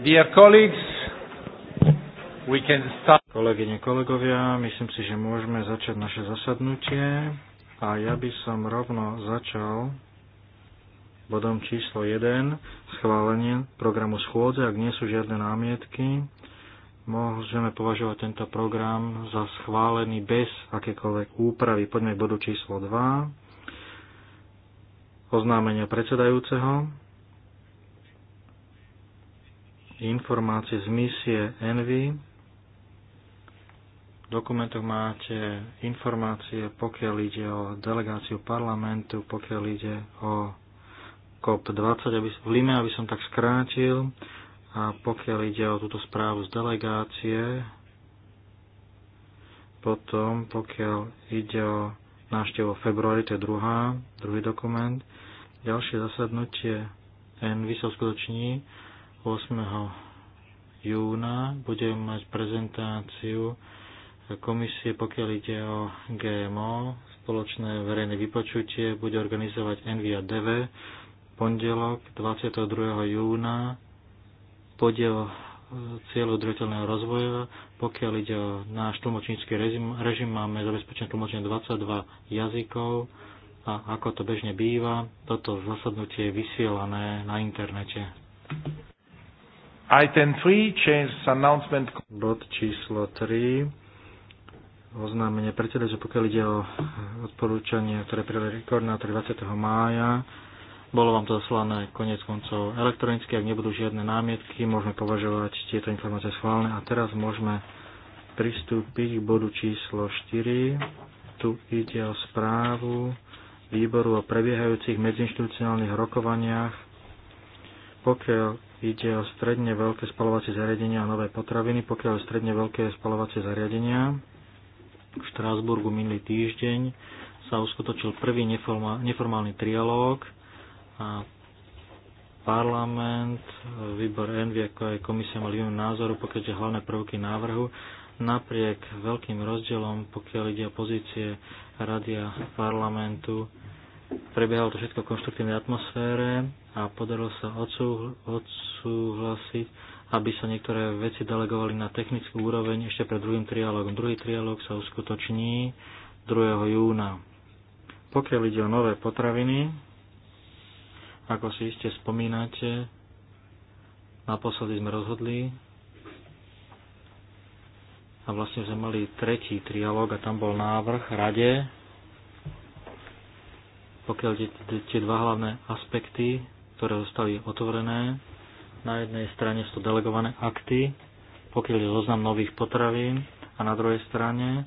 Dear colleagues, we can start. Kolegyne, kolegovia, myslím si, že môžeme začať naše zasadnutie a ja by som rovno začal bodom číslo 1, schválenie programu schôdze. Ak nie sú žiadne námietky, môžeme považovať tento program za schválený bez akékoľvek úpravy. Poďme k bodu číslo 2, oznámenia predsedajúceho informácie z misie Envy. V dokumentoch máte informácie, pokiaľ ide o delegáciu parlamentu, pokiaľ ide o COP20 aby, v Lime, aby som tak skrátil, a pokiaľ ide o túto správu z delegácie, potom pokiaľ ide o návštevu februári, to je druhá, druhý dokument, ďalšie zasadnutie Envy sa uskutoční 8. júna budem mať prezentáciu komisie, pokiaľ ide o GMO. Spoločné verejné vypočutie bude organizovať Envia DV pondelok 22. júna podiel e, cieľu udržateľného rozvoja. Pokiaľ ide o náš tlmočnícky režim, režim máme zabezpečené tlmočenie 22 jazykov a ako to bežne býva, toto zasadnutie je vysielané na internete. Item 3, change announcement. Bod číslo 3, oznámenie teda, že pokiaľ ide o odporúčanie, ktoré prijali koordinátor 20. mája, bolo vám to zaslané konec koncov elektronicky, ak nebudú žiadne námietky, môžeme považovať tieto informácie schválne. A teraz môžeme pristúpiť k bodu číslo 4. Tu ide o správu výboru o prebiehajúcich medziinstitucionálnych rokovaniach pokiaľ ide o stredne veľké spalovacie zariadenia a nové potraviny, pokiaľ stredne veľké spalovacie zariadenia. V Štrásburgu minulý týždeň sa uskutočil prvý neformálny trialóg a parlament, výbor Envy ako aj komisia mali názoru, pokiaľ je hlavné prvky návrhu, napriek veľkým rozdielom, pokiaľ ide o pozície radia a parlamentu, Prebiehalo to všetko v konštruktívnej atmosfére a podarilo sa odsúhlasiť, aby sa niektoré veci delegovali na technickú úroveň ešte pred druhým trialogom. Druhý trialog sa uskutoční 2. júna. Pokiaľ ide o nové potraviny, ako si iste spomínate, naposledy sme rozhodli a vlastne sme mali tretí trialog a tam bol návrh rade pokiaľ tie dva hlavné aspekty, ktoré zostali otvorené, na jednej strane sú delegované akty, pokiaľ je zoznam nových potravín a na druhej strane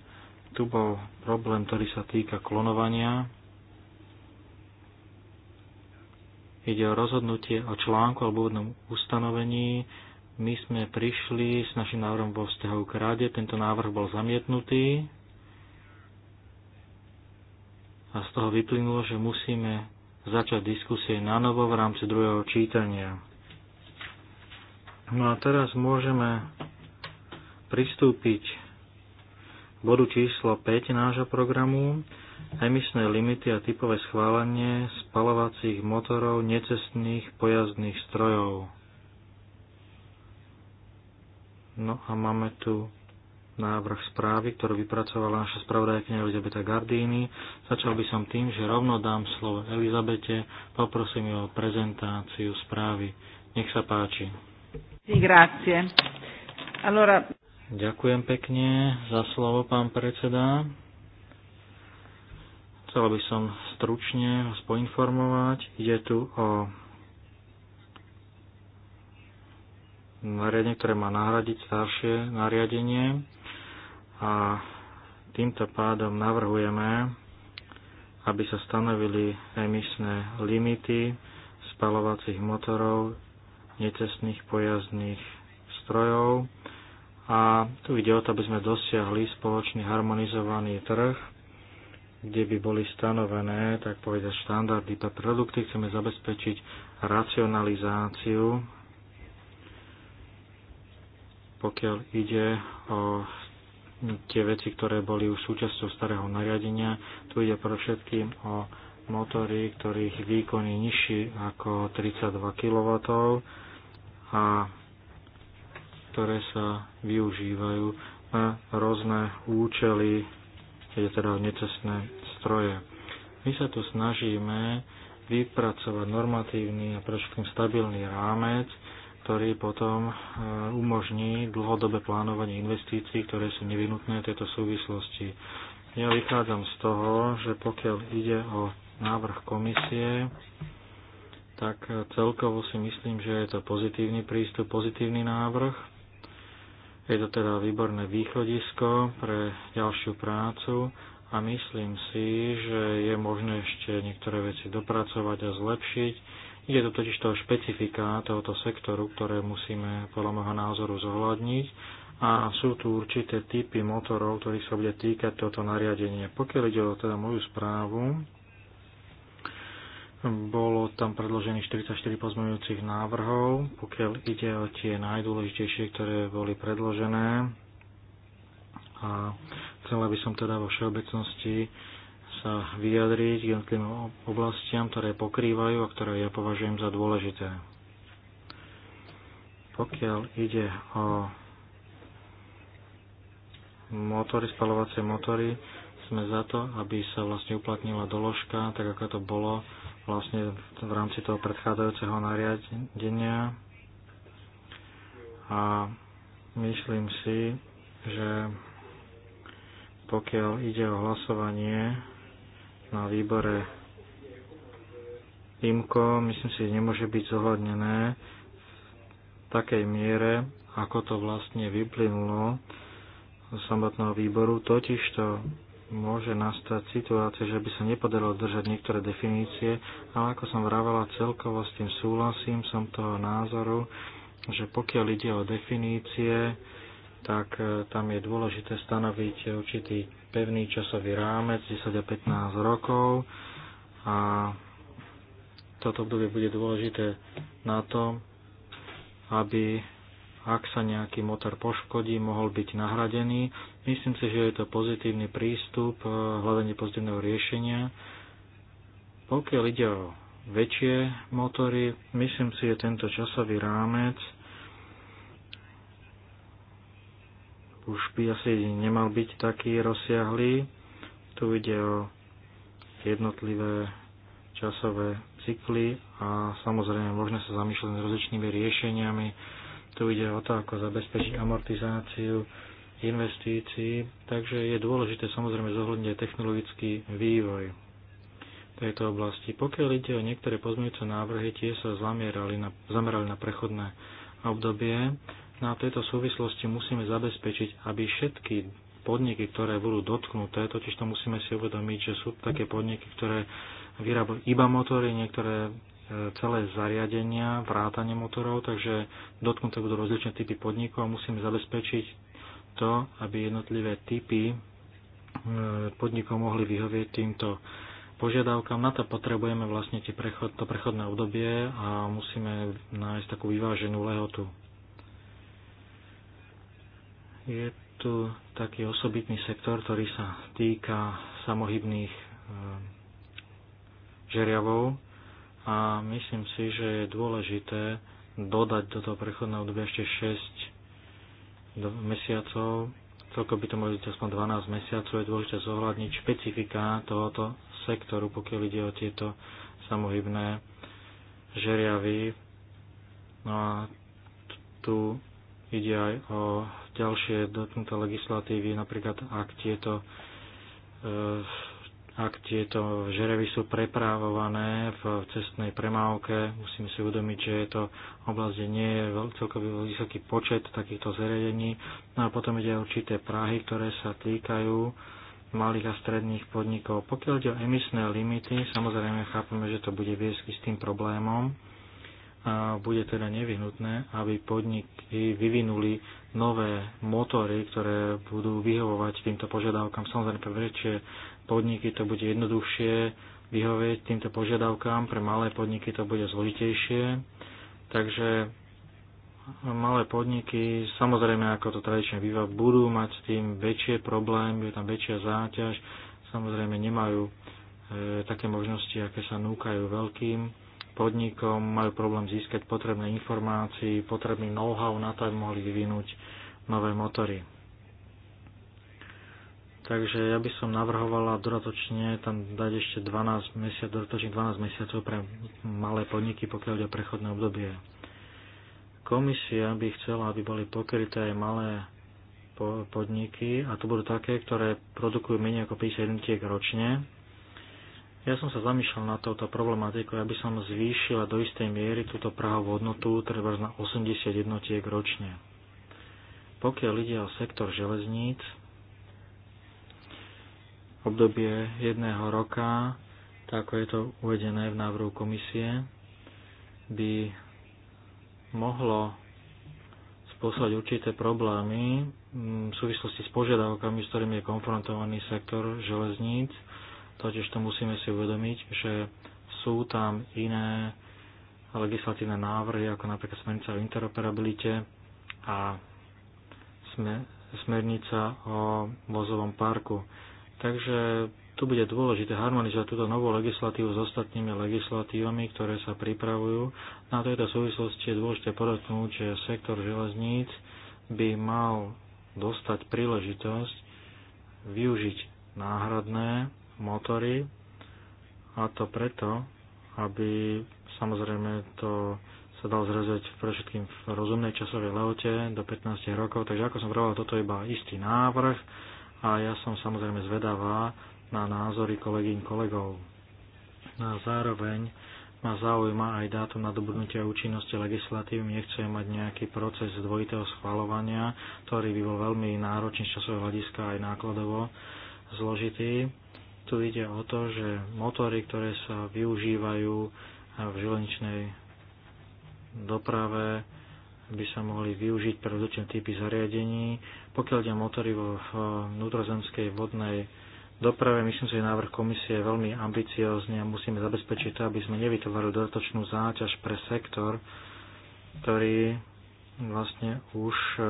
tu bol problém, ktorý sa týka klonovania. Ide o rozhodnutie o článku alebo úvodnom ustanovení. My sme prišli s našim návrhom vo vzťahu k rade. Tento návrh bol zamietnutý a z toho vyplynulo, že musíme začať diskusie na novo v rámci druhého čítania. No a teraz môžeme pristúpiť k bodu číslo 5 nášho programu emisné limity a typové schválenie spalovacích motorov necestných pojazdných strojov. No a máme tu návrh správy, ktorú vypracovala naša spravodajkňa Elizabeta Gardini. Začal by som tým, že rovno dám slovo Elizabete, poprosím ju o prezentáciu správy. Nech sa páči. Allora... Ďakujem pekne za slovo, pán predseda. Chcel by som stručne vás poinformovať. Ide tu o nariadenie, ktoré má nahradiť staršie nariadenie. A týmto pádom navrhujeme, aby sa stanovili emisné limity spalovacích motorov, necestných pojazdných strojov. A tu ide o to, aby sme dosiahli spoločný harmonizovaný trh, kde by boli stanovené, tak povedať, štandardy pre produkty. Chceme zabezpečiť racionalizáciu, pokiaľ ide o tie veci, ktoré boli už súčasťou starého nariadenia. Tu ide pre všetkým o motory, ktorých výkon je nižší ako 32 kW a ktoré sa využívajú na rôzne účely, je teda necestné stroje. My sa tu snažíme vypracovať normatívny a pre stabilný rámec, ktorý potom e, umožní dlhodobé plánovanie investícií, ktoré sú nevyhnutné v tejto súvislosti. Ja vychádzam z toho, že pokiaľ ide o návrh komisie, tak e, celkovo si myslím, že je to pozitívny prístup, pozitívny návrh. Je to teda výborné východisko pre ďalšiu prácu a myslím si, že je možné ešte niektoré veci dopracovať a zlepšiť Ide to totiž toho špecifika tohoto sektoru, ktoré musíme podľa môjho názoru zohľadniť a sú tu určité typy motorov, ktorých sa bude týkať toto nariadenie. Pokiaľ ide o teda moju správu, bolo tam predložených 44 pozmeňujúcich návrhov. Pokiaľ ide o tie najdôležitejšie, ktoré boli predložené, a chcela by som teda vo všeobecnosti sa vyjadriť k jednotlivým oblastiam, ktoré pokrývajú a ktoré ja považujem za dôležité. Pokiaľ ide o motory, spalovacie motory, sme za to, aby sa vlastne uplatnila doložka, tak ako to bolo vlastne v rámci toho predchádzajúceho nariadenia. A myslím si, že pokiaľ ide o hlasovanie na výbore IMCO, myslím si, nemôže byť zohľadnené v takej miere, ako to vlastne vyplynulo z samotného výboru, totiž to môže nastať situácia, že by sa nepodarilo držať niektoré definície, ale ako som vravala celkovo s tým súhlasím, som toho názoru, že pokiaľ ide o definície, tak eh, tam je dôležité stanoviť určitý pevný časový rámec 10 a 15 rokov a toto obdobie bude dôležité na to, aby ak sa nejaký motor poškodí, mohol byť nahradený. Myslím si, že je to pozitívny prístup, eh, hľadanie pozitívneho riešenia. Pokiaľ ide o väčšie motory, myslím si, že tento časový rámec už by asi nemal byť taký rozsiahlý. Tu ide o jednotlivé časové cykly a samozrejme možno sa zamýšľať s rozličnými riešeniami. Tu ide o to, ako zabezpečiť amortizáciu investícií, takže je dôležité samozrejme zohľadniť technologický vývoj tejto oblasti. Pokiaľ ide o niektoré pozmeňujúce návrhy, tie sa zamerali na, zamerali na prechodné obdobie na tejto súvislosti musíme zabezpečiť, aby všetky podniky, ktoré budú dotknuté, totiž to musíme si uvedomiť, že sú také podniky, ktoré vyrábajú iba motory, niektoré e, celé zariadenia, vrátanie motorov, takže dotknuté budú rozličné typy podnikov a musíme zabezpečiť to, aby jednotlivé typy e, podnikov mohli vyhovieť týmto požiadavkám. Na to potrebujeme vlastne prechod, to prechodné obdobie a musíme nájsť takú vyváženú lehotu. Je tu taký osobitný sektor, ktorý sa týka samohybných eh, žeriavov a myslím si, že je dôležité dodať do toho prechodného obdobia ešte 6 mesiacov, celko by to mohli byť aspoň 12 mesiacov, je dôležité zohľadniť špecifika tohoto sektoru, pokiaľ ide o tieto samohybné žeriavy. No a tu ide aj o ďalšie dotknuté legislatívy, napríklad ak tieto, e, ak tieto žerevy sú prepravované v cestnej premávke, musíme si uvedomiť, že je to oblasť, kde nie je celkový vysoký počet takýchto zariadení. No a potom ide určité práhy, ktoré sa týkajú malých a stredných podnikov. Pokiaľ ide o emisné limity, samozrejme chápame, že to bude viesť s tým problémom, a bude teda nevyhnutné, aby podniky vyvinuli nové motory, ktoré budú vyhovovať týmto požiadavkám. Samozrejme pre väčšie podniky to bude jednoduchšie vyhovieť týmto požiadavkám, pre malé podniky to bude zložitejšie. Takže malé podniky, samozrejme ako to tradične býva, budú mať s tým väčšie problémy, je tam väčšia záťaž, samozrejme nemajú e, také možnosti, aké sa núkajú veľkým podnikom, majú problém získať potrebné informácie, potrebný know-how na to, aby mohli vyvinúť nové motory. Takže ja by som navrhovala dodatočne tam dať ešte 12 mesiac, dodatočne 12 mesiacov pre malé podniky, pokiaľ ide o prechodné obdobie. Komisia by chcela, aby boli pokryté aj malé podniky a to budú také, ktoré produkujú menej ako 50 jednotiek ročne ja som sa zamýšľal na touto problematiku, aby som zvýšila do istej miery túto prahovú hodnotu treba na 80 jednotiek ročne. Pokiaľ ide o sektor železníc, obdobie jedného roka, tak ako je to uvedené v návrhu komisie, by mohlo spôsobať určité problémy mm, v súvislosti s požiadavkami, s ktorými je konfrontovaný sektor železníc, Totiž to musíme si uvedomiť, že sú tam iné legislatívne návrhy, ako napríklad smernica o interoperabilite a smernica o vozovom parku. Takže tu bude dôležité harmonizovať túto novú legislatívu s ostatnými legislatívami, ktoré sa pripravujú. Na tejto súvislosti je dôležité podotknúť, že sektor železníc by mal dostať príležitosť využiť náhradné motory a to preto, aby samozrejme to sa dal zrezať pre všetkým v rozumnej časovej lehote do 15 rokov, takže ako som povedal, toto je iba istý návrh a ja som samozrejme zvedavá na názory kolegyň kolegov. No a zároveň ma zaujíma aj dátum nadobudnutia účinnosti legislatívy. Nechcem mať nejaký proces dvojitého schvalovania, ktorý by bol veľmi náročný z časového hľadiska aj nákladovo zložitý. Tu ide o to, že motory, ktoré sa využívajú v železničnej doprave, by sa mohli využiť pre rozličné typy zariadení. Pokiaľ ide o motory vo vnútrozemskej vodnej doprave, myslím si, že návrh komisie je veľmi ambiciózny a musíme zabezpečiť to, aby sme nevytvorili dodatočnú záťaž pre sektor, ktorý vlastne už e,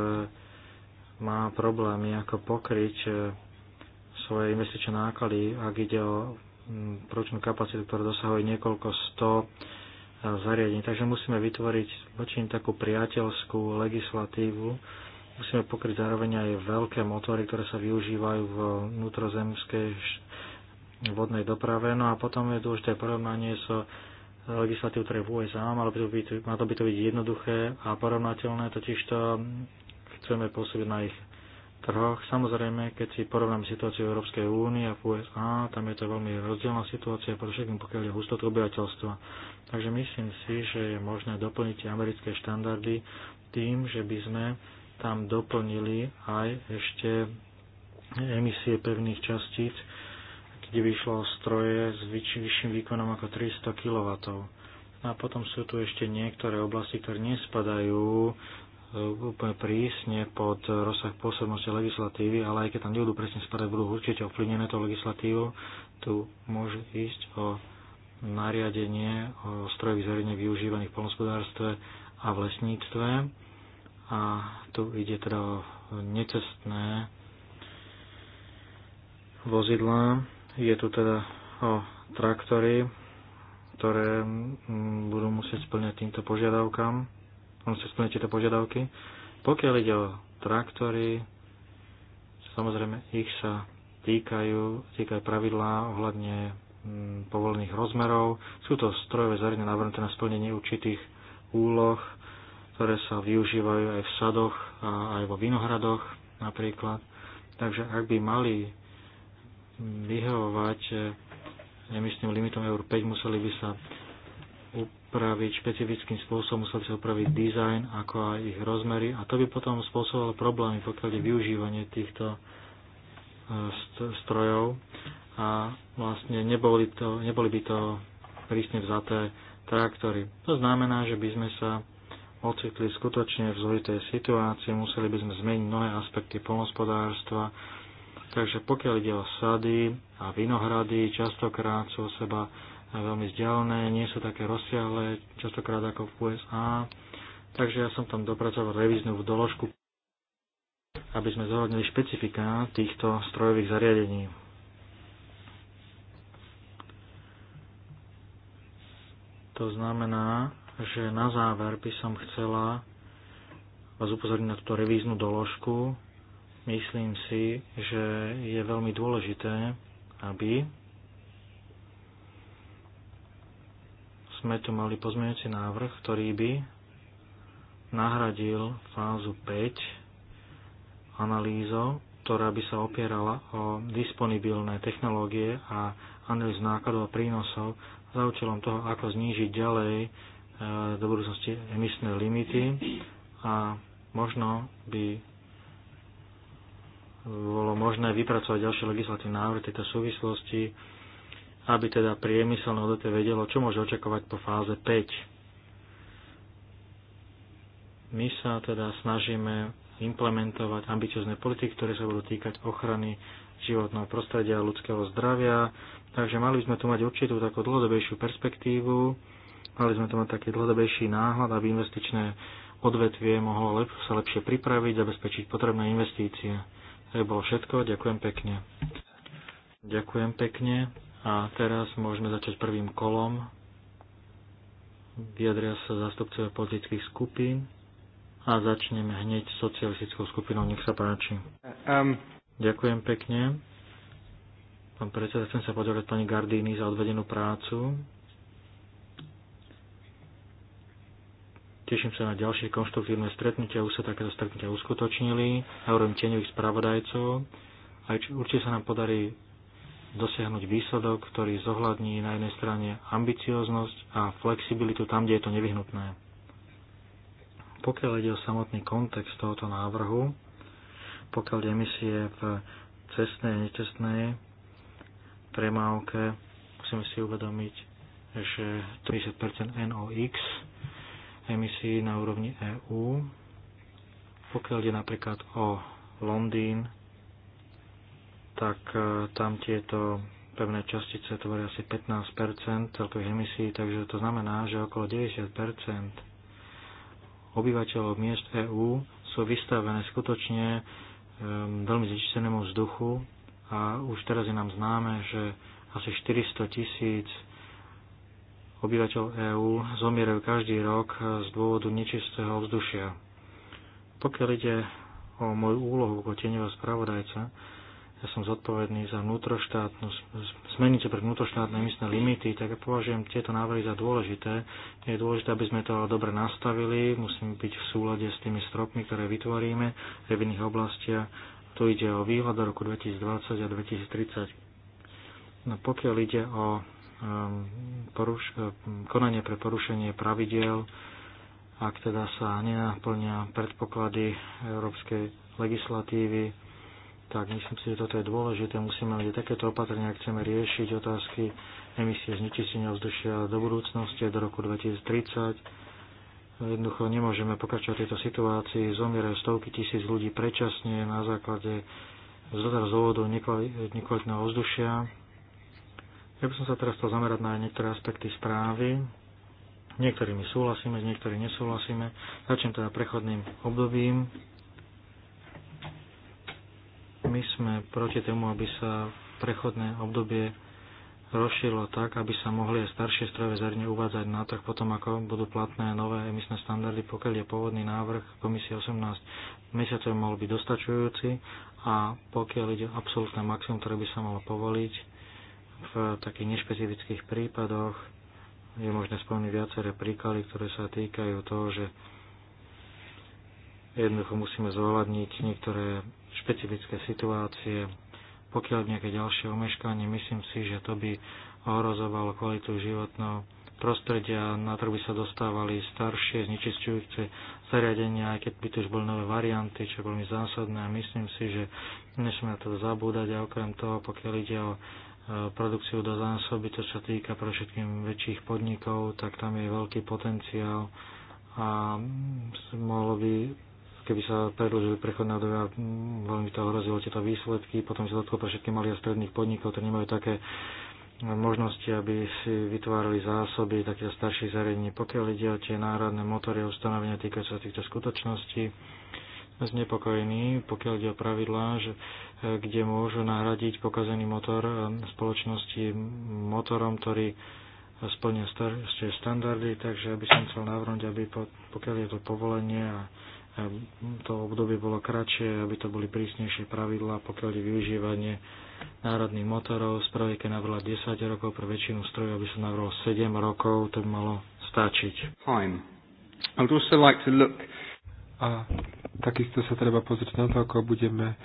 má problémy, ako pokryť e, svoje investičné náklady, ak ide o mm, ročnú kapacitu, ktorá dosahuje niekoľko sto e, zariadení. Takže musíme vytvoriť vočím takú priateľskú legislatívu. Musíme pokryť zároveň aj veľké motory, ktoré sa využívajú v vnútrozemskej vodnej doprave. No a potom je dôležité porovnanie so legislatívou, ktoré je v USA, malo by to byť, má by to byť jednoduché a porovnateľné, totiž to chceme pôsobiť na ich trhoch. Samozrejme, keď si porovnám situáciu Európskej únie a v USA, tam je to veľmi rozdielna situácia, pre všetkým pokiaľ je hustotu obyvateľstva. Takže myslím si, že je možné doplniť americké štandardy tým, že by sme tam doplnili aj ešte emisie pevných častíc, kde vyšlo stroje s vyšším výkonom ako 300 kW. No a potom sú tu ešte niektoré oblasti, ktoré nespadajú úplne prísne pod rozsah pôsobnosti legislatívy, ale aj keď tam nebudú presne spadať, budú určite ovplyvnené tou legislatívou. Tu môže ísť o nariadenie o strojových zariadení využívaných v polnospodárstve a v lesníctve. A tu ide teda o necestné vozidlá. Je tu teda o traktory, ktoré budú musieť splňať týmto požiadavkám musia splniť tieto požiadavky. Pokiaľ ide o traktory, samozrejme ich sa týkajú, týkajú pravidlá ohľadne mm, povolených rozmerov. Sú to strojové zariadenia navrhnuté na splnenie určitých úloh, ktoré sa využívajú aj v sadoch a aj vo vinohradoch napríklad. Takže ak by mali mm, vyhovovať e, emisným limitom Eur 5, museli by sa upraviť špecifickým spôsobom, musel by sa upraviť dizajn, ako aj ich rozmery a to by potom spôsobovalo problémy, pokiaľ je využívanie týchto e, strojov a vlastne neboli, to, neboli by to prísne vzaté traktory. To znamená, že by sme sa ocitli skutočne v zložitej situácii, museli by sme zmeniť mnohé aspekty polnospodárstva, takže pokiaľ ide o sady a vinohrady, častokrát sú seba veľmi vzdialené, nie sú také rozsiahle, častokrát ako v USA. Takže ja som tam dopracoval revíznu doložku, aby sme zohľadnili špecifika týchto strojových zariadení. To znamená, že na záver by som chcela vás upozorniť na túto revíznu doložku. Myslím si, že je veľmi dôležité, aby sme tu mali pozmeňujúci návrh, ktorý by nahradil fázu 5 analýzou, ktorá by sa opierala o disponibilné technológie a analýz nákladov a prínosov za účelom toho, ako znížiť ďalej e, do budúcnosti emisné limity a možno by bolo možné vypracovať ďalšie legislatívne návrhy tejto súvislosti, aby teda priemyselné odvetvie vedelo, čo môže očakovať po fáze 5. My sa teda snažíme implementovať ambiciozne politiky, ktoré sa budú týkať ochrany životného prostredia a ľudského zdravia. Takže mali by sme tu mať určitú takú dlhodobejšiu perspektívu, mali sme tu mať taký dlhodobejší náhľad, aby investičné odvetvie mohlo lep- sa lepšie pripraviť, zabezpečiť potrebné investície. To je bolo všetko, ďakujem pekne. Ďakujem pekne. A teraz môžeme začať prvým kolom. Vyjadria sa zastupcovia politických skupín a začneme hneď socialistickou skupinou. Nech sa páči. Um. Ďakujem pekne. Pán predseda, chcem sa poďakovať pani Gardíny za odvedenú prácu. Teším sa na ďalšie konštruktívne stretnutia. Už sa takéto stretnutia uskutočnili. Hovorím tieňových spravodajcov. či, určite sa nám podarí dosiahnuť výsledok, ktorý zohľadní na jednej strane ambicioznosť a flexibilitu tam, kde je to nevyhnutné. Pokiaľ ide o samotný kontext tohoto návrhu, pokiaľ je emisie v cestnej a necestnej premávke, musíme si uvedomiť, že 30% NOx emisí na úrovni EÚ, pokiaľ ide napríklad o Londýn, tak e, tam tieto pevné častice tvoria asi 15 celkových emisí, takže to znamená, že okolo 90 obyvateľov miest EÚ sú vystavené skutočne um, veľmi znečistenému vzduchu a už teraz je nám známe, že asi 400 tisíc obyvateľov EÚ zomierajú každý rok e, z dôvodu nečistého vzdušia. Pokiaľ ide o moju úlohu ako tieňového spravodajca, ja som zodpovedný za vnútroštátnu, zmenice pre vnútroštátne emisné limity, tak ja považujem tieto návrhy za dôležité. Je dôležité, aby sme to dobre nastavili, musíme byť v súlade s tými stropmi, ktoré vytvoríme v iných oblastiach. Tu ide o výhľad do roku 2020 a 2030. No, pokiaľ ide o um, poruš- um, konanie pre porušenie pravidiel, ak teda sa nenaplňa predpoklady európskej legislatívy, tak myslím si, že toto je dôležité. Musíme mať takéto opatrenia, ak chceme riešiť otázky emisie znečistenia vzdušia do budúcnosti, do roku 2030. Jednoducho nemôžeme pokračovať v tejto situácii. Zomierajú stovky tisíc ľudí predčasne na základe z dôvodov nekvalitného ovzdušia. Ja by som sa teraz chcel zamerať na niektoré aspekty správy. Niektorými súhlasíme, niektorými nesúhlasíme. Začnem teda prechodným obdobím my sme proti tomu, aby sa prechodné obdobie rozšírilo tak, aby sa mohli aj staršie strojové zariadenia uvádzať na trh potom, ako budú platné nové emisné standardy, pokiaľ je pôvodný návrh komisie 18 mesiacov mal byť dostačujúci a pokiaľ ide absolútne maximum, ktoré by sa malo povoliť v takých nešpecifických prípadoch, je možné spomniť viaceré príklady, ktoré sa týkajú toho, že jednoducho musíme zohľadniť niektoré špecifické situácie. Pokiaľ nejaké ďalšie omeškanie, myslím si, že to by ohrozovalo kvalitu životného prostredia, na trh by sa dostávali staršie, znečistujúce zariadenia, aj keď by tu už boli nové varianty, čo boli zásadné a myslím si, že nesmieme na to zabúdať a okrem toho, pokiaľ ide o e, produkciu do zásoby, to sa týka pre všetkým väčších podnikov, tak tam je veľký potenciál a mohlo by keby sa prechod prechodné obdobia, veľmi to hrozilo tieto výsledky, potom sa dotklo pre všetky malých a stredných podnikov, ktorí nemajú také možnosti, aby si vytvárali zásoby takých starších zariadení. Pokiaľ ide o tie národné motory a ustanovenia týkajúce sa týchto skutočností, sme znepokojení, pokiaľ ide o pravidlá, že, e, kde môžu nahradiť pokazený motor e, spoločnosti motorom, ktorý splňa staršie standardy, takže aby som chcel navrhnúť, aby po, pokiaľ je to povolenie a to obdobie bolo kratšie, aby to boli prísnejšie pravidlá, pokiaľ je využívanie národných motorov. z keď navrhla 10 rokov pre väčšinu strojov, aby sa navrhlo 7 rokov, to by malo stačiť. Like look... A takisto sa treba pozrieť na to, ako budeme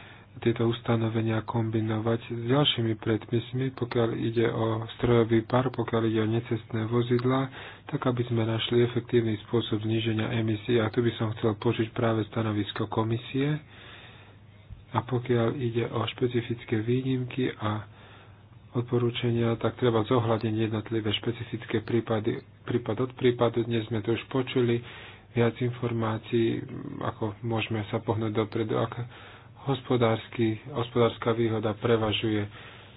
tieto ustanovenia kombinovať s ďalšími predpismi, pokiaľ ide o strojový pár, pokiaľ ide o necestné vozidlá, tak aby sme našli efektívny spôsob zníženia emisí. A tu by som chcel počuť práve stanovisko komisie. A pokiaľ ide o špecifické výnimky a odporúčania, tak treba zohľadniť jednotlivé špecifické prípady. Prípad od prípadu, dnes sme to už počuli, viac informácií, ako môžeme sa pohnúť dopredu, ak hospodárska výhoda prevažuje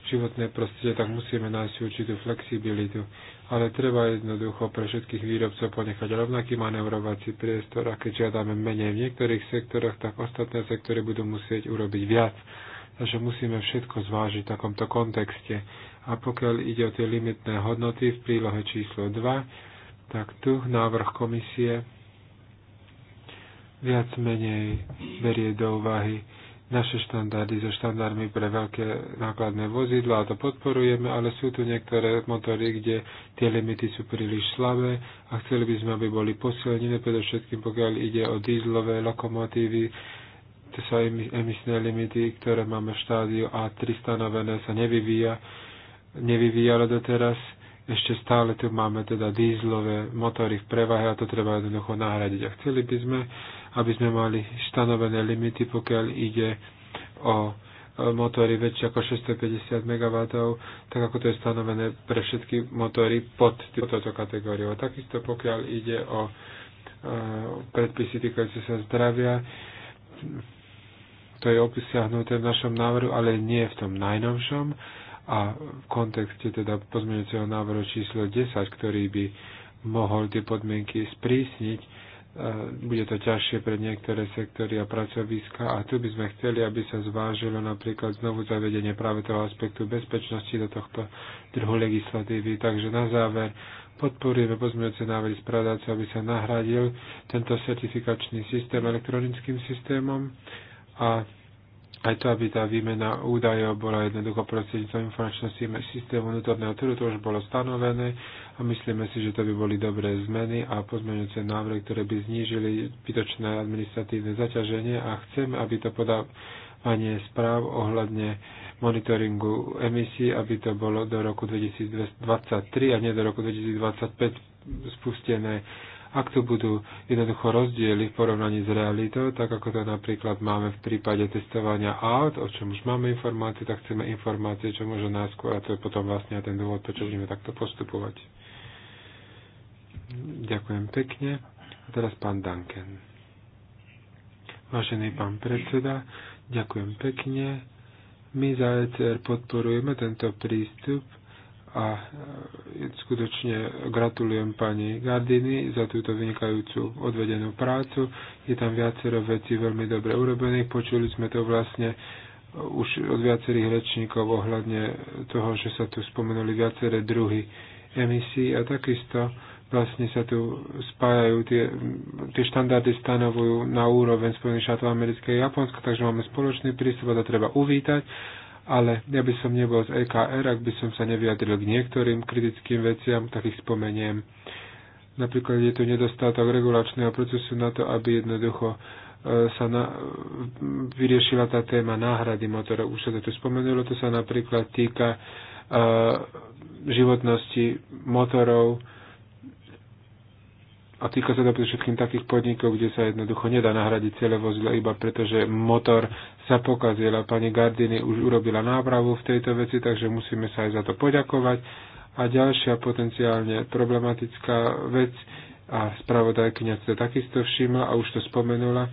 životné prostredie, tak musíme nájsť určitú flexibilitu. Ale treba jednoducho pre všetkých výrobcov ponechať rovnaký manevrovací priestor a keď žiadame menej v niektorých sektoroch, tak ostatné sektory budú musieť urobiť viac. Takže musíme všetko zvážiť v takomto kontexte. A pokiaľ ide o tie limitné hodnoty v prílohe číslo 2, tak tu návrh komisie viac menej berie do úvahy naše štandardy so štandardmi pre veľké nákladné vozidla a to podporujeme, ale sú tu niektoré motory, kde tie limity sú príliš slabé a chceli by sme, aby boli posilnené, predovšetkým pokiaľ ide o dízlové lokomotívy, to sú emisné limity, ktoré máme v štádiu A3 stanovené, sa nevyvíja, nevyvíjalo doteraz. Ešte stále tu máme teda dízlové motory v prevahe a to treba jednoducho nahradiť. A chceli by sme, aby sme mali stanovené limity, pokiaľ ide o e, motory väčšie ako 650 MW, tak ako to je stanovené pre všetky motory pod kategóriu. kategóriou. Takisto pokiaľ ide o e, predpisy týkajúce sa zdravia, to je obsiahnuté v našom návrhu, ale nie v tom najnovšom a v kontexte teda pozmeňujúceho návrhu číslo 10, ktorý by mohol tie podmienky sprísniť, E, bude to ťažšie pre niektoré sektory a pracoviska a tu by sme chceli, aby sa zvážilo napríklad znovu zavedenie práve toho aspektu bezpečnosti do tohto druhu legislatívy. Takže na záver podporujeme pozmeňujúce návrhy spradáca, aby sa nahradil tento certifikačný systém elektronickým systémom a aj to, aby tá výmena údajov bola jednoducho prostredníctvom informačného systému vnútorného trhu, to už bolo stanovené a myslíme si, že to by boli dobré zmeny a pozmeňujúce návrhy, ktoré by znížili bytočné administratívne zaťaženie a chceme, aby to podávanie správ ohľadne monitoringu emisí, aby to bolo do roku 2023 a nie do roku 2025 spustené ak tu budú jednoducho rozdiely v porovnaní s realitou, tak ako to napríklad máme v prípade testovania aut, o čom už máme informácie, tak chceme informácie, čo možno náskôr, a to je potom vlastne ten dôvod, prečo budeme takto postupovať. Ďakujem pekne. A teraz pán Duncan. Vážený pán predseda, ďakujem pekne. My za ECR podporujeme tento prístup, a e, skutočne gratulujem pani Gardini za túto vynikajúcu odvedenú prácu. Je tam viacero vecí veľmi dobre urobených. Počuli sme to vlastne e, už od viacerých rečníkov ohľadne toho, že sa tu spomenuli viaceré druhy emisí a takisto vlastne sa tu spájajú, tie, tie štandardy stanovujú na úroveň Spojených štátov amerických a Japonska, takže máme spoločný prístup a to treba uvítať ale ja by som nebol z EKR, ak by som sa nevyjadril k niektorým kritickým veciam, tak ich spomeniem. Napríklad je tu nedostatok regulačného procesu na to, aby jednoducho e, sa na, vyriešila tá téma náhrady motorov. Už sa to tu spomenulo, to sa napríklad týka uh, životnosti motorov a týka sa to predovšetkým takých podnikov, kde sa jednoducho nedá nahradiť celé vozidlo iba preto, že motor sa pokazila. Pani Gardini už urobila nápravu v tejto veci, takže musíme sa aj za to poďakovať. A ďalšia potenciálne problematická vec, a spravodajkynia sa takisto všimla a už to spomenula,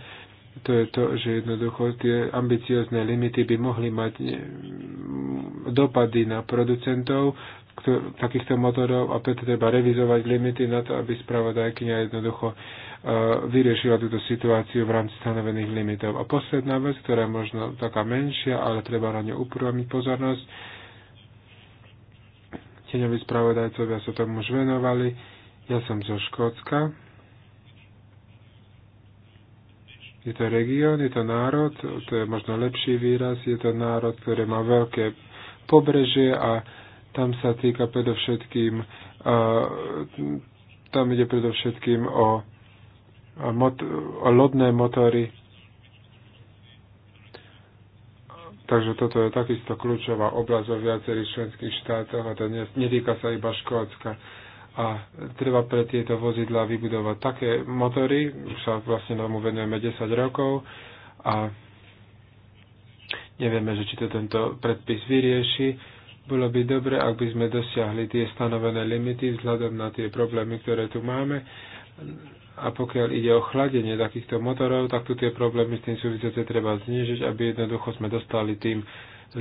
to je to, že jednoducho tie ambiciozne limity by mohli mať mm, dopady na producentov takýchto motorov a preto treba revizovať limity na to, aby spravodajkynia jednoducho e, vyriešila túto situáciu v rámci stanovených limitov. A posledná vec, ktorá je možno taká menšia, ale treba na ňu upromiť pozornosť, Teňoví spravodajcovia sa tomu už venovali. Ja som zo Škótska. Je to región, je to národ, to je možno lepší výraz, je to národ, ktorý má veľké pobrežie a tam sa týka predovšetkým, tam ide predovšetkým o, mot, o lodné motory. Takže toto je takisto kľúčová oblasť vo viacerých členských štátoch a to netýka sa iba Škótska a treba pre tieto vozidla vybudovať také motory, už sa vlastne tomu venujeme 10 rokov a nevieme, že či to tento predpis vyrieši. Bolo by dobre, ak by sme dosiahli tie stanovené limity vzhľadom na tie problémy, ktoré tu máme. A pokiaľ ide o chladenie takýchto motorov, tak tu tie problémy s tým súvisiace treba znižiť, aby jednoducho sme dostali tým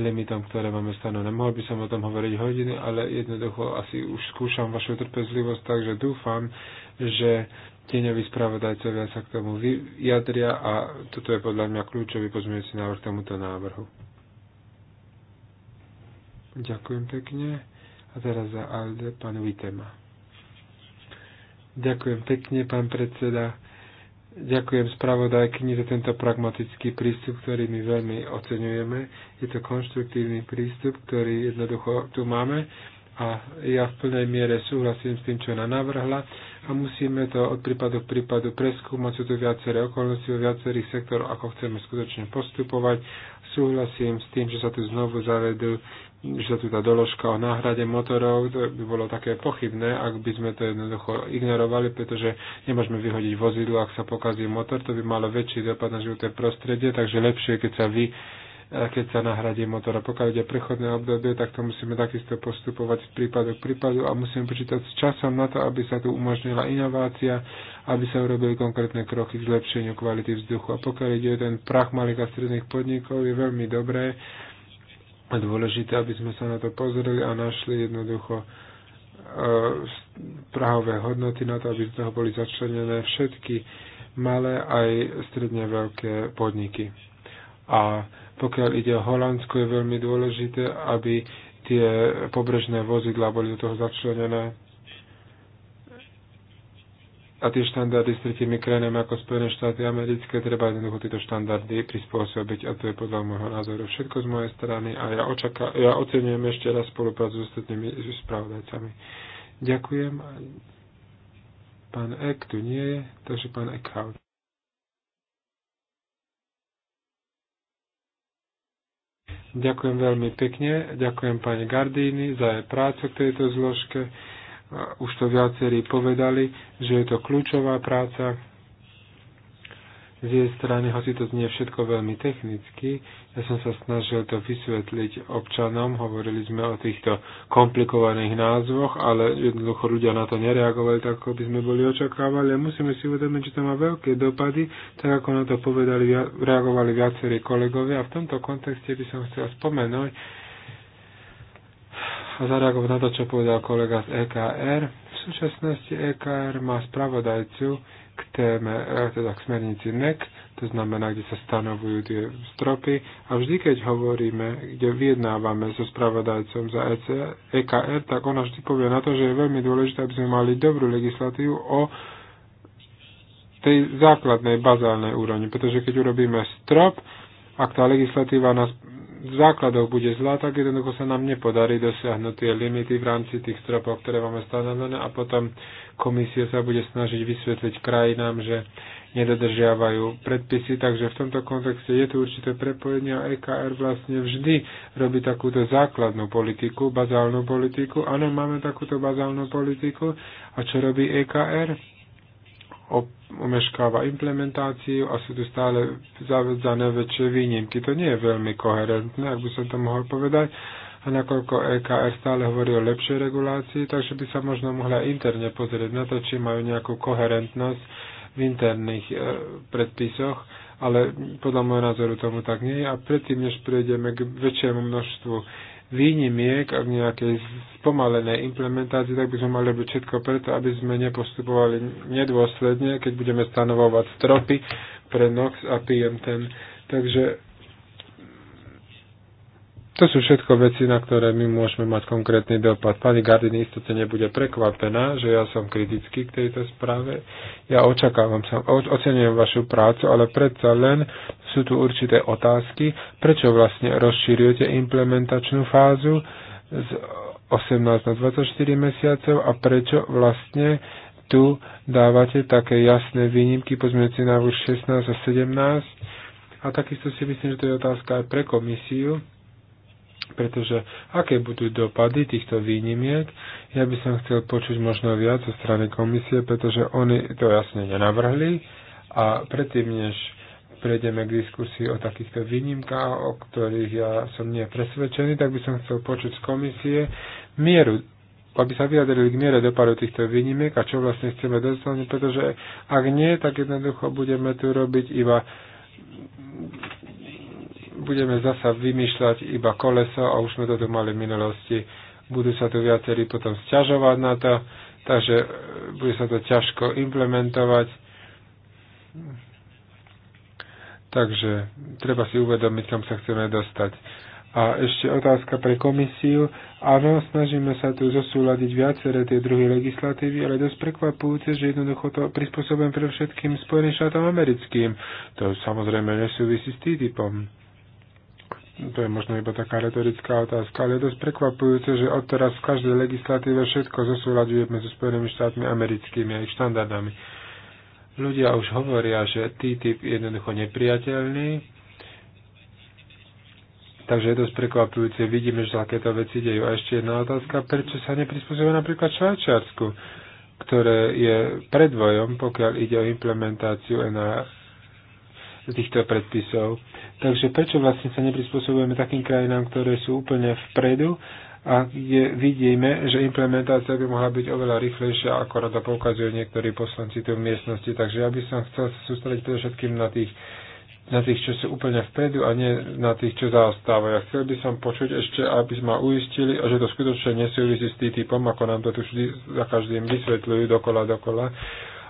limitom, ktoré máme stanovené. Mohol by som o tom hovoriť hodiny, ale jednoducho asi už skúšam vašu trpezlivosť, takže dúfam, že tieňoví spravodajcovia sa k tomu vyjadria a toto je podľa mňa kľúčový pozmeňujúci návrh tomuto návrhu. Ďakujem pekne. A teraz za Alde pán Vitema. Ďakujem pekne, pán predseda. Ďakujem spravodajkyni za tento pragmatický prístup, ktorý my veľmi oceňujeme. Je to konštruktívny prístup, ktorý jednoducho tu máme a ja v plnej miere súhlasím s tým, čo ona navrhla a musíme to od prípadu k prípadu preskúmať. Sú tu viaceré okolnosti vo viacerých sektoroch, ako chceme skutočne postupovať. Súhlasím s tým, že sa tu znovu zavedú že tu tá doložka o náhrade motorov, to by bolo také pochybné, ak by sme to jednoducho ignorovali, pretože nemôžeme vyhodiť vozidlo, ak sa pokazí motor, to by malo väčší dopad na životné prostredie, takže lepšie, keď sa vy eh, keď sa nahradí motor. A pokiaľ ide prechodné obdobie, tak to musíme takisto postupovať z prípadu k prípadu a musíme počítať s časom na to, aby sa tu umožnila inovácia, aby sa urobili konkrétne kroky k zlepšeniu kvality vzduchu. A pokiaľ ide ten prach malých a stredných podnikov, je veľmi dobré, dôležité, aby sme sa na to pozreli a našli jednoducho e, prahové hodnoty na to, aby z toho boli začlenené všetky malé aj stredne veľké podniky. A pokiaľ ide o Holandsko, je veľmi dôležité, aby tie pobrežné vozidla boli do toho začlenené a tie štandardy s tretimi krajinami ako Spojené štáty americké, treba jednoducho tieto štandardy prispôsobiť a to je podľa môjho názoru všetko z mojej strany a ja, očaká, ja ocenujem ešte raz spoluprácu s ostatnými spravodajcami. Ďakujem. Pán Ek tu nie je, takže pán Eckhout. Ďakujem veľmi pekne, ďakujem pani Gardini za jej prácu k tejto zložke už to viacerí povedali, že je to kľúčová práca. Z jej strany, hoci to znie všetko veľmi technicky, ja som sa snažil to vysvetliť občanom, hovorili sme o týchto komplikovaných názvoch, ale jednoducho ľudia na to nereagovali tak, ako by sme boli očakávali. A musíme si uvedomiť, že to má veľké dopady, tak ako na to povedali, reagovali viacerí kolegovia. A v tomto kontexte by som chcel spomenúť, zareagovať na to, čo povedal kolega z EKR. V súčasnosti EKR má spravodajcu k téme, e, teda k smernici NEC, to znamená, kde sa stanovujú tie stropy. A vždy, keď hovoríme, kde vyjednávame so spravodajcom za EC, EKR, tak ona vždy povie na to, že je veľmi dôležité, aby sme mali dobrú legislatívu o tej základnej, bazálnej úrovni. Pretože keď urobíme strop, ak tá legislatíva nás základov bude zlá, tak jednoducho sa nám nepodarí dosiahnuť tie limity v rámci tých stropov, ktoré máme stanovené a potom komisia sa bude snažiť vysvetliť krajinám, že nedodržiavajú predpisy, takže v tomto kontexte je tu určité prepojenie a EKR vlastne vždy robí takúto základnú politiku, bazálnu politiku. Áno, máme takúto bazálnu politiku a čo robí EKR? Op- umeškáva implementáciu a sú tu stále zavedzané väčšie výnimky. To nie je veľmi koherentné, ak by som to mohol povedať. A nakoľko EKR stále hovorí o lepšej regulácii, takže by sa možno mohla interne pozrieť na to, či majú nejakú koherentnosť v interných e, predpisoch, ale podľa môjho názoru tomu tak nie je. A predtým, než prejdeme k väčšiemu množstvu výnimiek a nejakej spomalenej implementácii, tak by sme mali robiť všetko preto, aby sme nepostupovali nedôsledne, keď budeme stanovovať stropy pre NOx a PM10. Takže to sú všetko veci, na ktoré my môžeme mať konkrétny dopad. Pani Gardini istote nebude prekvapená, že ja som kritický k tejto správe. Ja očakávam, sa ocenujem vašu prácu, ale predsa len sú tu určité otázky, prečo vlastne rozšírujete implementačnú fázu z 18 na 24 mesiacov a prečo vlastne tu dávate také jasné výnimky pozmeňujúci návrh 16 a 17. A takisto si myslím, že to je otázka aj pre komisiu, pretože aké budú dopady týchto výnimiek, ja by som chcel počuť možno viac zo strany komisie, pretože oni to jasne nenavrhli a predtým, než prejdeme k diskusii o takýchto výnimkách, o ktorých ja som nie presvedčený, tak by som chcel počuť z komisie mieru aby sa vyjadrili k miere dopadu týchto výnimiek a čo vlastne chceme dosiahnuť, pretože ak nie, tak jednoducho budeme tu robiť iba budeme zasa vymýšľať iba koleso a už sme to tu mali v minulosti. Budú sa tu viacerí potom sťažovať na to, takže e, bude sa to ťažko implementovať. Takže treba si uvedomiť, kam sa chceme dostať. A ešte otázka pre komisiu. Áno, snažíme sa tu zosúľadiť viaceré tie druhy legislatívy, ale dosť prekvapujúce, že jednoducho to prispôsobujem pre všetkým Spojeným štátom americkým. To samozrejme nesúvisí s TTIPom to je možno iba taká retorická otázka, ale je dosť prekvapujúce, že odteraz v každej legislatíve všetko zosúľadujeme so Spojenými štátmi americkými a ich štandardami. Ľudia už hovoria, že TTIP je jednoducho nepriateľný, Takže je dosť prekvapujúce, vidíme, že takéto veci dejú. A ešte jedna otázka, prečo sa neprispôsobuje napríklad Švajčiarsku, ktoré je predvojom, pokiaľ ide o implementáciu z týchto predpisov. Takže prečo vlastne sa neprispôsobujeme takým krajinám, ktoré sú úplne vpredu a kde vidíme, že implementácia by mohla byť oveľa rýchlejšia, ako rada poukazujú niektorí poslanci tu v miestnosti. Takže ja by som chcel sa sústrediť predovšetkým na tých na tých, čo sú úplne vpredu a nie na tých, čo zaostávajú. Ja chcel by som počuť ešte, aby sme uistili, že to skutočne nesúvisí s tým typom, ako nám to tu vždy za každým vysvetľujú dokola, dokola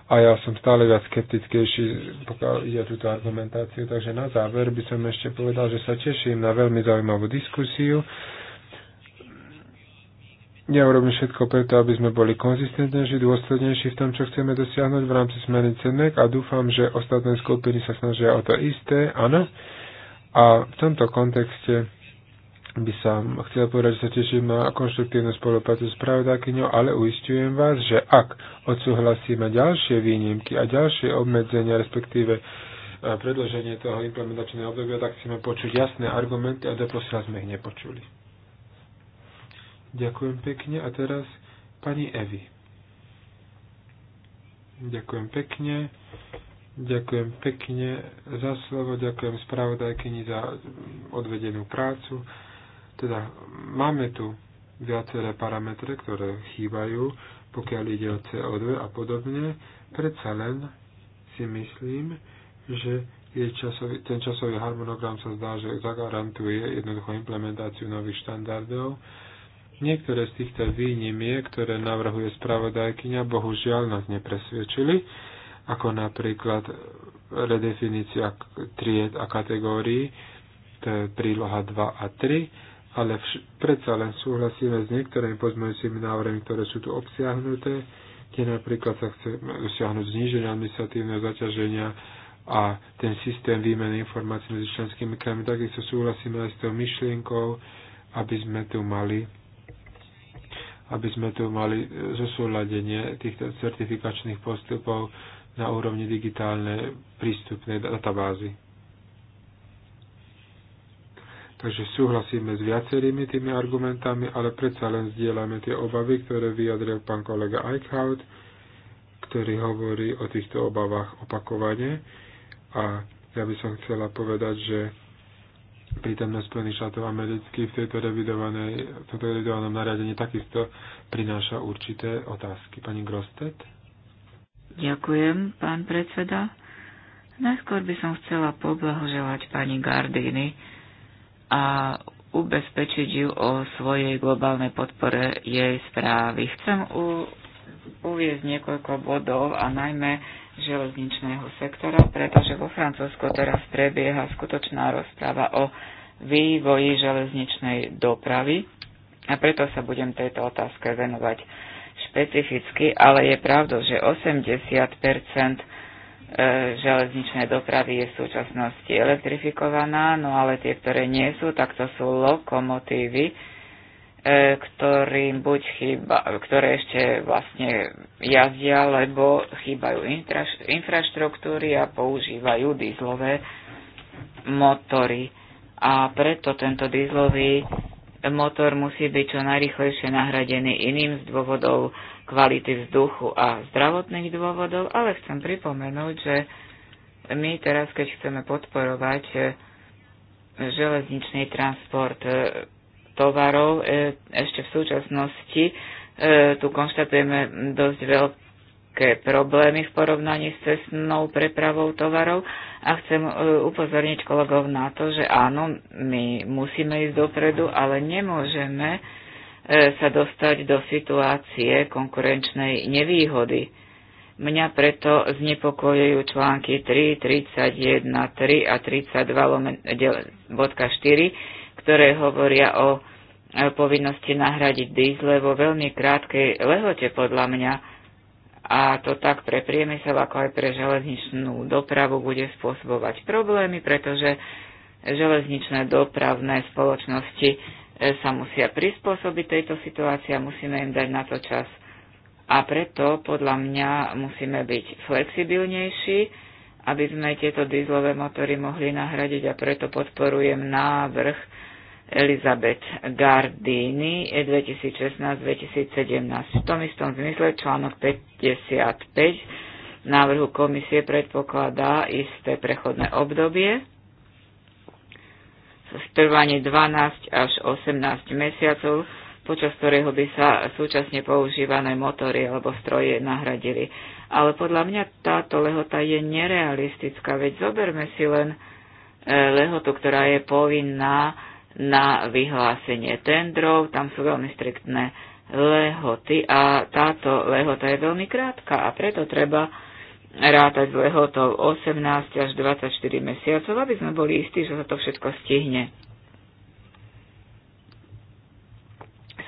a ja som stále viac skeptickejší, pokiaľ ide túto argumentáciu. Takže na záver by som ešte povedal, že sa teším na veľmi zaujímavú diskusiu. Ja urobím všetko preto, aby sme boli konzistentnejší, dôslednejší v tom, čo chceme dosiahnuť v rámci smernice cenek a dúfam, že ostatné skupiny sa snažia o to isté, áno. A v tomto kontexte by som chcel povedať, že sa teším na konštruktívnu spoluprácu s pravodákyňou, ale uistujem vás, že ak odsúhlasíme ďalšie výnimky a ďalšie obmedzenia, respektíve e, predloženie toho implementačného obdobia, tak chceme počuť jasné argumenty a doposiaľ sme ich nepočuli. Ďakujem pekne a teraz pani Evi. Ďakujem pekne. Ďakujem pekne za slovo, ďakujem spravodajkyni za odvedenú prácu. Teda máme tu viaceré parametre, ktoré chýbajú, pokiaľ ide o CO2 a podobne. Predsa len si myslím, že je časový, ten časový harmonogram sa zdá, že zagarantuje jednoducho implementáciu nových štandardov. Niektoré z týchto výnimiek, ktoré navrhuje spravodajkyňa, bohužiaľ nás nepresvedčili, ako napríklad redefinícia tried a kategórií, to je príloha 2 a 3, ale vš- predsa len súhlasíme s niektorými pozmeňujúcimi návrhmi, ktoré sú tu obsiahnuté, kde napríklad sa chce dosiahnuť zníženie administratívneho zaťaženia a ten systém výmeny informácií medzi členskými krajmi, Takisto súhlasíme aj s tou myšlienkou, aby sme tu mali aby sme tu mali e, zosúladenie týchto certifikačných postupov na úrovni digitálnej prístupnej databázy. Takže súhlasíme s viacerými tými argumentami, ale predsa len zdieľame tie obavy, ktoré vyjadril pán kolega Eichhout, ktorý hovorí o týchto obavách opakovane. A ja by som chcela povedať, že prítomnosť Spojených štátov amerických v tejto revidovanej, v tomto revidovanom nariadení takisto prináša určité otázky. Pani Grostet? Ďakujem, pán predseda. Najskôr by som chcela poblahoželať pani Gardini a ubezpečiť ju o svojej globálnej podpore jej správy. Chcem u, uviezť niekoľko bodov a najmä železničného sektora, pretože vo Francúzsku teraz prebieha skutočná rozpráva o vývoji železničnej dopravy a preto sa budem tejto otázke venovať špecificky, ale je pravdou, že 80 E, železničnej dopravy je v súčasnosti elektrifikovaná, no ale tie, ktoré nie sú, tak to sú lokomotívy, e, ktorým buď chýba, ktoré ešte vlastne jazdia, lebo chýbajú infraštruktúry a používajú dízlové motory. A preto tento dízlový motor musí byť čo najrychlejšie nahradený iným z dôvodov kvality vzduchu a zdravotných dôvodov, ale chcem pripomenúť, že my teraz, keď chceme podporovať e, železničný transport e, tovarov, e, ešte v súčasnosti tu konštatujeme dosť veľké problémy v porovnaní s cestnou prepravou tovarov a chcem upozorniť kolegov na to, že áno, my musíme ísť dopredu, ale nemôžeme E, sa dostať do situácie konkurenčnej nevýhody. Mňa preto znepokojujú články 3, 31, 3 a 32 bodka 4, ktoré hovoria o povinnosti nahradiť dízle vo veľmi krátkej lehote podľa mňa. A to tak pre priemysel, ako aj pre železničnú dopravu bude spôsobovať problémy, pretože železničné dopravné spoločnosti E, sa musia prispôsobiť tejto situácii a musíme im dať na to čas. A preto podľa mňa musíme byť flexibilnejší, aby sme tieto dýzlové motory mohli nahradiť a preto podporujem návrh Elizabeth Gardini 2016-2017. E, v tom istom zmysle článok 55 návrhu komisie predpokladá isté prechodné obdobie v trvaní 12 až 18 mesiacov, počas ktorého by sa súčasne používané motory alebo stroje nahradili. Ale podľa mňa táto lehota je nerealistická, veď zoberme si len e, lehotu, ktorá je povinná na vyhlásenie tendrov, tam sú veľmi striktné lehoty a táto lehota je veľmi krátka a preto treba rátať z lehotou 18 až 24 mesiacov, aby sme boli istí, že sa to všetko stihne.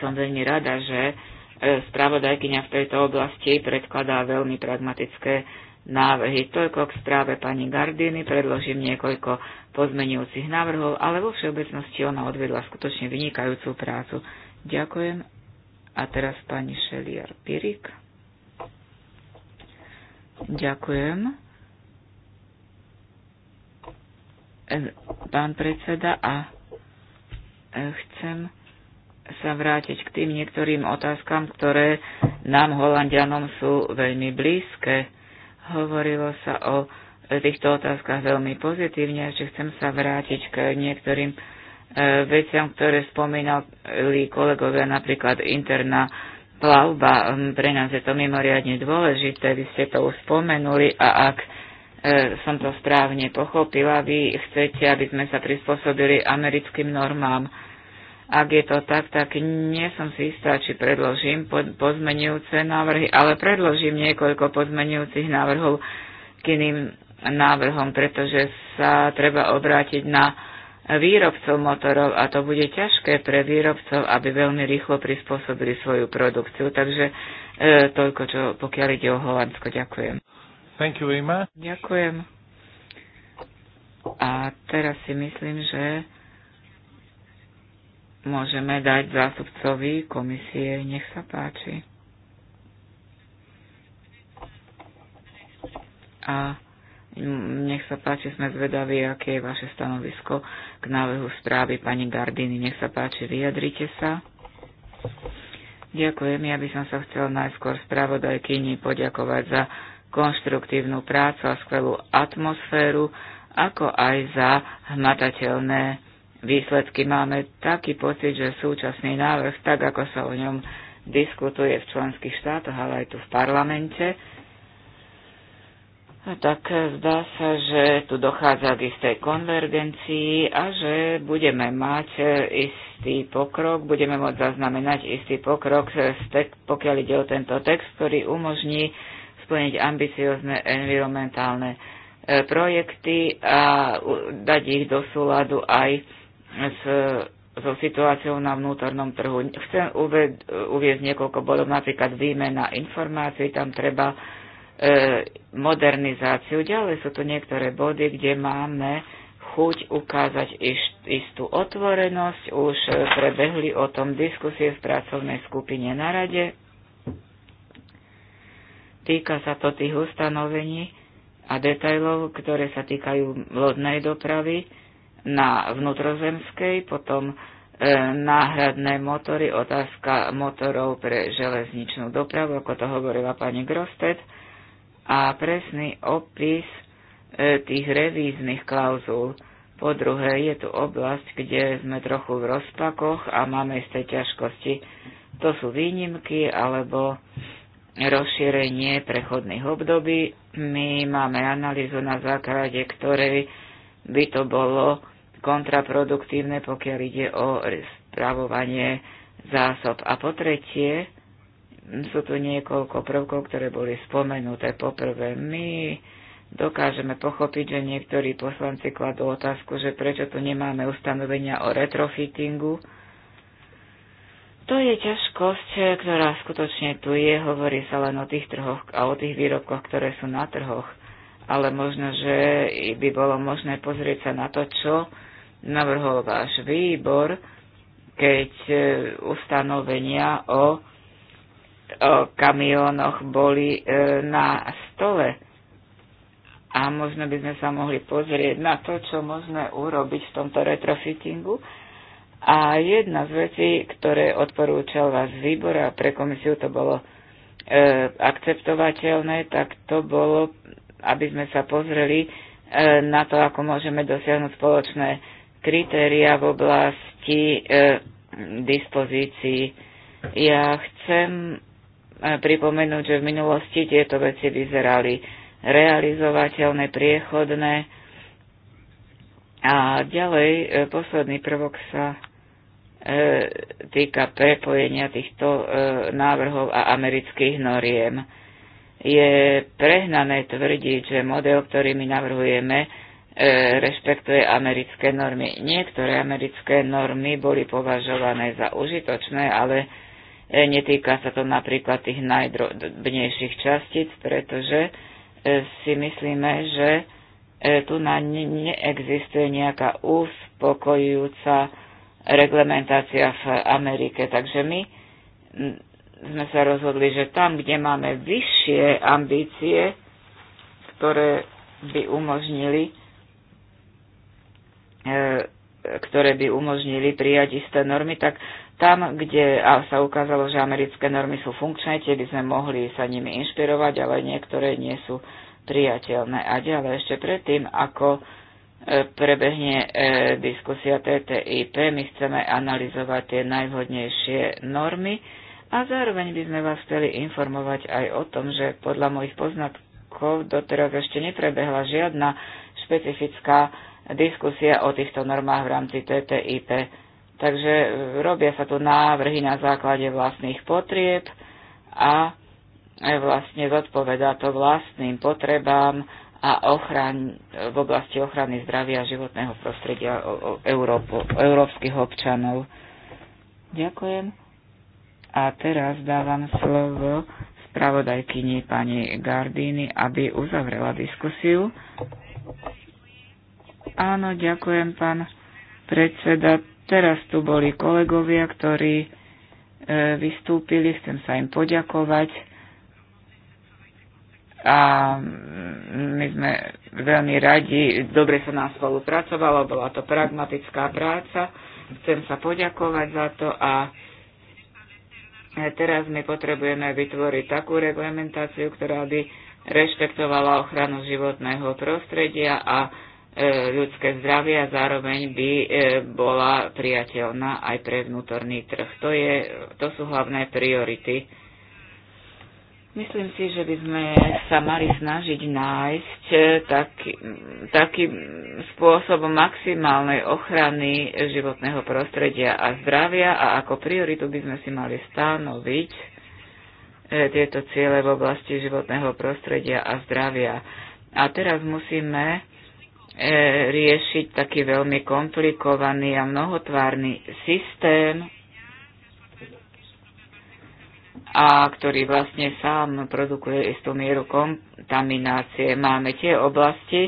Som veľmi rada, že e, spravodajkyňa v tejto oblasti predkladá veľmi pragmatické návrhy. Toľko k správe pani Gardiny, predložím niekoľko pozmenujúcich návrhov, ale vo všeobecnosti ona odvedla skutočne vynikajúcu prácu. Ďakujem. A teraz pani Šeliar Pirik. Ďakujem. E, pán predseda, a e, chcem sa vrátiť k tým niektorým otázkam, ktoré nám, Holandianom, sú veľmi blízke. Hovorilo sa o týchto otázkach veľmi pozitívne, že chcem sa vrátiť k niektorým e, veciam, ktoré spomínali kolegovia, napríklad interná plavba. Um, pre nás je to mimoriadne dôležité, vy ste to už spomenuli a ak e, som to správne pochopila, vy chcete, aby sme sa prispôsobili americkým normám. Ak je to tak, tak nie som si istá, či predložím pozmenujúce návrhy, ale predložím niekoľko pozmenujúcich návrhov k iným návrhom, pretože sa treba obrátiť na výrobcov motorov a to bude ťažké pre výrobcov, aby veľmi rýchlo prispôsobili svoju produkciu. Takže e, toľko, čo pokiaľ ide o Holandsko. Ďakujem. Thank you, Ima. Ďakujem. A teraz si myslím, že môžeme dať zástupcovi komisie. Nech sa páči. A Mm, nech sa páči, sme zvedaví, aké je vaše stanovisko k návrhu správy pani Gardiny. Nech sa páči, vyjadrite sa. Ďakujem, ja by som sa chcel najskôr spravodajkyni poďakovať za konštruktívnu prácu a skvelú atmosféru, ako aj za hmatateľné výsledky. Máme taký pocit, že súčasný návrh, tak ako sa o ňom diskutuje v členských štátoch, ale aj tu v parlamente, tak e, zdá sa, že tu dochádza k istej konvergencii a že budeme mať e, istý pokrok, budeme môcť zaznamenať istý pokrok, e, pokiaľ ide o tento text, ktorý umožní splniť ambiciozne environmentálne projekty a dať ich do súladu aj s, so situáciou na vnútornom trhu. Chcem uved, uviezť niekoľko bodov, napríklad výmena informácií, tam treba E, modernizáciu. Ďalej sú tu niektoré body, kde máme chuť ukázať istú otvorenosť. Už e, prebehli o tom diskusie v pracovnej skupine na rade. Týka sa to tých ustanovení a detajlov, ktoré sa týkajú lodnej dopravy na vnútrozemskej, potom e, náhradné motory, otázka motorov pre železničnú dopravu, ako to hovorila pani Grosted, a presný opis e, tých revíznych klauzul. Po druhé, je tu oblasť, kde sme trochu v rozpakoch a máme isté ťažkosti. To sú výnimky alebo rozšírenie prechodných období. My máme analýzu, na základe ktorej by to bolo kontraproduktívne, pokiaľ ide o spravovanie zásob. A po tretie, sú tu niekoľko prvkov, ktoré boli spomenuté. Poprvé, my dokážeme pochopiť, že niektorí poslanci kladú otázku, že prečo tu nemáme ustanovenia o retrofittingu. To je ťažkosť, ktorá skutočne tu je. Hovorí sa len o tých trhoch a o tých výrobkoch, ktoré sú na trhoch. Ale možno, že by bolo možné pozrieť sa na to, čo navrhol váš výbor, keď e, ustanovenia o o kamionoch boli e, na stole. A možno by sme sa mohli pozrieť na to, čo môžeme urobiť v tomto retrofittingu. A jedna z vecí, ktoré odporúčal vás výbor a pre komisiu to bolo e, akceptovateľné, tak to bolo, aby sme sa pozreli e, na to, ako môžeme dosiahnuť spoločné kritéria v oblasti e, dispozícií. Ja chcem pripomenúť, že v minulosti tieto veci vyzerali realizovateľné, priechodné. A ďalej, e, posledný prvok sa e, týka prepojenia týchto e, návrhov a amerických noriem. Je prehnané tvrdiť, že model, ktorý my navrhujeme, rešpektuje americké normy. Niektoré americké normy boli považované za užitočné, ale E, netýka sa to napríklad tých najdrobnejších častíc, pretože e, si myslíme, že e, tu na ne neexistuje nejaká uspokojujúca reglementácia v Amerike. Takže my sme sa rozhodli, že tam, kde máme vyššie ambície, ktoré by umožnili ktoré by umožnili prijať isté normy, tak tam, kde sa ukázalo, že americké normy sú funkčné, tie by sme mohli sa nimi inšpirovať, ale niektoré nie sú priateľné. A ďalej ešte predtým, ako e, prebehne e, diskusia TTIP, my chceme analyzovať tie najvhodnejšie normy a zároveň by sme vás chceli informovať aj o tom, že podľa mojich poznatkov doteraz ešte neprebehla žiadna špecifická diskusia o týchto normách v rámci TTIP Takže e, robia sa tu návrhy na základe vlastných potrieb a e, vlastne zodpovedá to vlastným potrebám a ochran, v oblasti ochrany zdravia a životného prostredia Európo, európskych občanov. Ďakujem. A teraz dávam slovo spravodajkyni pani Gardini, aby uzavrela diskusiu. Áno, ďakujem, pán predseda. Teraz tu boli kolegovia, ktorí e, vystúpili, chcem sa im poďakovať. A mm, my sme veľmi radi, dobre sa nám spolupracovalo, bola to pragmatická práca. Chcem sa poďakovať za to a e, teraz my potrebujeme vytvoriť takú reglementáciu, ktorá by rešpektovala ochranu životného prostredia a E, ľudské zdravie a zároveň by e, bola priateľná aj pre vnútorný trh. To, je, to sú hlavné priority. Myslím si, že by sme sa mali snažiť nájsť e, taký, taký spôsob maximálnej ochrany životného prostredia a zdravia a ako prioritu by sme si mali stanoviť tieto ciele v oblasti životného prostredia a zdravia. A teraz musíme E, riešiť taký veľmi komplikovaný a mnohotvárny systém, a ktorý vlastne sám produkuje istú mieru kontaminácie. Máme tie oblasti,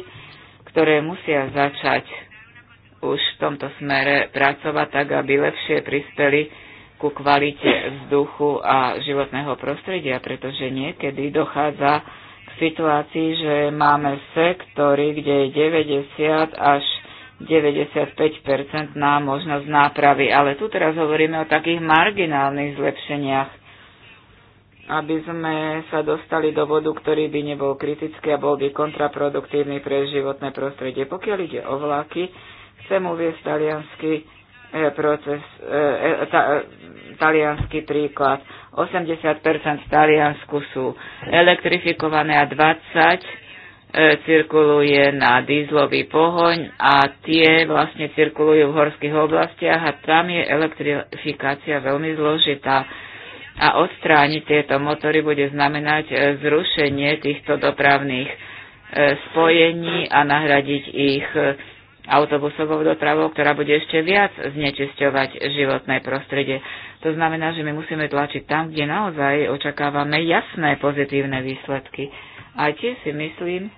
ktoré musia začať už v tomto smere pracovať tak, aby lepšie prispeli ku kvalite vzduchu a životného prostredia, pretože niekedy dochádza v situácii, že máme sektory, kde je 90 až 95 na možnosť nápravy. Ale tu teraz hovoríme o takých marginálnych zlepšeniach, aby sme sa dostali do bodu, ktorý by nebol kritický a bol by kontraproduktívny pre životné prostredie. Pokiaľ ide o vlaky, chcem uvieť talianský E, proces, e, e, ta, talianský príklad. 80% v Taliansku sú elektrifikované a 20 cirkuluje na dízlový pohoň a tie vlastne cirkulujú v horských oblastiach a tam je elektrifikácia veľmi zložitá. A odstrániť tieto motory bude znamenať zrušenie týchto dopravných spojení a nahradiť ich autobusovou dopravou, ktorá bude ešte viac znečisťovať životné prostredie. To znamená, že my musíme tlačiť tam, kde naozaj očakávame jasné pozitívne výsledky. A tiež si myslím,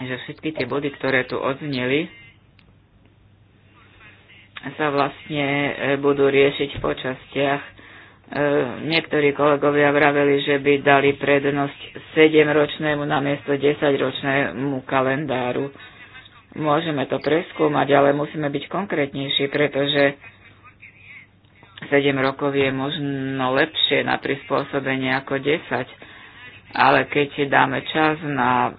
že všetky tie body, ktoré tu odzneli, sa vlastne budú riešiť po častiach. E, niektorí kolegovia vraveli, že by dali prednosť 7-ročnému namiesto 10-ročnému kalendáru. Môžeme to preskúmať, ale musíme byť konkrétnejší, pretože 7 rokov je možno lepšie na prispôsobenie ako 10. Ale keď dáme čas na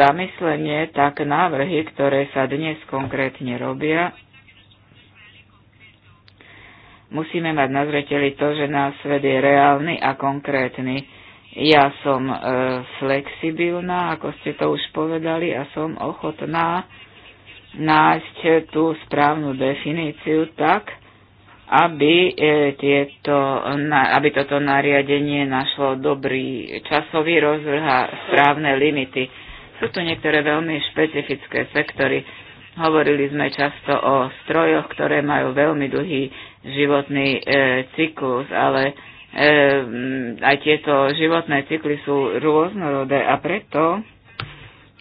zamyslenie, tak návrhy, ktoré sa dnes konkrétne robia, Musíme mať na zreteli to, že náš svet je reálny a konkrétny. Ja som e, flexibilná, ako ste to už povedali, a som ochotná nájsť tú správnu definíciu tak, aby, e, tieto, na, aby toto nariadenie našlo dobrý časový rozvrh a správne limity. Sú tu niektoré veľmi špecifické sektory, Hovorili sme často o strojoch, ktoré majú veľmi dlhý životný e, cyklus, ale e, aj tieto životné cykly sú rôznorodé a preto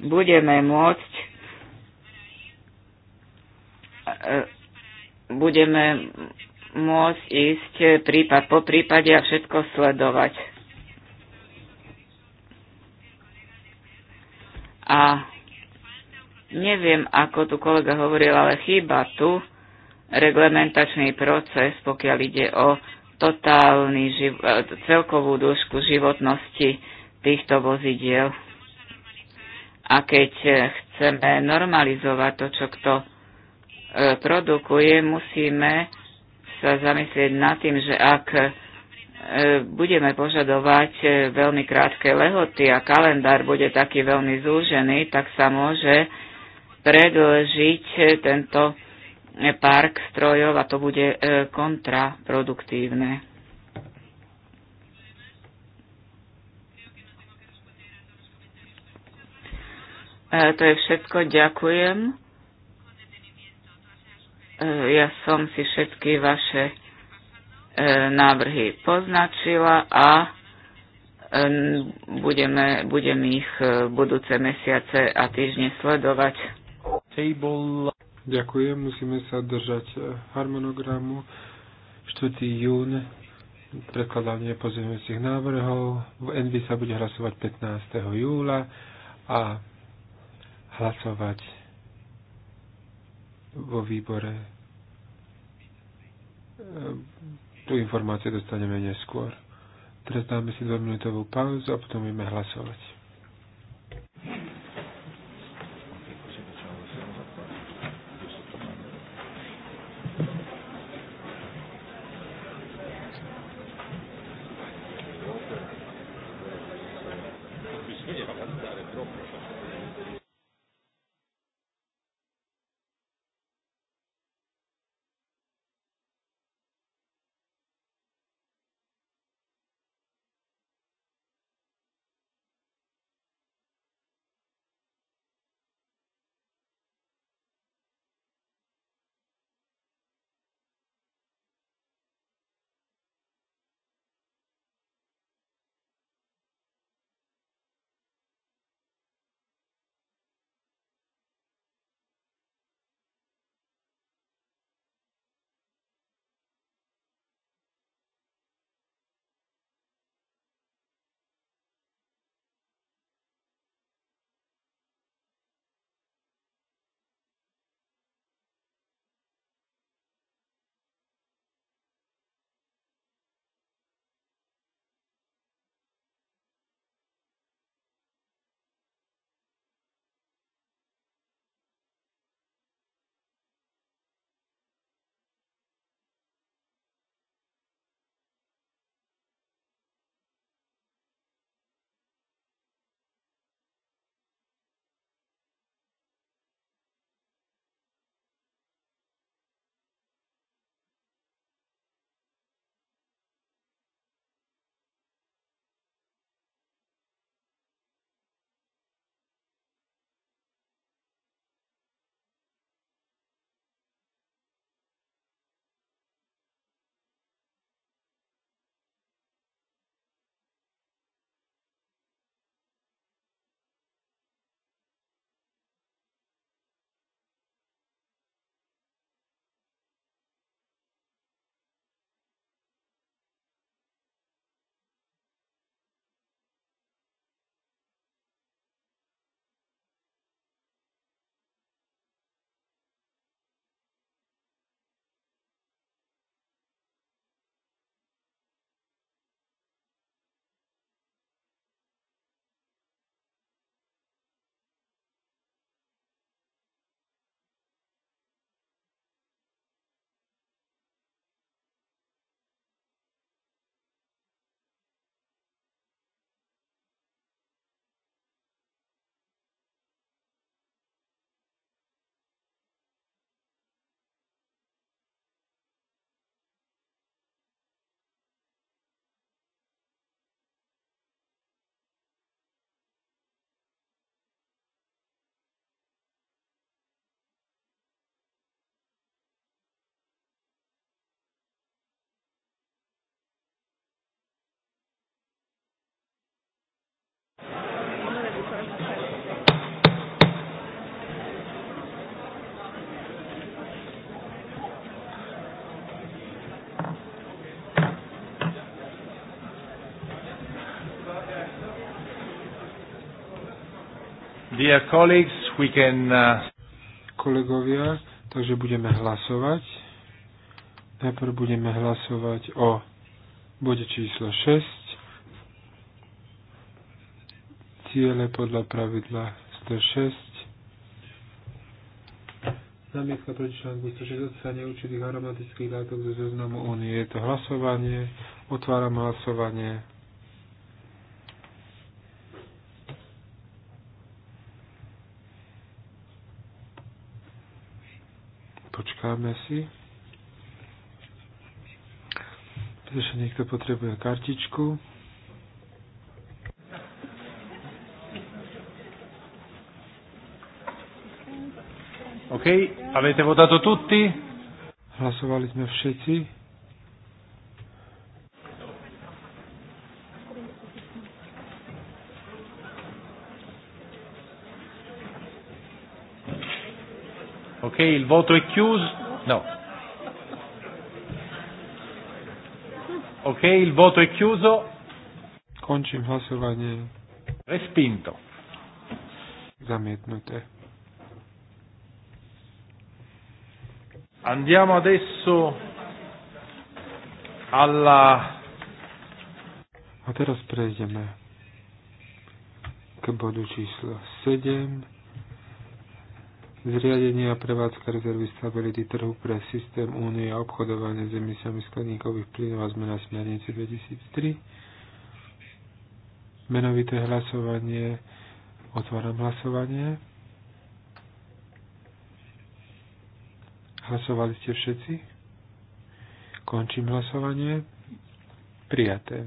budeme môcť e, budeme môcť ísť prípad po prípade a všetko sledovať. A Neviem, ako tu kolega hovoril, ale chýba tu reglementačný proces, pokiaľ ide o totálny, živ- e, celkovú dĺžku životnosti týchto vozidiel. A keď e, chceme normalizovať to, čo kto e, produkuje, musíme sa zamyslieť nad tým, že ak budeme požadovať veľmi krátke lehoty a kalendár bude taký veľmi zúžený, tak sa môže predlžiť e, tento e, park strojov a to bude e, kontraproduktívne. To je všetko. Ďakujem. Ja som si všetky vaše návrhy poznačila a budeme, budem ich budúce mesiace a týždne sledovať table. Ďakujem, musíme sa držať eh, harmonogramu. 4. jún prekladanie pozemujúcich návrhov. V Envy sa bude hlasovať 15. júla a hlasovať vo výbore. Eh, tu informácie dostaneme neskôr. Teraz dáme si dvojminútovú pauzu a potom budeme hlasovať. Dear colleagues, we can... Uh, Kolegovia, takže budeme hlasovať. Najprv budeme hlasovať o bode číslo 6. Ciele podľa pravidla 106 Zamietka proti článku 106 odstane určitých aromatických látok zo zoznamu únie. Je to hlasovanie. Otváram hlasovanie. Počkáme si. Pretože niekto potrebuje kartičku. Ok, avete votato tutti? Hlasovali sme všetci. il voto è chiuso. No. Ok, il voto è chiuso. Končím hlasovanie. Respinto. Zamietnuté. Andiamo adesso alla... A teraz prejdeme k bodu číslo 7 zriadenie a prevádzka rezervy stability trhu pre systém únie a obchodovanie s emisiami skladníkových plynov a zmena smernice 2003. Menovité hlasovanie. Otváram hlasovanie. Hlasovali ste všetci? Končím hlasovanie. Prijaté.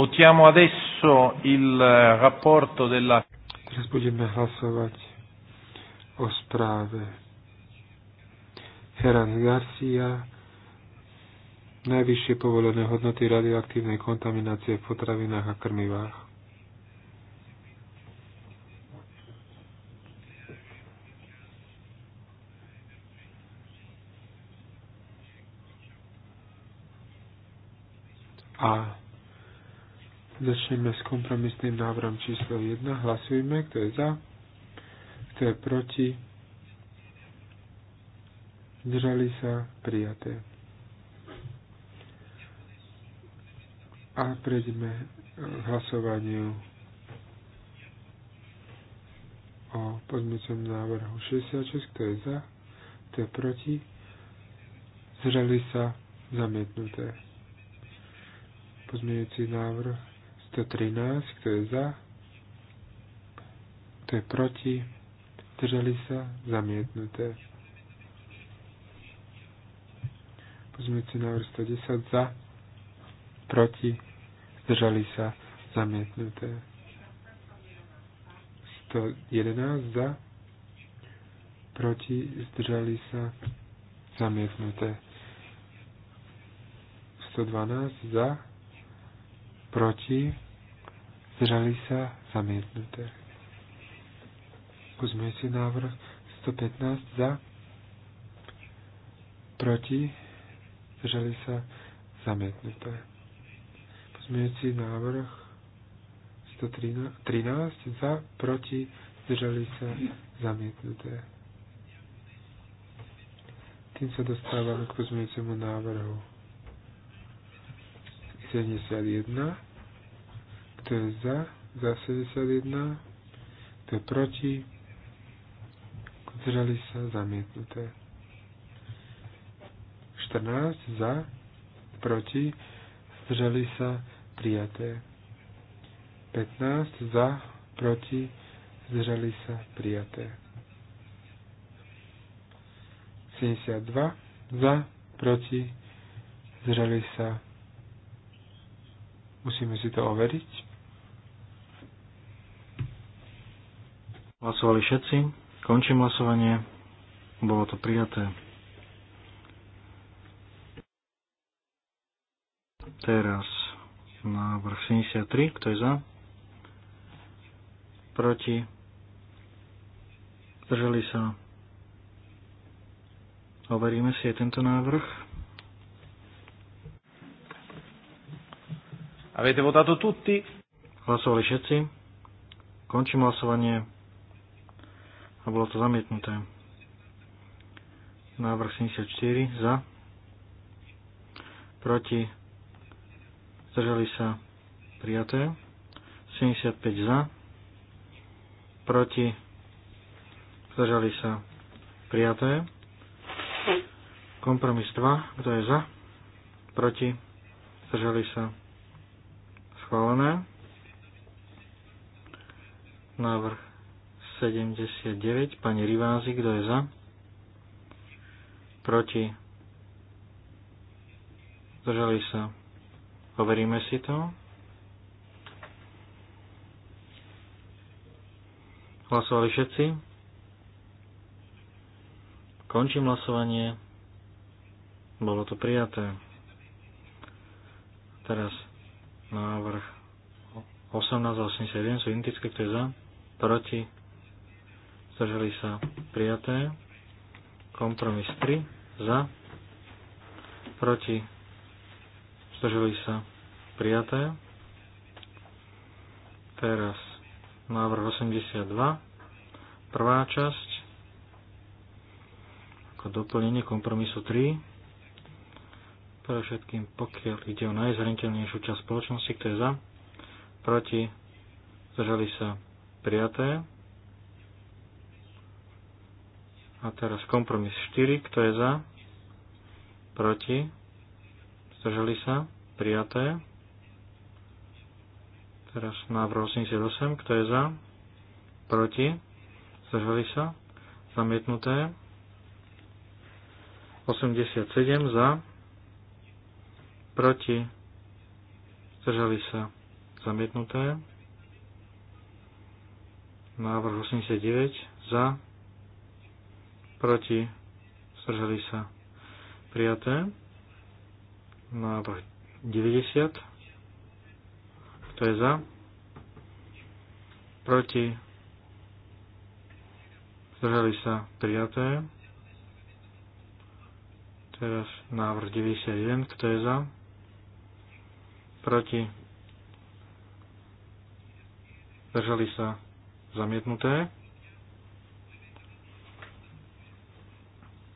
Votiamo adesso il eh, rapporto della... Teraz budeme hlasovať o správe Heran Garcia, najvyššie povolené hodnoty radioaktívnej kontaminácie v potravinách a krmivách. Začneme s kompromisným návrhom číslo 1. Hlasujme, kto je za, kto je proti. Zdržali sa prijaté. A prejdeme k hlasovaniu o pozmeňujúcom návrhu 66. Kto je za, kto je proti. Zdržali sa zamietnuté. Pozmeňujúci návrh 113, kto je za, kto je proti, zdržali sa, zamietnuté. Pozmeňujúci návrh 110 za, proti, zdržali sa, zamietnuté. 111 za, proti, zdržali sa, zamietnuté. 112 za, proti, se, sa, zamietnuté. si návrh 115 za, proti, se, sa, zamietnuté. si návrh 113 13 za, proti, zdržali sa, zamietnuté. Tým sa dostávame k pozmeňujúcemu návrhu 71. Kto je za? Za 71. Kto je proti? Zdržali sa zamietnuté. 14. Za? Proti? Zdržali sa prijaté. 15. Za? Proti? Zdržali sa prijaté. 72. Za? Proti? Zdržali sa prijaté Musíme si to overiť. Hlasovali všetci. Končím hlasovanie. Bolo to prijaté. Teraz návrh 73. Kto je za? Proti? Zdržali sa? Overíme si aj tento návrh. Avete votato tutti? Hlasovali všetci. Končím hlasovanie. A bolo to zamietnuté. Návrh 74 za. Proti. Zdržali sa. Prijaté. 75 za. Proti. Zdržali sa. Prijaté. Kompromis 2. Kto je za? Proti. Zdržali sa schválené. Návrh 79, pani Rivázi, kto je za? Proti? Zdržali sa. Overíme si to. Hlasovali všetci? Končím hlasovanie. Bolo to prijaté. Teraz Návrh 1887 sú identické, kto je za, proti, zdržali sa prijaté. Kompromis 3, za, proti, zdržali sa prijaté. Teraz návrh 82, prvá časť, ako doplnenie kompromisu 3, Predovšetkým, pokiaľ ide o najzraniteľnejšiu časť spoločnosti, kto je za, proti, zdržali sa prijaté. A teraz kompromis 4, kto je za, proti, zdržali sa prijaté. Teraz návrh 88, kto je za, proti, zdržali sa, zamietnuté. 87 za, proti, zdržali sa zamietnuté. Návrh 89 za, proti, zdržali sa prijaté. Návrh 90, kto je za, proti, zdržali sa prijaté. Teraz návrh 91, kto je za? proti, držali sa zamietnuté.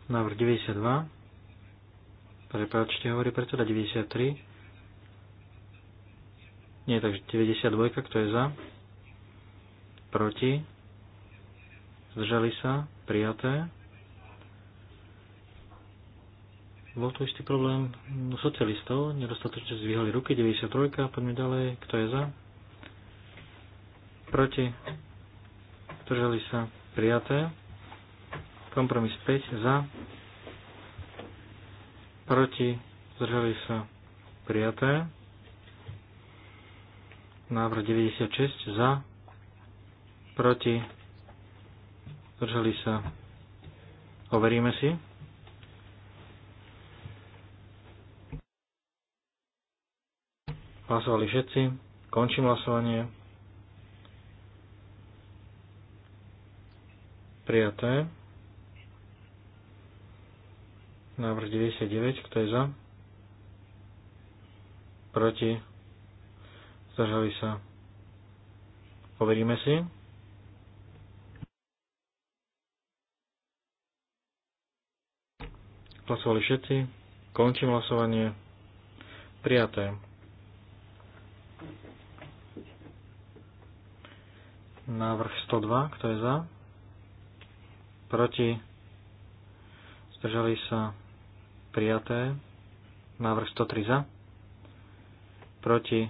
Návrh 92, prepáčte, hovorí predseda 93, nie, takže 92, kto je za? Proti? Zdržali sa? Prijaté? Bol tu istý problém no, socialistov, nedostatočne zvýhali ruky, 93, poďme ďalej, kto je za? Proti? Držali sa prijaté. Kompromis 5 za. Proti? Zdržali sa prijaté. Návrh 96 za. Proti? Zdržali sa. Overíme si. Hlasovali všetci. Končím hlasovanie. Prijaté. Návrh 99. Kto je za? Proti? Zdržali sa. Poveríme si. Hlasovali všetci. Končím hlasovanie. Prijaté. Návrh 102, kto je za? Proti? Zdržali sa? Prijaté. Návrh 103 za? Proti?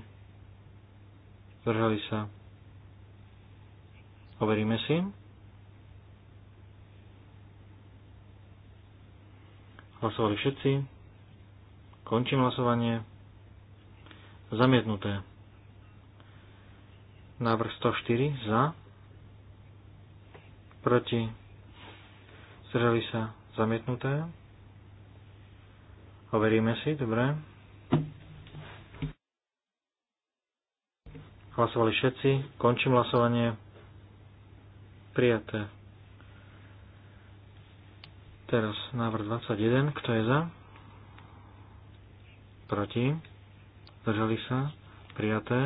Zdržali sa? Overíme si. Hlasovali všetci. Končím hlasovanie. Zamietnuté. Návrh 104 za. Proti. Zdržali sa zamietnuté. Overíme si, dobre. Hlasovali všetci. Končím hlasovanie. Prijaté. Teraz návrh 21. Kto je za? Proti. Zdržali sa. Prijaté.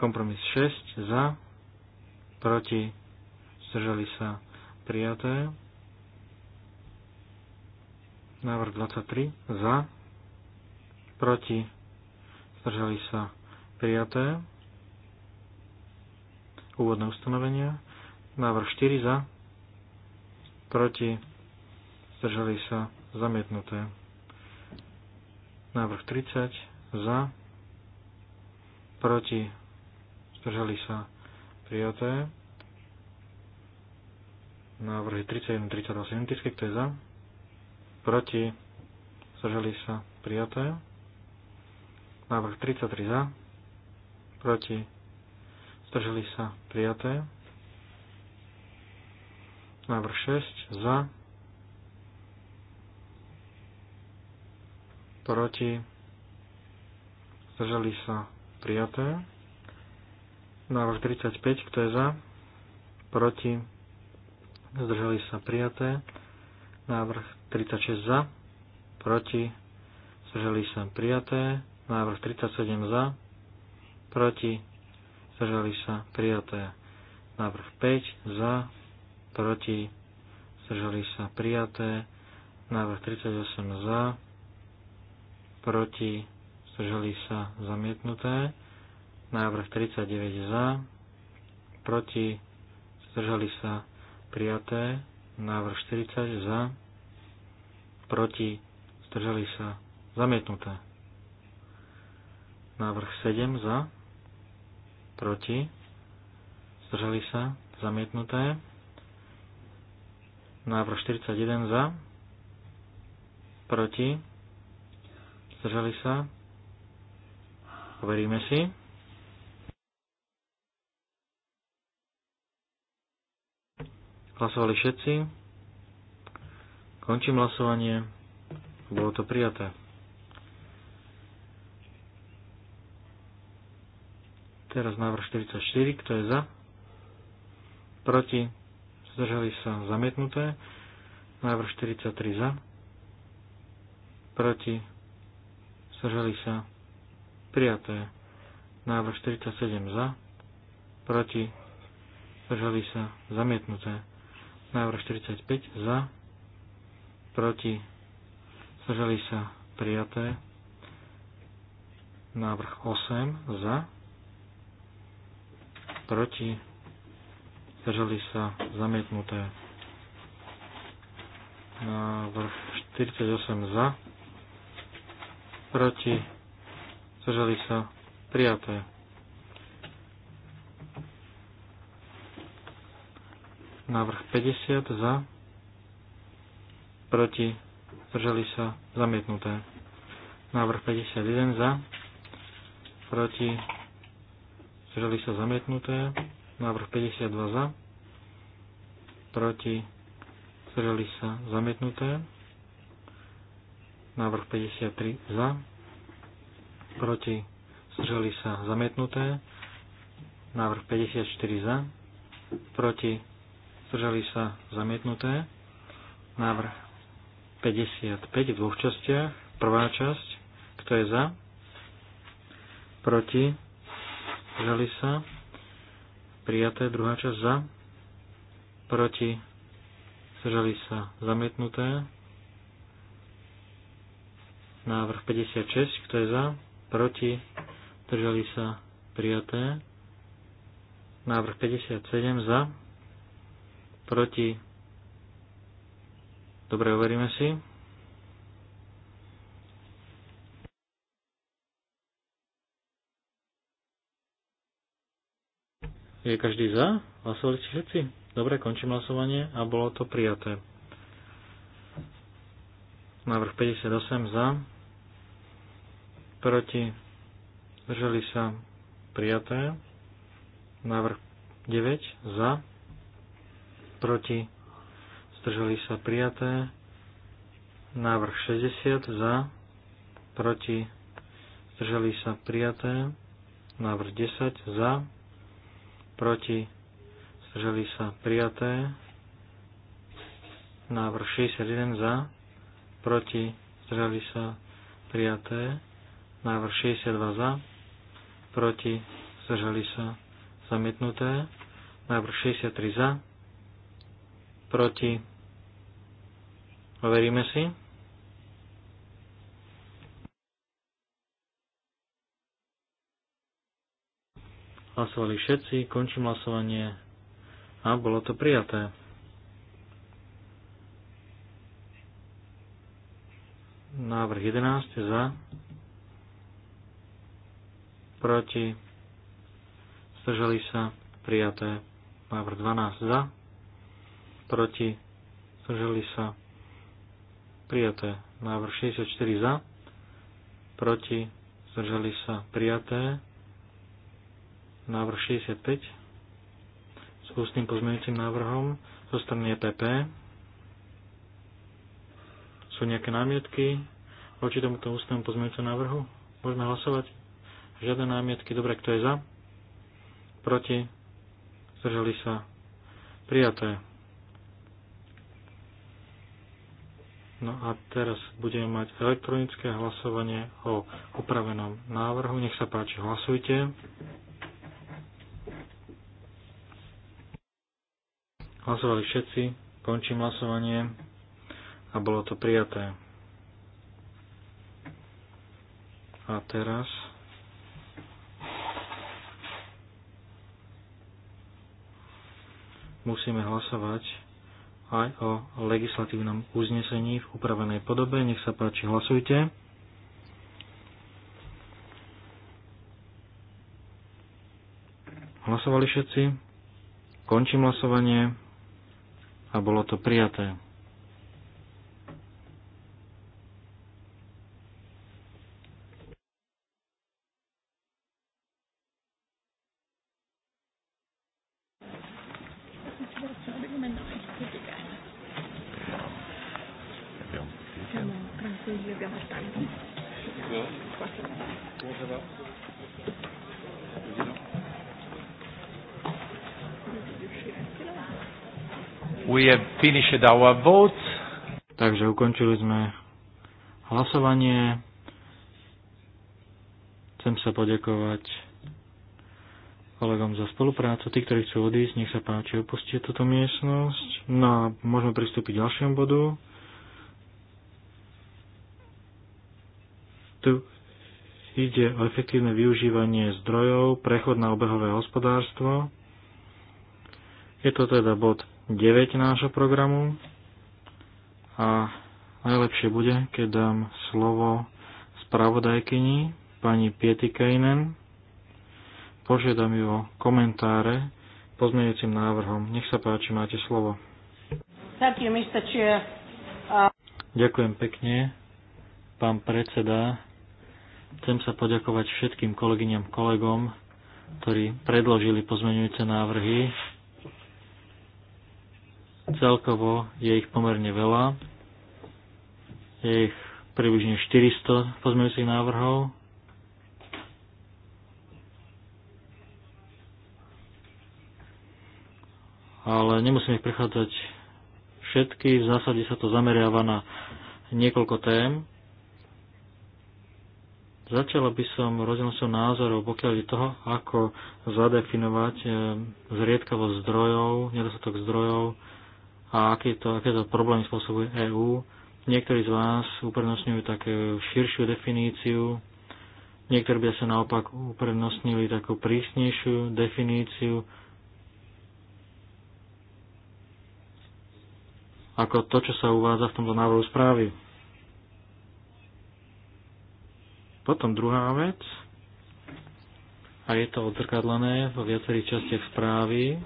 Kompromis 6 za, proti, zdržali sa prijaté. Návrh 23 za, proti, zdržali sa prijaté. Úvodné ustanovenia. Návrh 4 za, proti, zdržali sa zamietnuté. Návrh 30 za, proti, Zdržali sa prijaté. Návrhy 31, 32 identické. Kto je za? Proti. Zdržali sa prijaté. Návrh 33 za. Proti. Zdržali sa prijaté. Návrh 6 za. Proti. Zdržali sa prijaté. Návrh 35, kto je za? Proti? Zdržali sa prijaté. Návrh 36 za. Proti? Zdržali sa prijaté. Návrh 37 za. Proti? Zdržali sa prijaté. Návrh 5 za. Proti? Zdržali sa prijaté. Návrh 38 za. Proti? Zdržali sa zamietnuté. Návrh 39 za, proti, zdržali sa prijaté. Návrh 40 za, proti, zdržali sa zamietnuté. Návrh 7 za, proti, zdržali sa zamietnuté. Návrh 41 za, proti, zdržali sa, overíme si. Hlasovali všetci. Končím hlasovanie. Bolo to prijaté. Teraz návrh 44. Kto je za? Proti? Zdržali sa zamietnuté. Návrh 43 za. Proti? Zdržali sa prijaté. Návrh 47 za. Proti? Zdržali sa zamietnuté. Návrh 45 za, proti, zdržali sa prijaté. Návrh 8 za, proti, zdržali sa zamietnuté. Návrh 48 za, proti, zdržali sa prijaté. Návrh 50 za. Proti. Zdržali sa. Zamietnuté. Návrh 51 za. Proti. Zdržali sa. Zamietnuté. Návrh 52 za. Proti. Zdržali sa. Zamietnuté. Návrh 53 za. Proti. Zdržali sa. Zamietnuté. Návrh 54 za. Proti zdržali sa zamietnuté. Návrh 55 v dvoch častiach. Prvá časť, kto je za, proti, zdržali sa, prijaté. Druhá časť za, proti, zdržali sa, zamietnuté. Návrh 56, kto je za, proti, zdržali sa, prijaté. Návrh 57 za, proti. Dobre, overíme si. Je každý za? Hlasovali ste všetci? Dobre, končím hlasovanie a bolo to prijaté. Návrh 58 za, proti, zdržali sa prijaté. Návrh 9 za, proti, zdržali sa prijaté. Návrh 60 za, proti, zdržali sa prijaté. Návrh 10 za, proti, zdržali sa prijaté. Návrh 61 za, proti, zdržali sa prijaté. Návrh 62 za, proti, zdržali sa zamietnuté. Návrh 63 za, proti, overíme si. Hlasovali všetci, končím hlasovanie a bolo to prijaté. Návrh 11 za, proti, zdržali sa, prijaté. Návrh 12 za, proti, zdržali sa, prijaté. Návrh 64 za, proti, zdržali sa, prijaté. Návrh 65 s ústnym pozmeňujúcim návrhom zo strany EPP. Sú nejaké námietky voči tomuto ústnemu pozmeňujúcemu návrhu? Môžeme hlasovať? Žiadne námietky. Dobre, kto je za? Proti? Zdržali sa? Prijaté. No a teraz budeme mať elektronické hlasovanie o upravenom návrhu. Nech sa páči, hlasujte. Hlasovali všetci, končím hlasovanie a bolo to prijaté. A teraz musíme hlasovať aj o legislatívnom uznesení v upravenej podobe. Nech sa páči, hlasujte. Hlasovali všetci? Končím hlasovanie a bolo to prijaté. finished our votes. Takže ukončili sme hlasovanie. Chcem sa poďakovať kolegom za spoluprácu. Tí, ktorí chcú odísť, nech sa páči, opustite túto miestnosť. No a môžeme pristúpiť k ďalšiemu bodu. Tu ide o efektívne využívanie zdrojov, prechod na obehové hospodárstvo. Je to teda bod 9 nášho programu a najlepšie bude, keď dám slovo spravodajkyni pani Piety Kejnen. Požiadam ju o komentáre pozmeňujúcim návrhom. Nech sa páči, máte slovo. Ďakujem pekne, pán predseda. Chcem sa poďakovať všetkým kolegyňam, kolegom, ktorí predložili pozmeňujúce návrhy Celkovo je ich pomerne veľa. Je ich približne 400 pozmeňujúcich návrhov. Ale nemusím ich prechádzať všetky. V zásade sa to zameriava na niekoľko tém. Začala by som rozdielnosťou názorov, pokiaľ je toho, ako zadefinovať eh, zriedkavosť zdrojov, nedostatok zdrojov, a aké to, aké to problémy spôsobuje EÚ. Niektorí z vás uprednostňujú takú širšiu definíciu, niektorí by sa naopak uprednostnili takú prísnejšiu definíciu, ako to, čo sa uvádza v tomto návrhu správy. Potom druhá vec, a je to odzrkadlené vo viacerých častiach správy,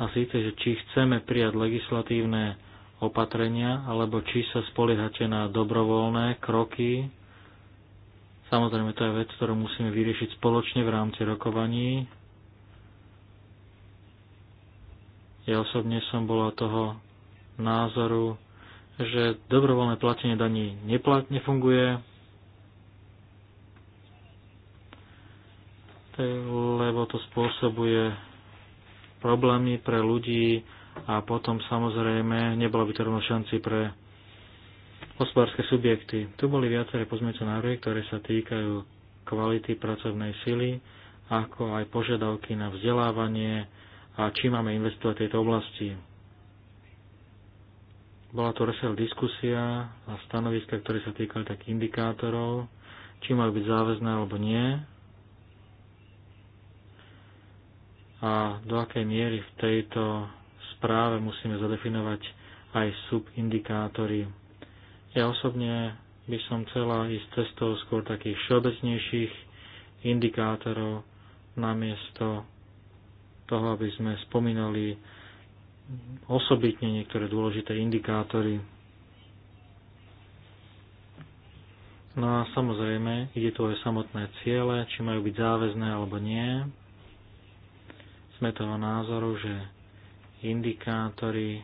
a síce, že či chceme prijať legislatívne opatrenia, alebo či sa spoliehate na dobrovoľné kroky. Samozrejme, to je vec, ktorú musíme vyriešiť spoločne v rámci rokovaní. Ja osobne som bola toho názoru, že dobrovoľné platenie daní neplat, nefunguje, lebo to spôsobuje problémy pre ľudí a potom samozrejme nebolo by to rovno šanci pre hospodárske subjekty. Tu boli viaceré pozmeňujúce návrhy, ktoré sa týkajú kvality pracovnej sily, ako aj požiadavky na vzdelávanie a či máme investovať v tejto oblasti. Bola tu rozsiaľ diskusia a stanoviska, ktoré sa týkali takých indikátorov, či majú byť záväzné alebo nie. a do akej miery v tejto správe musíme zadefinovať aj subindikátory. Ja osobne by som chcela ísť cestou skôr takých všeobecnejších indikátorov namiesto toho, aby sme spomínali osobitne niektoré dôležité indikátory. No a samozrejme, ide tu aj samotné ciele, či majú byť záväzné alebo nie. Sme toho názoru, že indikátory,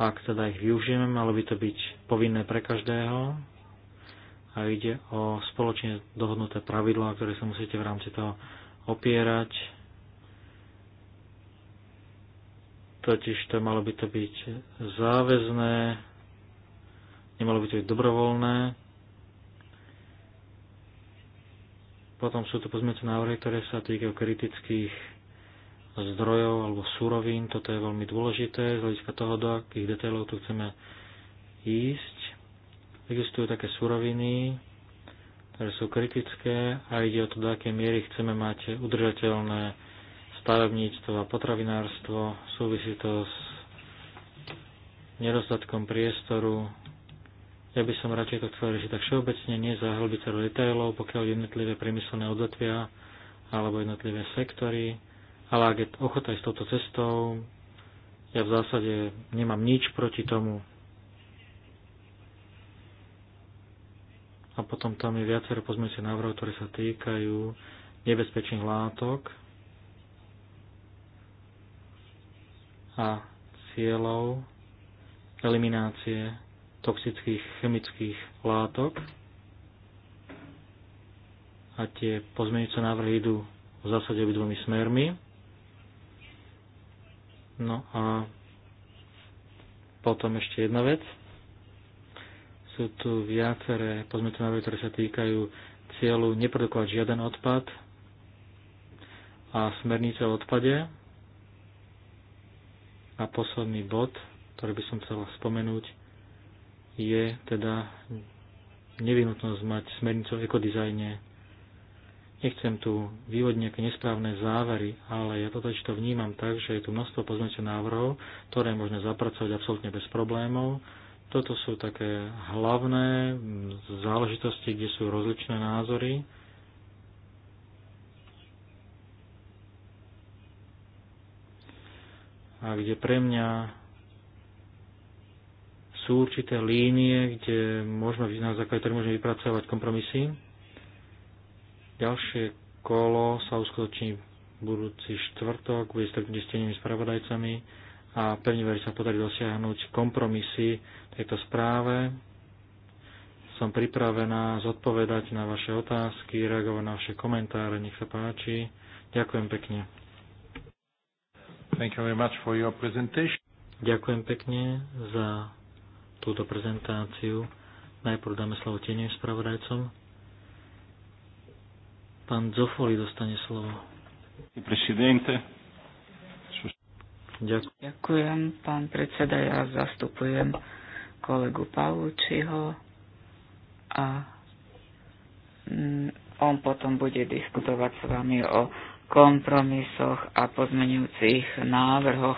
ak teda ich využijeme, malo by to byť povinné pre každého a ide o spoločne dohodnuté pravidlá, ktoré sa musíte v rámci toho opierať. Totiž to malo by to byť záväzné, nemalo by to byť dobrovoľné Potom sú tu pozmeňujúce návrhy, ktoré sa týkajú kritických zdrojov alebo súrovín. Toto je veľmi dôležité z hľadiska toho, do akých detailov tu chceme ísť. Existujú také súroviny, ktoré sú kritické a ide o to, do akej miery chceme mať udržateľné stavebníctvo a potravinárstvo. Súvisí to s nedostatkom priestoru, ja by som radšej to chcel riešiť tak všeobecne, nie zahlbiť sa do detailov, pokiaľ jednotlivé priemyselné odvetvia alebo jednotlivé sektory, ale ak je ochota ísť touto cestou, ja v zásade nemám nič proti tomu. A potom tam je viacero pozmeňujúcich návrhov, ktoré sa týkajú nebezpečných látok a cieľov eliminácie toxických chemických látok a tie pozmeňujúce návrhy idú v zásade obidvomi smermi. No a potom ešte jedna vec. Sú tu viaceré pozmeňujúce návrhy, ktoré sa týkajú cieľu neprodukovať žiaden odpad a smernice o odpade. A posledný bod, ktorý by som chcel spomenúť, je teda nevyhnutnosť mať smernicu v ekodizajne. Nechcem tu vyvodiť nejaké nesprávne závery, ale ja to to vnímam tak, že je tu množstvo pozmeňujúcich návrhov, ktoré je možné zapracovať absolútne bez problémov. Toto sú také hlavné mm, záležitosti, kde sú rozličné názory. a kde pre mňa sú určité línie, kde môžeme, na základe ktorých môžeme vypracovať kompromisy. Ďalšie kolo sa uskutoční budúci štvrtok, bude stretnutie s tenými spravodajcami a pevne verím, sa podarí dosiahnuť kompromisy tejto správe. Som pripravená zodpovedať na vaše otázky, reagovať na vaše komentáre, nech sa páči. Ďakujem pekne. Thank you very much for your presentation. Ďakujem pekne za túto prezentáciu. Najprv dáme slovo tieňovým spravodajcom. Pán Zofoli dostane slovo. Ďakujem. Ďakujem, pán predseda. Ja zastupujem kolegu Pavúčiho a mm, on potom bude diskutovať s vami o kompromisoch a pozmenujúcich návrhoch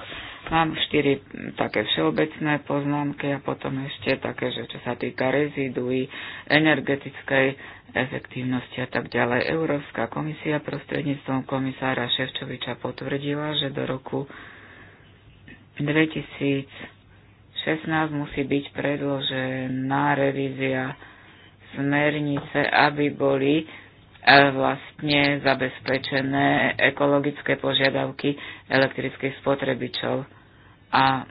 Mám štyri také všeobecné poznámky a potom ešte také, že čo sa týka reziduí, energetickej efektívnosti a tak ďalej. Európska komisia prostredníctvom komisára Ševčoviča potvrdila, že do roku 2016 musí byť predložená revízia smernice, aby boli e, vlastne zabezpečené ekologické požiadavky elektrických spotrebičov a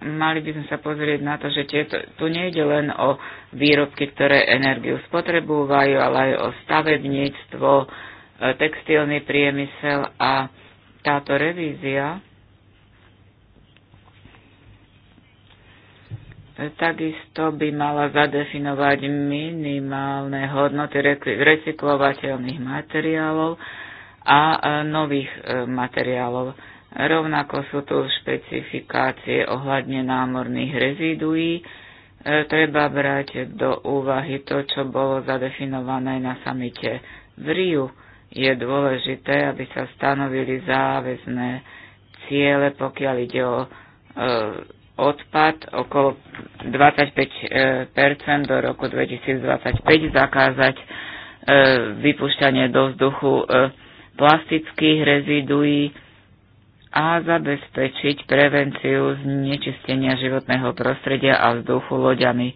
mali by sme sa pozrieť na to, že tieto, tu nejde len o výrobky, ktoré energiu spotrebúvajú, ale aj o stavebníctvo, e, textilný priemysel a táto revízia e, takisto by mala zadefinovať minimálne hodnoty recyklovateľných materiálov a e, nových materiálov. Rovnako sú tu špecifikácie ohľadne námorných rezidují, E, treba brať do úvahy to, čo bolo zadefinované na samite v Riu. Je dôležité, aby sa stanovili záväzné ciele, pokiaľ ide o e, odpad, okolo 25 do roku 2025 zakázať e, vypúšťanie do vzduchu e, plastických rezidují a zabezpečiť prevenciu znečistenia životného prostredia a vzduchu loďami. E,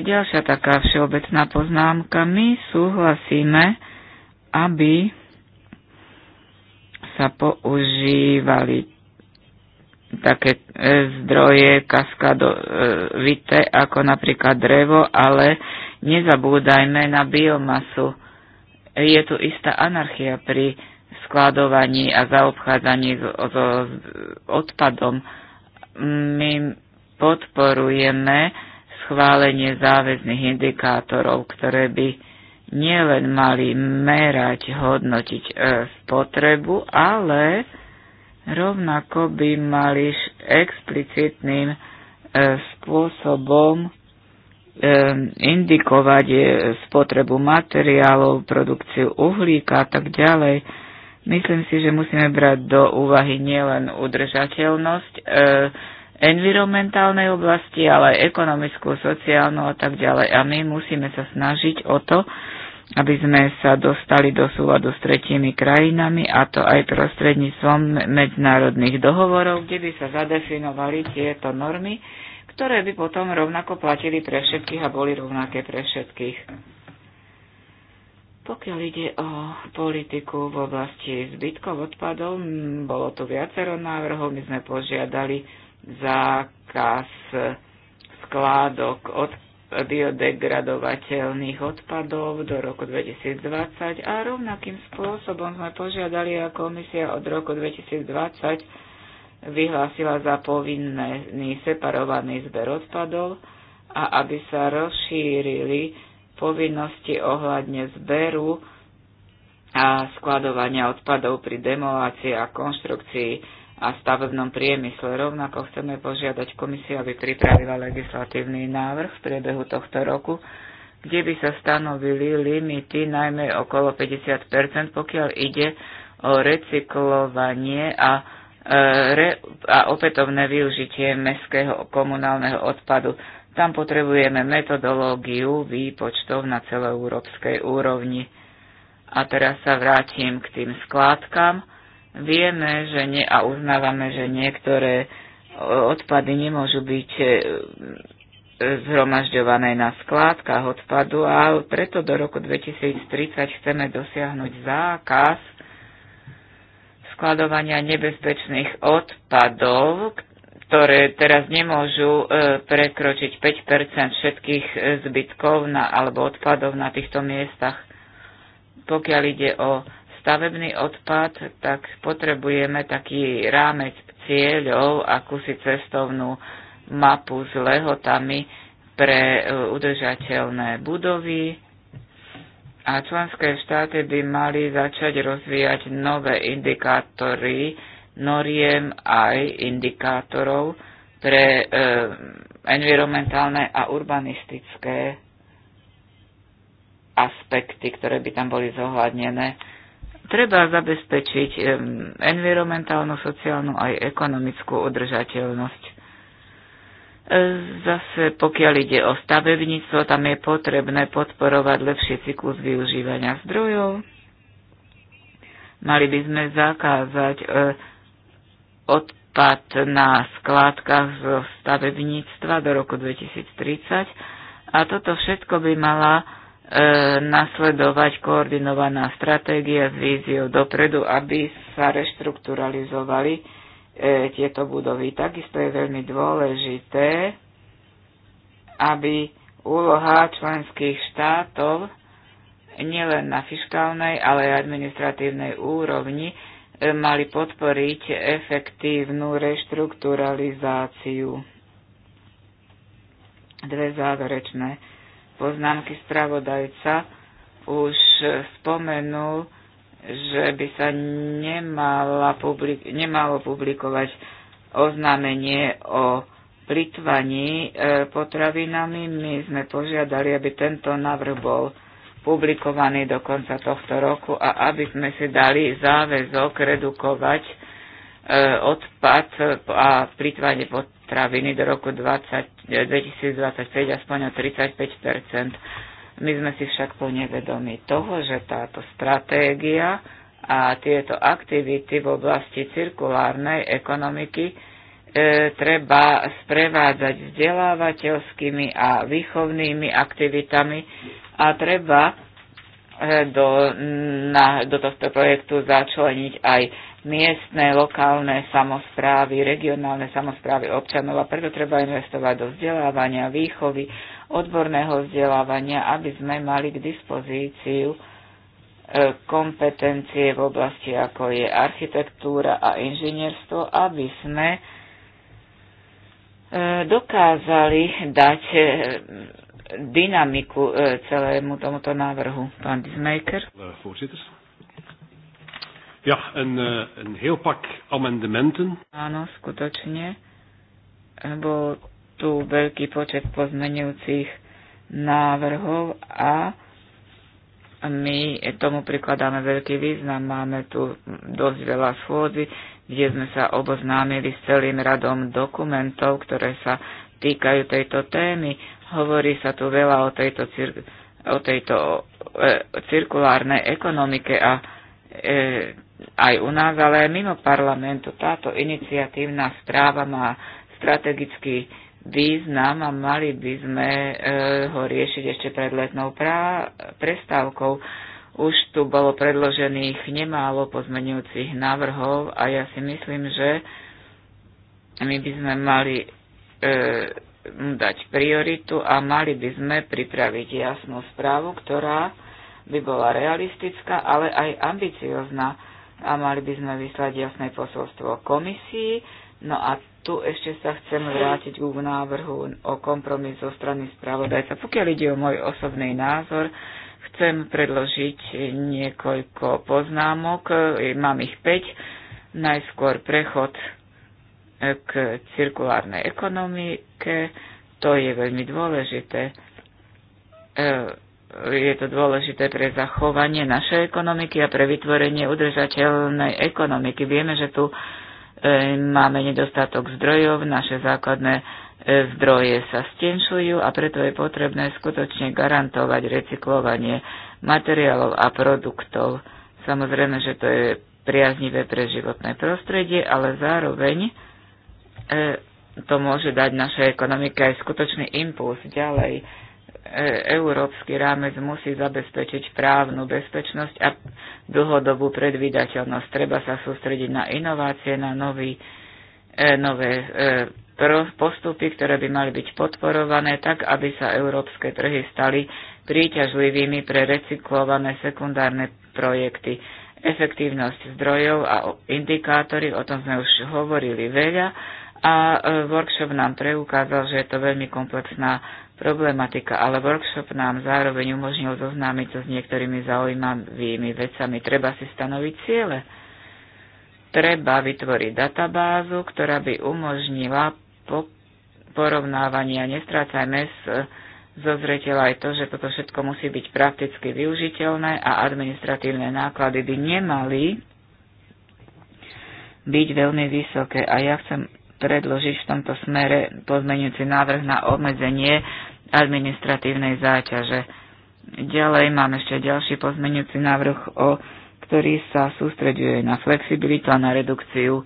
ďalšia taká všeobecná poznámka. My súhlasíme, aby sa používali také e, zdroje kaskadovité, ako napríklad drevo, ale nezabúdajme na biomasu. Je tu istá anarchia pri skladovaní a zaobchádzaní s, odpadom. My podporujeme schválenie záväzných indikátorov, ktoré by nielen mali merať, hodnotiť e, spotrebu, ale rovnako by mali explicitným e, spôsobom e, indikovať spotrebu materiálov, produkciu uhlíka a tak ďalej. Myslím si, že musíme brať do úvahy nielen udržateľnosť e, environmentálnej oblasti, ale aj ekonomickú, sociálnu a tak ďalej. A my musíme sa snažiť o to, aby sme sa dostali do súladu s tretími krajinami, a to aj prostredníctvom medzinárodných dohovorov, kde by sa zadefinovali tieto normy, ktoré by potom rovnako platili pre všetkých a boli rovnaké pre všetkých. Pokiaľ ide o politiku v oblasti zbytkov odpadov, bolo tu viacero návrhov. My sme požiadali zákaz skládok od biodegradovateľných odpadov do roku 2020 a rovnakým spôsobom sme požiadali a komisia od roku 2020 vyhlásila za povinný separovaný zber odpadov a aby sa rozšírili povinnosti ohľadne zberu a skladovania odpadov pri demolácii a konštrukcii a stavebnom priemysle. Rovnako chceme požiadať komisiu, aby pripravila legislatívny návrh v priebehu tohto roku, kde by sa stanovili limity najmä okolo 50 pokiaľ ide o recyklovanie a, e, re, a opätovné využitie mestského komunálneho odpadu. Tam potrebujeme metodológiu výpočtov na celoeurópskej úrovni. A teraz sa vrátim k tým skládkam. Vieme že nie, a uznávame, že niektoré e, odpady nemôžu byť e, zhromažďované na skládkach odpadu a preto do roku 2030 chceme dosiahnuť zákaz skladovania nebezpečných odpadov, ktoré teraz nemôžu e, prekročiť 5 všetkých e, zbytkov na, alebo odpadov na týchto miestach. Pokiaľ ide o stavebný odpad, tak potrebujeme taký rámec cieľov, akúsi cestovnú mapu s lehotami pre e, udržateľné budovy a členské štáty by mali začať rozvíjať nové indikátory noriem aj indikátorov pre e, environmentálne a urbanistické aspekty, ktoré by tam boli zohľadnené. Treba zabezpečiť e, environmentálnu, sociálnu aj ekonomickú udržateľnosť. Eh, zase pokiaľ ide o stavebníctvo, tam je potrebné podporovať lepší cyklus využívania zdrojov. Mali by sme zakázať e, odpad na skládkach zo stavebníctva do roku 2030 a toto všetko by mala e, nasledovať koordinovaná stratégia s víziou dopredu, aby sa reštrukturalizovali e, tieto budovy. Takisto je veľmi dôležité, aby úloha členských štátov nielen na fiskálnej, ale aj administratívnej úrovni mali podporiť efektívnu reštrukturalizáciu. Dve záverečné poznámky spravodajca už spomenul, že by sa nemala publik- nemalo publikovať oznámenie o plitvaní e, potravinami. My sme požiadali, aby tento návrh bol publikovaný do konca tohto roku a aby sme si dali záväzok redukovať e, odpad a plýtvanie potraviny do roku 20, 2025 e, aspoň o 35 My sme si však po vedomi toho, že táto stratégia a tieto aktivity v oblasti cirkulárnej ekonomiky e, treba sprevádzať vzdelávateľskými a výchovnými aktivitami, a treba e, do, na, do tohto projektu začleniť aj miestne, lokálne samozprávy, regionálne samozprávy občanov a preto treba investovať do vzdelávania, výchovy, odborného vzdelávania, aby sme mali k dispozíciu e, kompetencie v oblasti ako je architektúra a inžinierstvo, aby sme e, dokázali dať dynamiku e, celému tomuto návrhu. Pán Dismaker. Eh, ja, een, eh, een heel pak amendementen. Áno, skutočne. E, bol tu veľký počet pozmenujúcich návrhov a my tomu prikladáme veľký význam. Máme tu dosť veľa schôdzi, kde sme sa oboznámili s celým radom dokumentov, ktoré sa týkajú tejto témy Hovorí sa tu veľa o tejto, cir- o tejto e, cirkulárnej ekonomike a e, aj u nás, ale aj mimo parlamentu táto iniciatívna správa má strategický význam a mali by sme e, ho riešiť ešte pred letnou prestávkou. Už tu bolo predložených nemálo pozmenujúcich návrhov a ja si myslím, že my by sme mali e, dať prioritu a mali by sme pripraviť jasnú správu, ktorá by bola realistická, ale aj ambiciozná a mali by sme vyslať jasné posolstvo komisii. No a tu ešte sa chcem vrátiť k návrhu o kompromis zo strany spravodajca. Pokiaľ ide o môj osobný názor, chcem predložiť niekoľko poznámok, mám ich 5. Najskôr prechod k cirkulárnej ekonomike, to je veľmi dôležité. E, je to dôležité pre zachovanie našej ekonomiky a pre vytvorenie udržateľnej ekonomiky. Vieme, že tu e, máme nedostatok zdrojov, naše základné e, zdroje sa stenčujú a preto je potrebné skutočne garantovať recyklovanie materiálov a produktov. Samozrejme, že to je priaznivé pre životné prostredie, ale zároveň E, to môže dať našej ekonomike aj skutočný impuls ďalej. E, európsky rámec musí zabezpečiť právnu bezpečnosť a dlhodobú predvydateľnosť. Treba sa sústrediť na inovácie, na nový, e, nové postupy, ktoré by mali byť podporované tak, aby sa európske trhy stali príťažlivými pre recyklované sekundárne projekty. Efektívnosť zdrojov a indikátory, o tom sme už hovorili veľa a e, workshop nám preukázal, že je to veľmi komplexná problematika, ale workshop nám zároveň umožnil zoznámiť sa so s niektorými zaujímavými vecami. Treba si stanoviť ciele. Treba vytvoriť databázu, ktorá by umožnila po porovnávanie a nestrácajme e, zo zreteľa aj to, že toto všetko musí byť prakticky využiteľné a administratívne náklady by nemali byť veľmi vysoké. A ja chcem predložiť v tomto smere pozmenujúci návrh na obmedzenie administratívnej záťaže. Ďalej mám ešte ďalší pozmenujúci návrh, o, ktorý sa sústreďuje na flexibilitu a na redukciu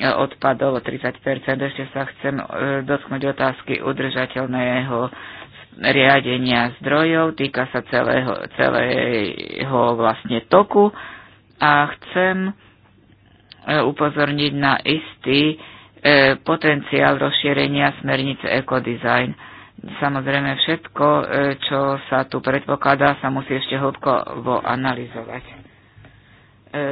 e, odpadov o 30 Ešte sa chcem e, dotknúť otázky udržateľného riadenia zdrojov, týka sa celého, celého vlastne toku a chcem e, upozorniť na istý E, potenciál rozšírenia smernice ekodizajn. Samozrejme všetko, e, čo sa tu predpokladá, sa musí ešte hĺbkovo analyzovať. E,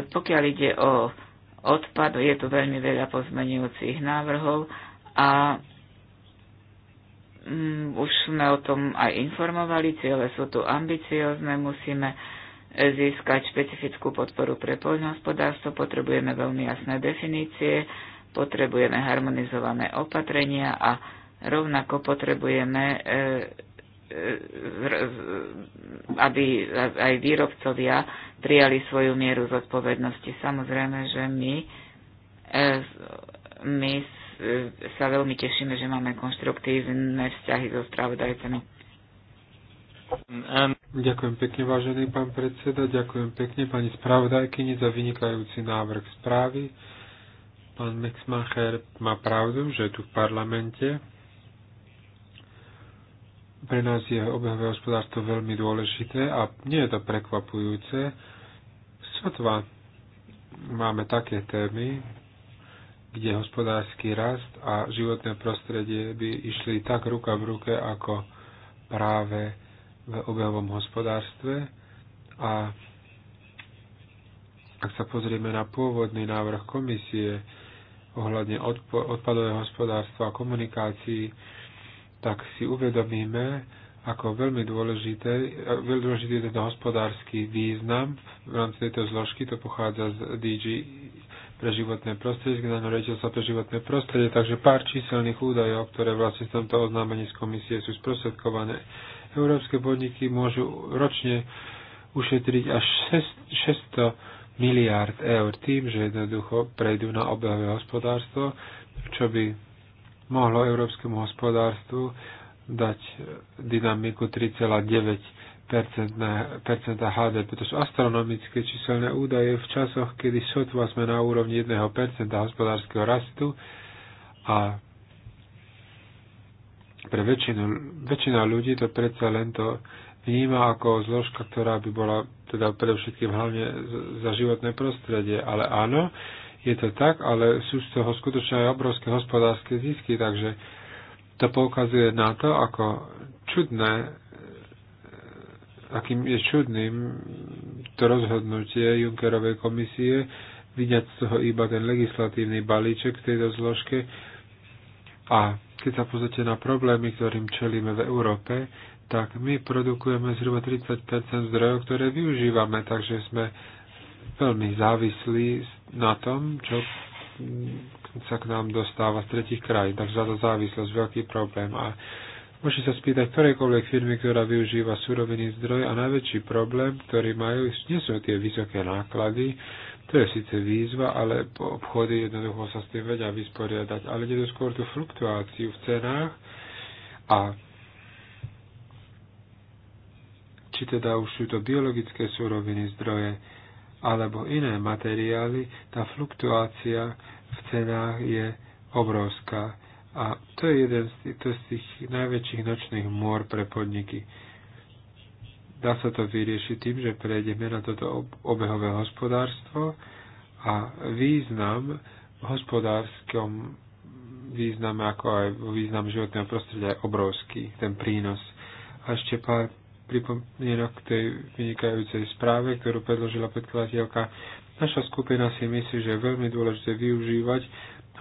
pokiaľ ide o odpad, je tu veľmi veľa pozmenujúcich návrhov a mm, už sme o tom aj informovali, ciele sú tu ambiciozne, musíme získať špecifickú podporu pre poľnohospodárstvo, potrebujeme veľmi jasné definície, potrebujeme harmonizované opatrenia a rovnako potrebujeme, e, e, aby aj výrobcovia prijali svoju mieru zodpovednosti. Samozrejme, že my, e, my sa veľmi tešíme, že máme konštruktívne vzťahy so spravodajcami. Ďakujem pekne, vážený pán predseda, ďakujem pekne pani spravodajkyni za vynikajúci návrh správy. Pán Mexmacher má pravdu, že tu v parlamente pre nás je obehové hospodárstvo veľmi dôležité a nie je to prekvapujúce. Sotva máme také témy, kde hospodársky rast a životné prostredie by išli tak ruka v ruke ako práve v obehovom hospodárstve. A ak sa pozrieme na pôvodný návrh komisie, ohľadne odpadového hospodárstva a komunikácií, tak si uvedomíme, ako veľmi dôležité, veľmi dôležitý je tento hospodársky význam v rámci tejto zložky, to pochádza z DG pre životné prostredie, generálne riaditeľstva pre životné prostredie, takže pár číselných údajov, ktoré vlastne v tomto oznámení z komisie sú sprostredkované. Európske podniky môžu ročne ušetriť až 600 miliárd eur tým, že jednoducho prejdú na obehové hospodárstvo, čo by mohlo európskemu hospodárstvu dať dynamiku 3,9 percenta HDP. To sú astronomické číselné údaje v časoch, kedy sotva sme na úrovni 1% hospodárskeho rastu a pre väčšinu, väčšina ľudí to predsa len to vníma ako zložka, ktorá by bola teda predovšetkým hlavne za životné prostredie. Ale áno, je to tak, ale sú z toho skutočne aj obrovské hospodárske zisky, takže to poukazuje na to, ako čudné, akým je čudným to rozhodnutie Junckerovej komisie vidiať z toho iba ten legislatívny balíček v tejto zložke a keď sa pozrite na problémy, ktorým čelíme v Európe, tak my produkujeme zhruba 30 zdrojov, ktoré využívame, takže sme veľmi závislí na tom, čo sa k nám dostáva z tretich krajín. Takže za to závislosť veľký problém. A môžete sa spýtať ktorejkoľvek firmy, ktorá využíva súroviny zdroj a najväčší problém, ktorý majú, nie sú tie vysoké náklady, to je síce výzva, ale obchody jednoducho sa s tým vedia vysporiadať. Ale ide skôr tú fluktuáciu v cenách a či teda už sú to biologické suroviny, zdroje alebo iné materiály, tá fluktuácia v cenách je obrovská. A to je jeden z tých, to z tých najväčších nočných môr pre podniky. Dá sa to vyriešiť tým, že prejdeme na toto obehové hospodárstvo a význam v hospodárskom význame, ako aj význam životného prostredia je obrovský, ten prínos. A ešte pár pripomienok k tej vynikajúcej správe, ktorú predložila predkladateľka. Naša skupina si myslí, že je veľmi dôležité využívať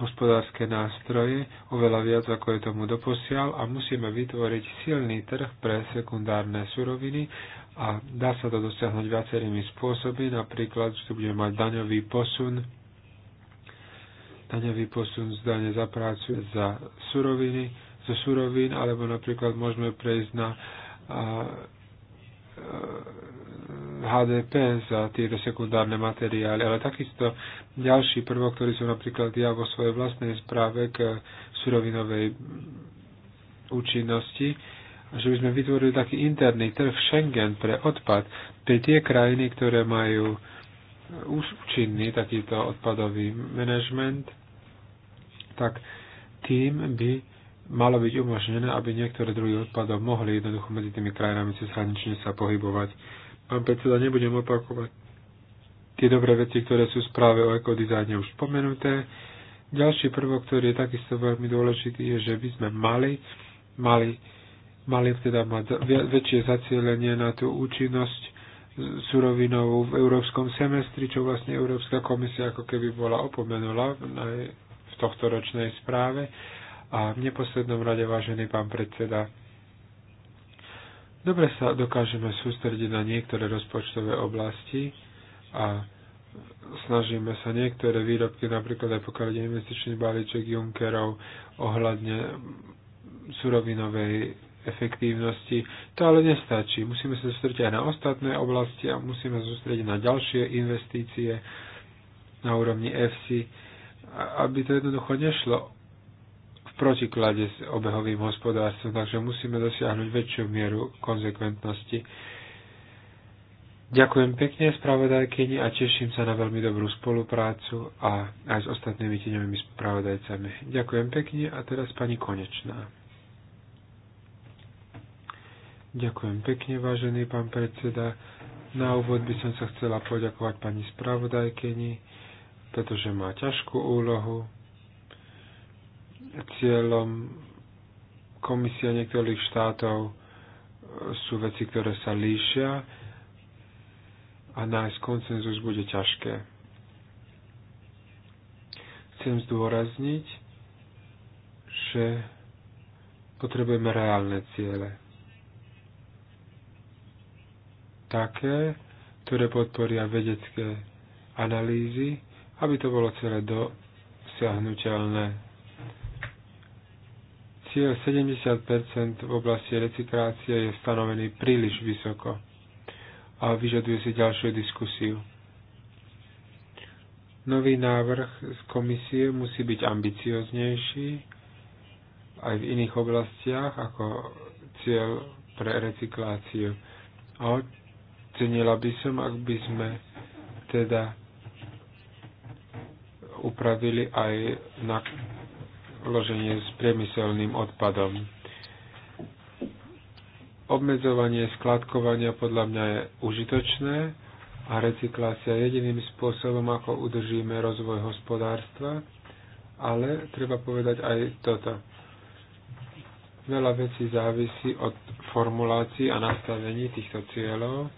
hospodárske nástroje oveľa viac, ako je tomu doposiaľ a musíme vytvoriť silný trh pre sekundárne suroviny a dá sa to dosiahnuť viacerými spôsoby, napríklad, že tu budeme mať daňový posun, daňový posun z dane za prácu za suroviny, zo surovín, alebo napríklad môžeme prejsť na a, a, HDP za tieto sekundárne materiály, ale takisto ďalší prvok, ktorý som napríklad ja vo svojej vlastnej správe k surovinovej účinnosti, že by sme vytvorili taký interný trh Schengen pre odpad pre tie krajiny, ktoré majú už účinný takýto odpadový manažment, tak tým by malo byť umožnené, aby niektoré druhy odpadov mohli jednoducho medzi tými krajinami cezhranične sa pohybovať. Pán predseda, nebudem opakovať tie dobré veci, ktoré sú správe o ekodizajne už spomenuté. Ďalší prvok, ktorý je takisto veľmi dôležitý, je, že by sme mali, mali, mali teda mať väčšie zacielenie na tú účinnosť surovinovú v európskom semestri, čo vlastne Európska komisia ako keby bola opomenula v tohto ročnej správe. A v neposlednom rade, vážený pán predseda, Dobre sa dokážeme sústrediť na niektoré rozpočtové oblasti a snažíme sa niektoré výrobky, napríklad aj pokiaľ ide investičný balíček Junckerov ohľadne surovinovej efektívnosti. To ale nestačí. Musíme sa sústrediť aj na ostatné oblasti a musíme sa sústrediť na ďalšie investície na úrovni EFSI, aby to jednoducho nešlo protiklade s obehovým hospodárstvom, takže musíme dosiahnuť väčšiu mieru konzekventnosti. Ďakujem pekne spravodajkyni a teším sa na veľmi dobrú spoluprácu a aj s ostatnými tieňovými spravodajcami. Ďakujem pekne a teraz pani Konečná. Ďakujem pekne, vážený pán predseda. Na úvod by som sa chcela poďakovať pani spravodajkyni, pretože má ťažkú úlohu cieľom komisia niektorých štátov e, sú veci, ktoré sa líšia a nájsť koncenzus bude ťažké. Chcem zdôrazniť, že potrebujeme reálne ciele. Také, ktoré podporia vedecké analýzy, aby to bolo celé dosiahnutelné Cieľ 70 v oblasti recyklácie je stanovený príliš vysoko a vyžaduje si ďalšiu diskusiu. Nový návrh z komisie musí byť ambicioznejší aj v iných oblastiach ako cieľ pre recykláciu. A ocenila by som, ak by sme teda upravili aj na loženie s priemyselným odpadom. Obmedzovanie skladkovania podľa mňa je užitočné a recyklácia jediným spôsobom, ako udržíme rozvoj hospodárstva, ale treba povedať aj toto. Veľa vecí závisí od formulácií a nastavení týchto cieľov.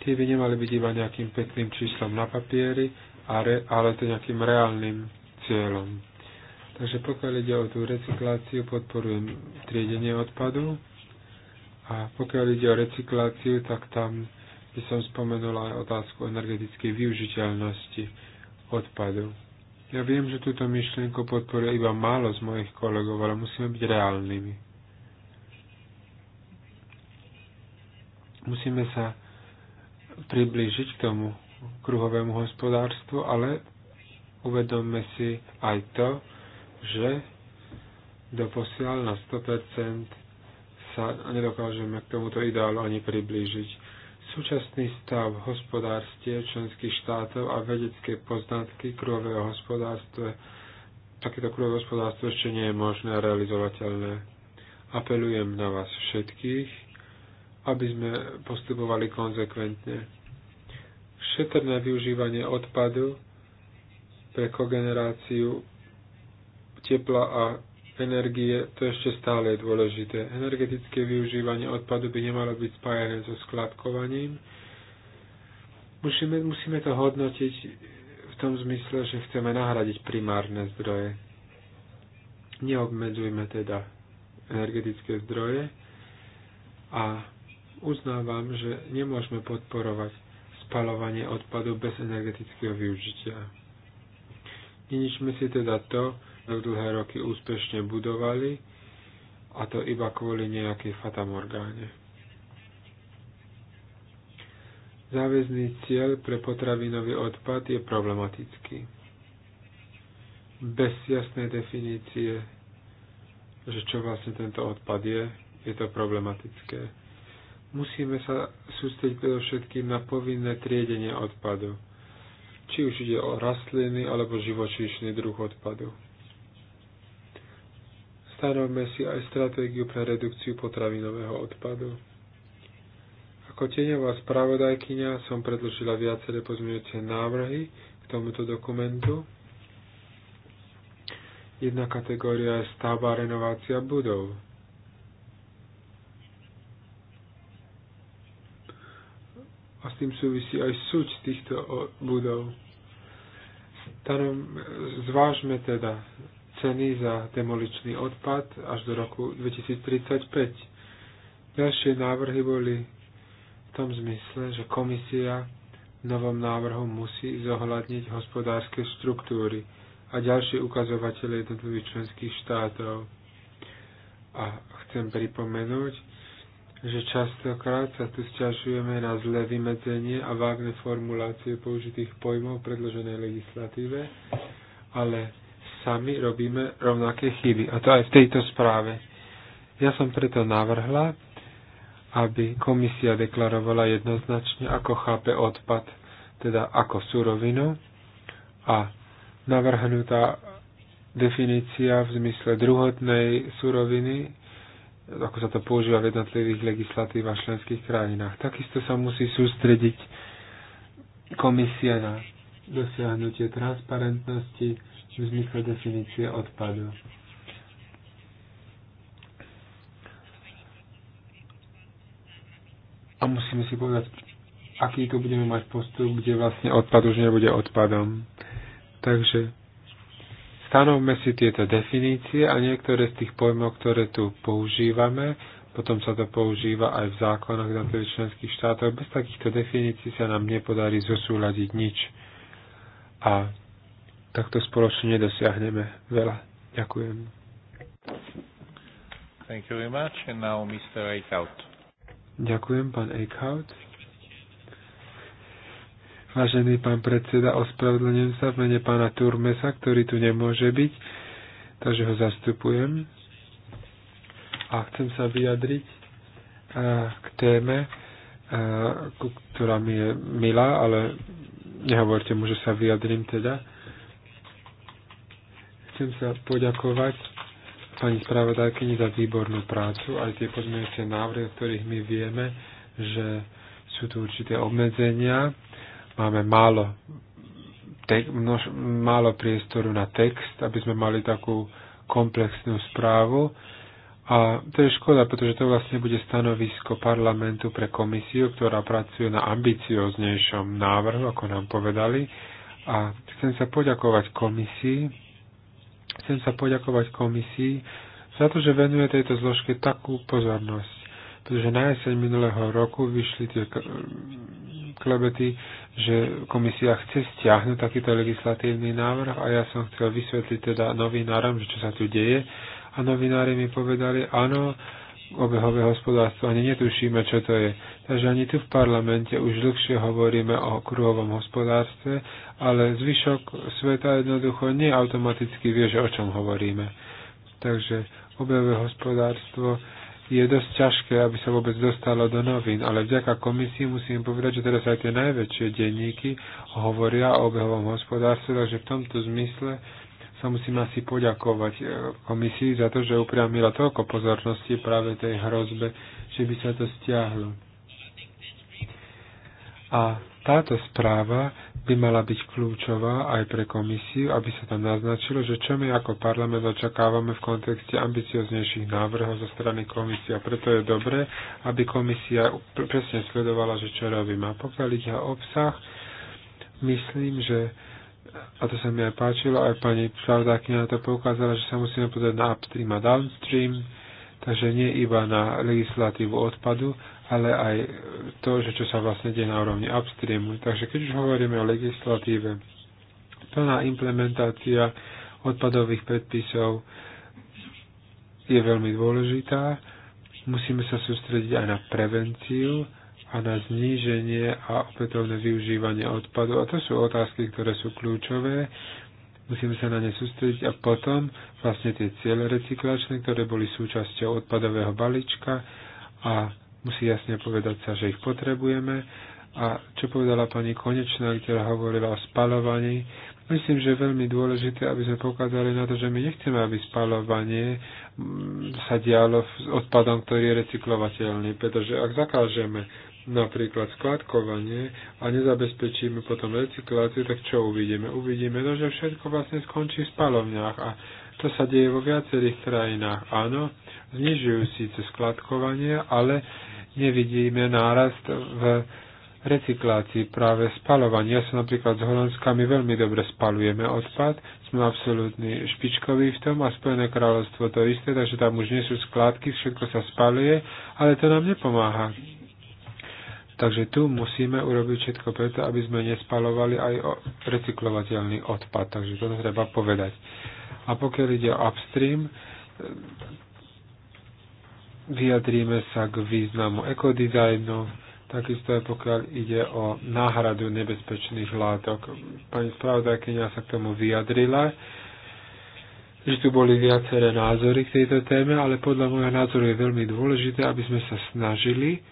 Tie by nemali byť iba nejakým pekným číslom na papieri, ale to nejakým reálnym cieľom. Takže pokiaľ ide o tú recykláciu, podporujem triedenie odpadu. A pokiaľ ide o recykláciu, tak tam by som spomenul aj otázku energetickej využiteľnosti odpadu. Ja viem, že túto myšlienku podporuje iba málo z mojich kolegov, ale musíme byť reálnymi. Musíme sa priblížiť k tomu kruhovému hospodárstvu, ale uvedomme si aj to, že doposiaľ na 100% sa nedokážeme k tomuto ideálu ani priblížiť. Súčasný stav hospodárstie členských štátov a vedecké poznatky kruhového hospodárstve, takéto krúhové hospodárstvo ešte nie je možné a realizovateľné. Apelujem na vás všetkých, aby sme postupovali konzekventne. Šetrné využívanie odpadu pre kogeneráciu tepla a energie, to ešte stále je dôležité. Energetické využívanie odpadu by nemalo byť spájané so skladkovaním. Musíme, musíme to hodnotiť v tom zmysle, že chceme nahradiť primárne zdroje. Neobmedzujme teda energetické zdroje a uznávam, že nemôžeme podporovať spalovanie odpadu bez energetického využitia. Neničme si teda to, dlhé roky úspešne budovali a to iba kvôli nejakej fatamorgáne. Záväzný cieľ pre potravinový odpad je problematický. Bez jasnej definície, že čo vlastne tento odpad je, je to problematické musíme sa sústrediť predovšetkým na povinné triedenie odpadu, či už ide o rastliny alebo živočíšny druh odpadu stanovme si aj stratégiu pre redukciu potravinového odpadu. Ako tieňová spravodajkyňa som predložila viaceré pozmeňujúce návrhy k tomuto dokumentu. Jedna kategória je stavba a renovácia budov. A s tým súvisí aj súč týchto budov. Stanom, zvážme teda ceny za demoličný odpad až do roku 2035. Ďalšie návrhy boli v tom zmysle, že komisia v novom návrhu musí zohľadniť hospodárske štruktúry a ďalšie ukazovatele jednotlivých členských štátov. A chcem pripomenúť, že častokrát sa tu sťažujeme na zlé vymedzenie a vágne formulácie použitých pojmov v predloženej legislatíve, ale sami robíme rovnaké chyby. A to aj v tejto správe. Ja som preto navrhla, aby komisia deklarovala jednoznačne, ako chápe odpad, teda ako surovinu a navrhnutá definícia v zmysle druhotnej suroviny, ako sa to používa v jednotlivých legislatívach členských krajinách. Takisto sa musí sústrediť komisia na dosiahnutie transparentnosti, vznikla definícia odpadu. A musíme si povedať, aký tu budeme mať postup, kde vlastne odpad už nebude odpadom. Takže stanovme si tieto definície a niektoré z tých pojmov, ktoré tu používame, potom sa to používa aj v zákonoch tých členských štátoch. Bez takýchto definícií sa nám nepodarí zosúľadiť nič. A takto spoločne nedosiahneme veľa. Ďakujem. Thank you very much. And now Mr. Eichhout. Ďakujem, pán Eichhout. Vážený pán predseda, ospravedlňujem sa v mene pána Turmesa, ktorý tu nemôže byť, takže ho zastupujem. A chcem sa vyjadriť k téme, ktorá mi je milá, ale nehovorte mu, že sa vyjadrím teda Chcem sa poďakovať pani spravodajkyni za výbornú prácu, aj tie pozmeňujúce návrhy, o ktorých my vieme, že sú tu určité obmedzenia. Máme málo, te, množ, málo priestoru na text, aby sme mali takú komplexnú správu. A to je škoda, pretože to vlastne bude stanovisko parlamentu pre komisiu, ktorá pracuje na ambicioznejšom návrhu, ako nám povedali. A chcem sa poďakovať komisii, Chcem sa poďakovať komisii za to, že venuje tejto zložke takú pozornosť, pretože na jeseň minulého roku vyšli tie klebety, že komisia chce stiahnuť takýto legislatívny návrh a ja som chcel vysvetliť teda novinárom, že čo sa tu deje a novinári mi povedali, áno, obehové hospodárstvo. Ani netušíme, čo to je. Takže ani tu v parlamente už dlhšie hovoríme o kruhovom hospodárstve, ale zvyšok sveta jednoducho nie automaticky vie, že o čom hovoríme. Takže obehové hospodárstvo je dosť ťažké, aby sa vôbec dostalo do novín, ale vďaka komisii musím povedať, že teraz aj tie najväčšie denníky hovoria o obehovom hospodárstve, takže v tomto zmysle sa musím asi poďakovať e, komisii za to, že upriamila toľko pozornosti práve tej hrozbe, že by sa to stiahlo. A táto správa by mala byť kľúčová aj pre komisiu, aby sa tam naznačilo, že čo my ako parlament očakávame v kontexte ambicioznejších návrhov zo strany komisie. A preto je dobré, aby komisia presne sledovala, že čo robíme. A pokiaľ ide o obsah, myslím, že a to sa mi aj páčilo, aj pani Pravdákina to poukázala, že sa musíme pozrieť na upstream a downstream, takže nie iba na legislatívu odpadu, ale aj to, že čo sa vlastne deje na úrovni upstreamu. Takže keď už hovoríme o legislatíve, plná implementácia odpadových predpisov je veľmi dôležitá. Musíme sa sústrediť aj na prevenciu a na zníženie a opätovné využívanie odpadu. A to sú otázky, ktoré sú kľúčové. Musíme sa na ne sústrediť a potom vlastne tie ciele recyklačné, ktoré boli súčasťou odpadového balíčka a musí jasne povedať sa, že ich potrebujeme. A čo povedala pani Konečná, ktorá hovorila o spalovaní, myslím, že je veľmi dôležité, aby sme pokázali na to, že my nechceme, aby spalovanie mm, sa dialo s odpadom, ktorý je recyklovateľný, pretože ak zakážeme napríklad skladkovanie a nezabezpečíme potom recykláciu, tak čo uvidíme? Uvidíme to, že všetko vlastne skončí v spalovniach a to sa deje vo viacerých krajinách. Áno, znižujú síce skladkovanie, ale nevidíme nárast v recyklácii práve spalovania. Ja sa napríklad s Holandskami veľmi dobre spalujeme odpad, sme absolútne špičkoví v tom a Spojené kráľovstvo to isté, takže tam už nie sú skládky, všetko sa spaluje, ale to nám nepomáha Takže tu musíme urobiť všetko preto, aby sme nespalovali aj o recyklovateľný odpad. Takže to treba povedať. A pokiaľ ide o upstream, vyjadríme sa k významu ekodizajnu, takisto aj pokiaľ ide o náhradu nebezpečných látok. Pani spravodajkynia sa k tomu vyjadrila, že tu boli viaceré názory k tejto téme, ale podľa môjho názoru je veľmi dôležité, aby sme sa snažili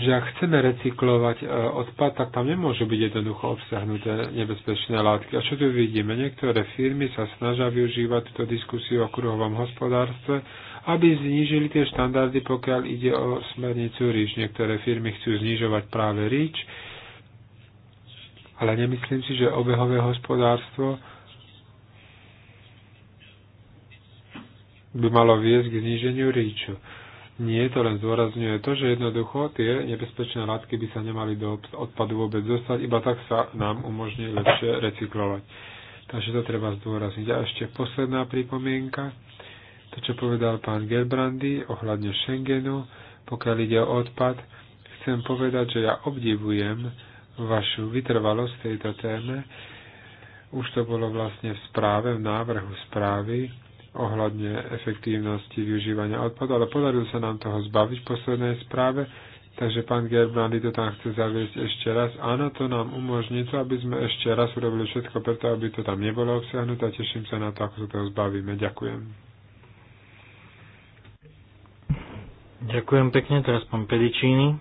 že ak chceme recyklovať e, odpad, tak tam nemôžu byť jednoducho obsahnuté nebezpečné látky. A čo tu vidíme? Niektoré firmy sa snažia využívať túto diskusiu o kruhovom hospodárstve, aby znížili tie štandardy, pokiaľ ide o smernicu ríč. Niektoré firmy chcú znižovať práve ríč, ale nemyslím si, že obehové hospodárstvo by malo viesť k zníženiu ríču. Nie, to len zdôrazňuje to, že jednoducho tie nebezpečné látky by sa nemali do odpadu vôbec dostať, iba tak sa nám umožní lepšie recyklovať. Takže to treba zdôrazniť. A ešte posledná pripomienka, to čo povedal pán Gerbrandy ohľadne Schengenu, pokiaľ ide o odpad, chcem povedať, že ja obdivujem vašu vytrvalosť v tejto téme. Už to bolo vlastne v správe, v návrhu správy, ohľadne efektívnosti využívania odpadu, ale podarilo sa nám toho zbaviť v poslednej správe, takže pán Gerbrandy to tam chce zaviesť ešte raz. Áno, to nám umožní to, aby sme ešte raz urobili všetko preto, aby to tam nebolo obsiahnuté a teším sa na to, ako sa toho zbavíme. Ďakujem. Ďakujem pekne, teraz pán Pedicini.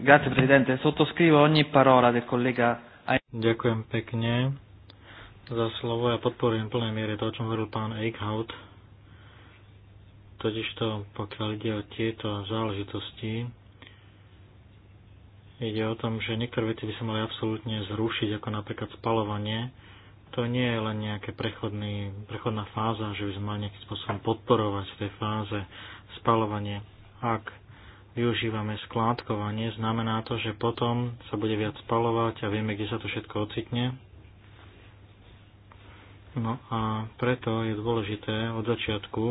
Grazie Presidente, sottoscrivo ogni parola del collega. Ďakujem pekne za slovo. Ja podporujem v plnej miere to, o čom hovoril pán Eichhout. Totižto, pokiaľ ide o tieto záležitosti, ide o tom, že niektoré veci by sa mali absolútne zrušiť, ako napríklad spalovanie. To nie je len nejaká prechodná fáza, že by sme mali nejakým spôsobom podporovať v tej fáze spalovanie. Ak využívame skládkovanie, znamená to, že potom sa bude viac spalovať a vieme, kde sa to všetko ocitne. No a preto je dôležité od začiatku,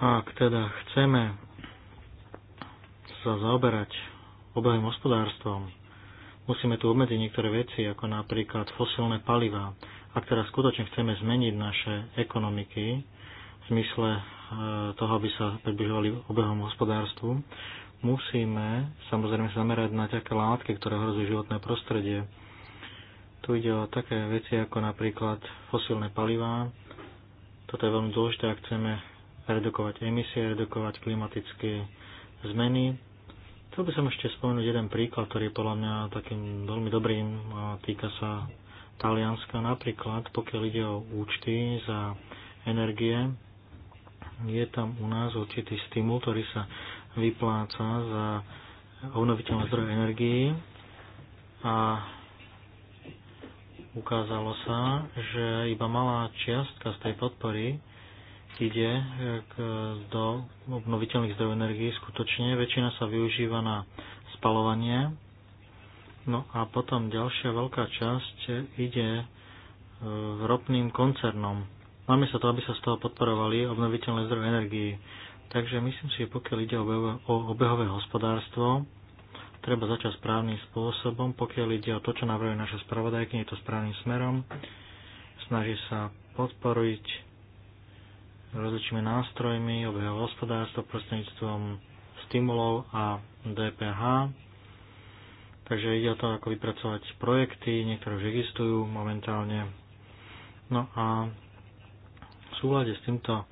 ak teda chceme sa zaoberať obehom hospodárstvom, musíme tu obmedziť niektoré veci, ako napríklad fosilné paliva. Ak teraz skutočne chceme zmeniť naše ekonomiky v zmysle e, toho, aby sa približovali obehom hospodárstvu, musíme samozrejme zamerať na také látky, ktoré hrozujú životné prostredie. Tu ide o také veci ako napríklad fosílne palivá. Toto je veľmi dôležité, ak chceme redukovať emisie, redukovať klimatické zmeny. Chcel by som ešte spomenúť jeden príklad, ktorý je podľa mňa takým veľmi dobrým a týka sa Talianska. Napríklad, pokiaľ ide o účty za energie, je tam u nás určitý stimul, ktorý sa vypláca za obnoviteľné zdroje energii a Ukázalo sa, že iba malá čiastka z tej podpory ide e, do obnoviteľných zdrojov energií. Skutočne väčšina sa využíva na spalovanie. No a potom ďalšia veľká časť ide e, ropným koncernom. Máme sa to, aby sa z toho podporovali obnoviteľné zdroje energií. Takže myslím si, že pokiaľ ide o obehové hospodárstvo, treba začať správnym spôsobom. Pokiaľ ide o to, čo navrhuje naša spravodajkyňa, je to správnym smerom. Snaží sa podporiť rozličnými nástrojmi obehov hospodárstva prostredníctvom stimulov a DPH. Takže ide o to, ako vypracovať projekty, niektoré už existujú momentálne. No a v súlade s týmto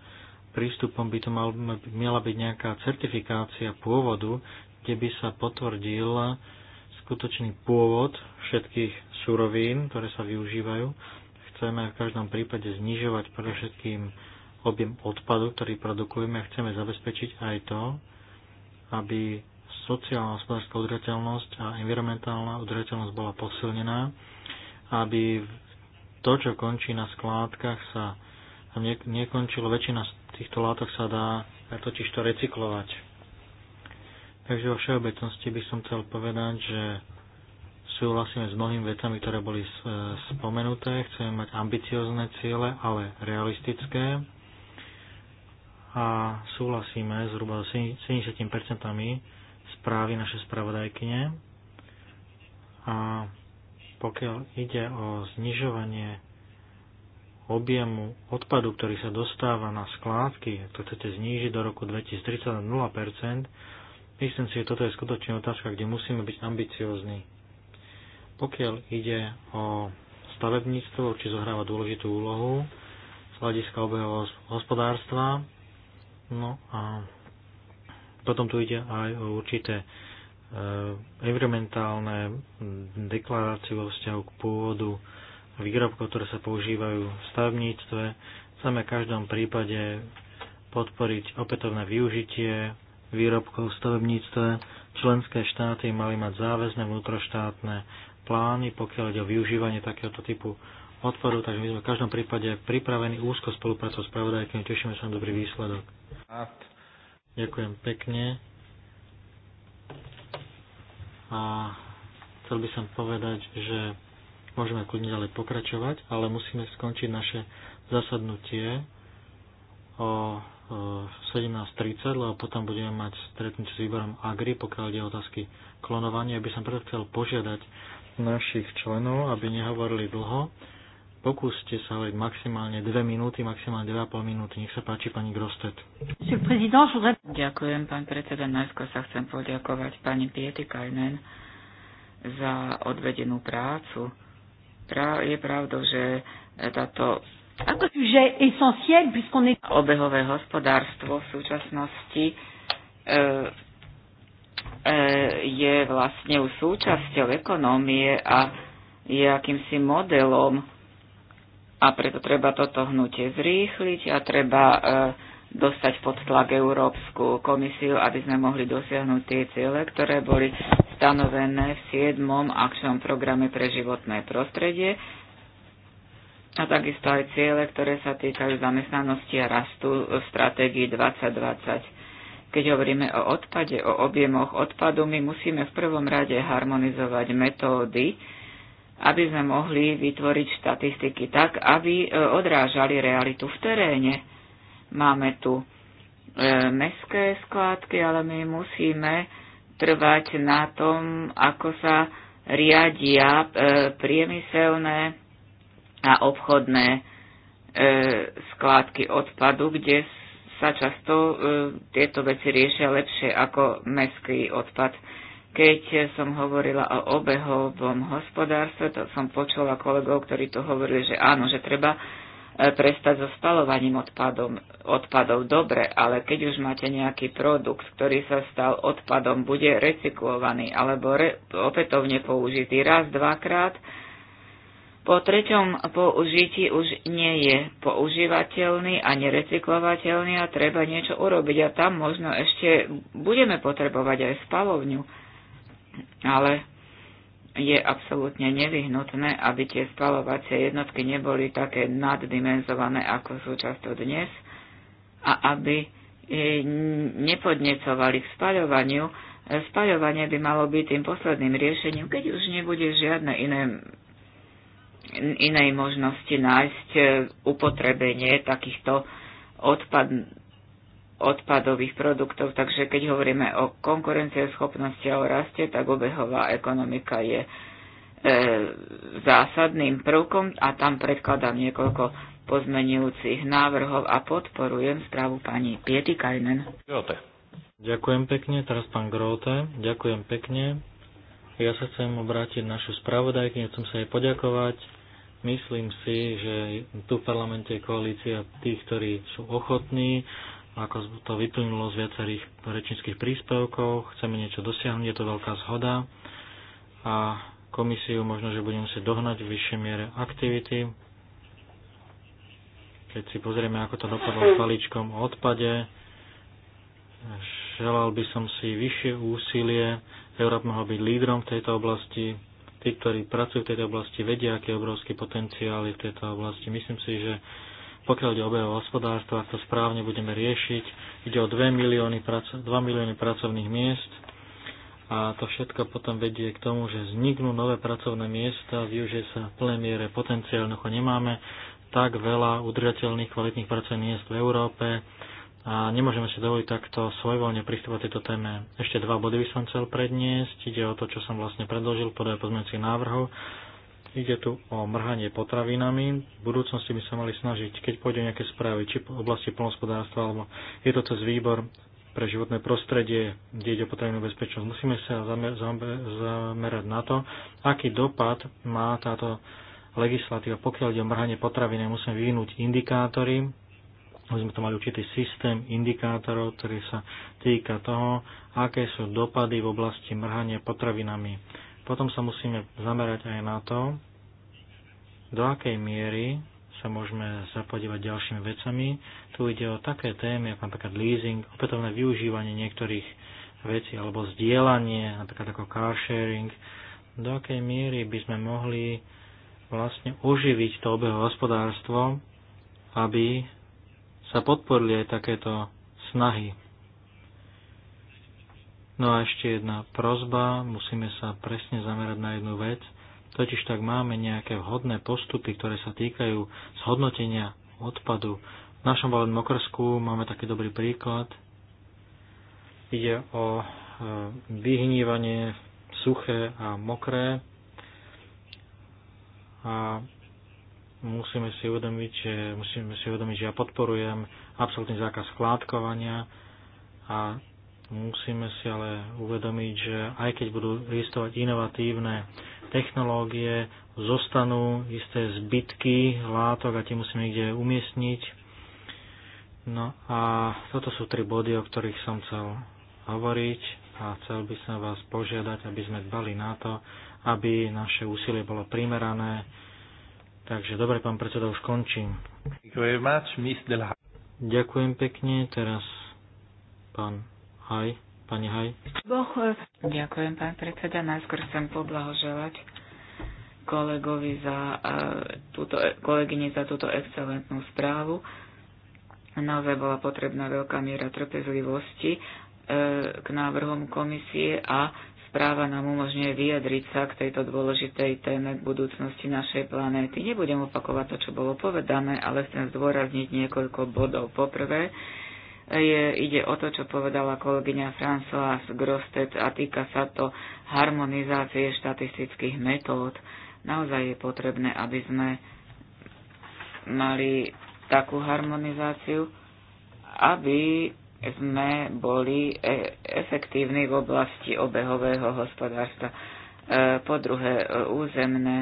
prístupom by to mal, mala byť nejaká certifikácia pôvodu, kde by sa potvrdil skutočný pôvod všetkých surovín, ktoré sa využívajú. Chceme v každom prípade znižovať predovšetkým objem odpadu, ktorý produkujeme a chceme zabezpečiť aj to, aby sociálna hospodárska udržateľnosť a environmentálna udržateľnosť bola posilnená, aby to, čo končí na skládkach, sa nekončilo. Väčšina z týchto látok sa dá totiž to recyklovať. Takže vo všeobecnosti by som chcel povedať, že súhlasíme s mnohými vecami, ktoré boli e, spomenuté. Chceme mať ambiciozne ciele, ale realistické. A súhlasíme zhruba 70% správy naše spravodajkyne. A pokiaľ ide o znižovanie objemu odpadu, ktorý sa dostáva na skládky, to chcete znížiť do roku 2030 na 0%, Myslím si, že toto je skutočne otázka, kde musíme byť ambiciózni. Pokiaľ ide o stavebníctvo, či zohráva dôležitú úlohu z hľadiska obehového hospodárstva. No a potom tu ide aj o určité e, environmentálne deklarácie vo vzťahu k pôvodu výrobkov, ktoré sa používajú v stavebníctve. Chceme v každom prípade podporiť opätovné využitie výrobkov v stavebníctve, členské štáty mali mať záväzne vnútroštátne plány, pokiaľ ide o využívanie takéhoto typu odpadu, takže my sme v každom prípade pripravení úzko spolupracovať s pravodajkami, tešíme sa na dobrý výsledok. Ďakujem pekne. A chcel by som povedať, že môžeme kľudne ďalej pokračovať, ale musíme skončiť naše zasadnutie o 17.30, lebo potom budeme mať stretnutie s výborom Agri, pokiaľ ide otázky klonovania. By som preto chcel požiadať našich členov, aby nehovorili dlho. Pokúste sa hovoriť maximálne 2 minúty, maximálne 2,5 minúty. Nech sa páči, pani Grostet. Ďakujem, pán predseda. Najskôr sa chcem poďakovať pani Pieti Kajnen za odvedenú prácu. je pravdou, že táto ako sujet essentiel, puisqu'on est... Obehové hospodárstvo v súčasnosti e, e je vlastne súčasťou ekonómie a je akýmsi modelom a preto treba toto hnutie zrýchliť a treba e, dostať pod tlak Európsku komisiu, aby sme mohli dosiahnuť tie ciele, ktoré boli stanovené v 7. akčnom programe pre životné prostredie a takisto aj ciele, ktoré sa týkajú zamestnanosti a rastu v stratégii 2020. Keď hovoríme o odpade, o objemoch odpadu, my musíme v prvom rade harmonizovať metódy, aby sme mohli vytvoriť štatistiky tak, aby e, odrážali realitu v teréne. Máme tu e, mestské skládky, ale my musíme trvať na tom, ako sa riadia e, priemyselné na obchodné e, skládky odpadu, kde sa často e, tieto veci riešia lepšie ako mestský odpad. Keď som hovorila o obehovom hospodárstve, to som počula kolegov, ktorí to hovorili, že áno, že treba e, prestať so spalovaním odpadom, odpadov dobre, ale keď už máte nejaký produkt, ktorý sa stal odpadom, bude recyklovaný alebo re, opätovne použitý raz, dvakrát, po treťom použití už nie je používateľný a nerecyklovateľný a treba niečo urobiť. A tam možno ešte budeme potrebovať aj spalovňu. Ale je absolútne nevyhnutné, aby tie spalovacie jednotky neboli také naddimenzované, ako sú často dnes, a aby e, nepodnecovali k spaľovaniu. E, spaľovanie by malo byť tým posledným riešením, keď už nebude žiadne iné inej možnosti nájsť e, upotrebenie takýchto odpad, odpadových produktov. Takže keď hovoríme o konkurencieschopnosti a o raste, tak obehová ekonomika je e, zásadným prvkom a tam predkladám niekoľko pozmenujúcich návrhov a podporujem správu pani Piety Kajnen. Ďakujem pekne, teraz pán Grote. Ďakujem pekne. Ja sa chcem obrátiť našu spravodajky, chcem sa jej poďakovať. Myslím si, že tu v parlamente je koalícia tých, ktorí sú ochotní, ako to vyplnulo z viacerých rečnických príspevkov, chceme niečo dosiahnuť, je to veľká zhoda a komisiu možno, že budeme musieť dohnať v vyššej miere aktivity. Keď si pozrieme, ako to dopadlo s paličkom o odpade, želal by som si vyššie úsilie Európa mohla byť lídrom v tejto oblasti. Tí, ktorí pracujú v tejto oblasti, vedia, aký obrovský potenciál je v tejto oblasti. Myslím si, že pokiaľ ide o obehové hospodárstvo, ak to správne budeme riešiť, ide o 2 milióny, 2 milióny pracovných miest a to všetko potom vedie k tomu, že vzniknú nové pracovné miesta, využije sa v plnej miere potenciál, nemáme tak veľa udržateľných kvalitných pracovných miest v Európe, a nemôžeme si dovoliť takto svojvoľne pristúpať tejto téme. Ešte dva body by som chcel predniesť. Ide o to, čo som vlastne predložil podľa pozmeňujúcich návrhov. Ide tu o mrhanie potravinami. V budúcnosti by sa mali snažiť, keď pôjde nejaké správy, či v oblasti plnospodárstva, alebo je to cez výbor pre životné prostredie, kde ide o potravinovú bezpečnosť. Musíme sa zamerať na to, aký dopad má táto legislatíva. Pokiaľ ide o mrhanie potraviny, musíme vyvinúť indikátory, aby sme to mali určitý systém indikátorov, ktorý sa týka toho, aké sú dopady v oblasti mrhania potravinami. Potom sa musíme zamerať aj na to, do akej miery sa môžeme zapodívať ďalšími vecami. Tu ide o také témy, ako napríklad leasing, opätovné využívanie niektorých vecí, alebo zdieľanie, napríklad ako car sharing. Do akej miery by sme mohli vlastne oživiť to obehové hospodárstvo, aby sa podporili aj takéto snahy. No a ešte jedna prozba, musíme sa presne zamerať na jednu vec, totiž tak máme nejaké vhodné postupy, ktoré sa týkajú zhodnotenia odpadu. V našom Valom Mokrsku máme taký dobrý príklad. Ide o e, vyhnívanie suché a mokré. A musíme si uvedomiť, že, musíme si uvedomiť, že ja podporujem absolútny zákaz skládkovania a musíme si ale uvedomiť, že aj keď budú existovať inovatívne technológie, zostanú isté zbytky látok a tie musíme niekde umiestniť. No a toto sú tri body, o ktorých som chcel hovoriť a chcel by som vás požiadať, aby sme dbali na to, aby naše úsilie bolo primerané Takže dobre, pán predseda, už končím. Ďakujem pekne. Teraz pán Haj. Pani Haj. Ďakujem, pán predseda. Najskôr chcem poblahoželať kolegovi za e, túto, kolegyne za túto excelentnú správu. Naozaj bola potrebná veľká miera trpezlivosti e, k návrhom komisie a správa nám umožňuje vyjadriť sa k tejto dôležitej téme k budúcnosti našej planéty. Nebudem opakovať to, čo bolo povedané, ale chcem zdôrazniť niekoľko bodov. Poprvé, je, ide o to, čo povedala kolegyňa François Grostet a týka sa to harmonizácie štatistických metód. Naozaj je potrebné, aby sme mali takú harmonizáciu, aby sme boli e, efektívni v oblasti obehového hospodárstva. E, po druhé, e, územné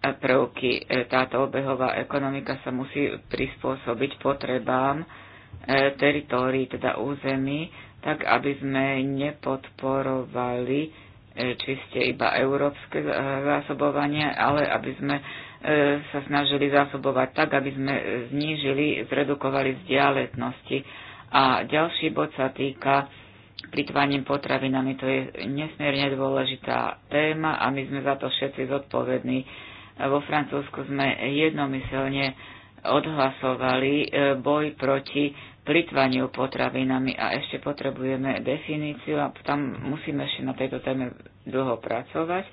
prvky. Táto obehová ekonomika sa musí prispôsobiť potrebám teritórií, teda území, tak aby sme nepodporovali čiste iba európske zásobovanie, ale aby sme E, sa snažili zásobovať tak, aby sme znížili, zredukovali vzdialetnosti. A ďalší bod sa týka pritvaním potravinami. To je nesmierne dôležitá téma a my sme za to všetci zodpovední. Vo Francúzsku sme jednomyselne odhlasovali e, boj proti plitvaniu potravinami a ešte potrebujeme definíciu a tam musíme ešte na tejto téme dlho pracovať.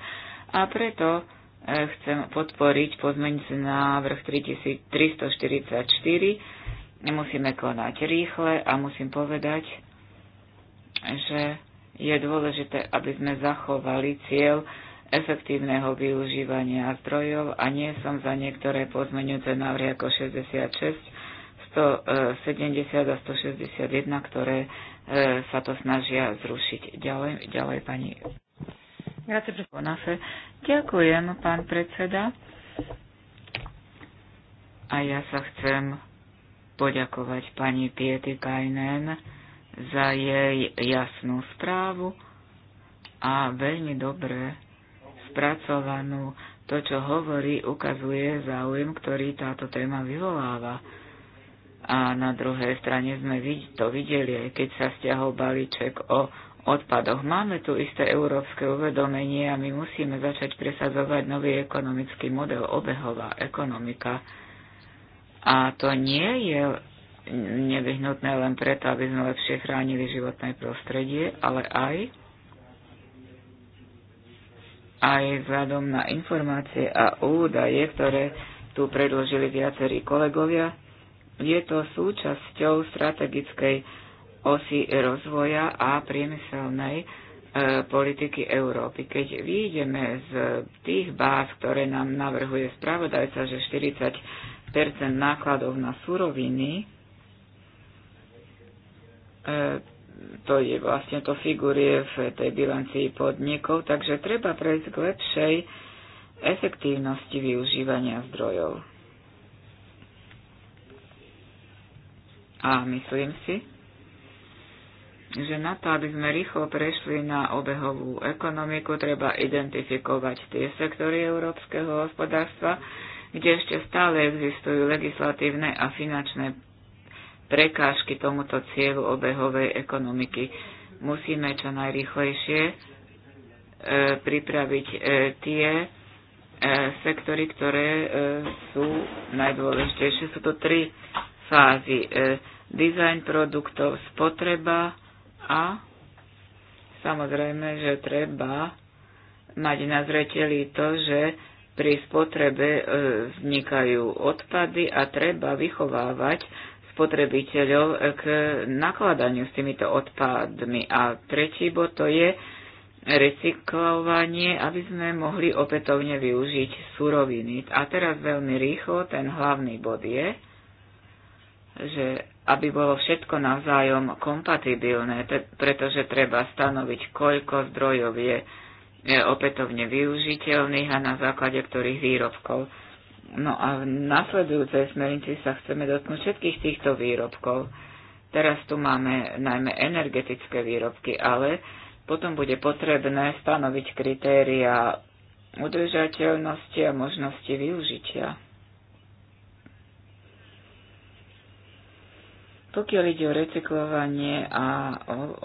A preto chcem podporiť pozmeňujúci návrh 3344. Musíme konať rýchle a musím povedať, že je dôležité, aby sme zachovali cieľ efektívneho využívania zdrojov a nie som za niektoré pozmeňujúce návrhy ako 66, 170 e, a 161, ktoré e, sa to snažia zrušiť. Ďalej, ďalej pani Ďakujem, pán predseda. A ja sa chcem poďakovať pani Piety Kajnen za jej jasnú správu a veľmi dobre spracovanú. To, čo hovorí, ukazuje záujem, ktorý táto téma vyvoláva. A na druhej strane sme to videli, aj keď sa stiahol balíček o odpadoch. Máme tu isté európske uvedomenie a my musíme začať presadzovať nový ekonomický model, obehová ekonomika. A to nie je nevyhnutné len preto, aby sme lepšie chránili životné prostredie, ale aj aj vzhľadom na informácie a údaje, ktoré tu predložili viacerí kolegovia, je to súčasťou strategickej osi rozvoja a priemyselnej e, politiky Európy. Keď výjdeme z tých báz, ktoré nám navrhuje spravodajca, že 40 nákladov na suroviny, e, to je vlastne to figurie v tej bilancii podnikov, takže treba prejsť k lepšej efektívnosti využívania zdrojov. A myslím si, že na to, aby sme rýchlo prešli na obehovú ekonomiku, treba identifikovať tie sektory európskeho hospodárstva, kde ešte stále existujú legislatívne a finančné prekážky tomuto cieľu obehovej ekonomiky. Musíme čo najrýchlejšie e, pripraviť e, tie e, sektory, ktoré e, sú najdôležitejšie. Sú to tri fázy. E, design produktov, spotreba, a samozrejme, že treba mať na zreteli to, že pri spotrebe e, vznikajú odpady a treba vychovávať spotrebiteľov e, k nakladaniu s týmito odpadmi. A tretí bod to je recyklovanie, aby sme mohli opätovne využiť suroviny. A teraz veľmi rýchlo ten hlavný bod je, že aby bolo všetko navzájom kompatibilné, pretože treba stanoviť, koľko zdrojov je opätovne využiteľných a na základe ktorých výrobkov. No a v nasledujúcej smernici sa chceme dotknúť všetkých týchto výrobkov. Teraz tu máme najmä energetické výrobky, ale potom bude potrebné stanoviť kritéria udržateľnosti a možnosti využitia. Pokiaľ ide o recyklovanie a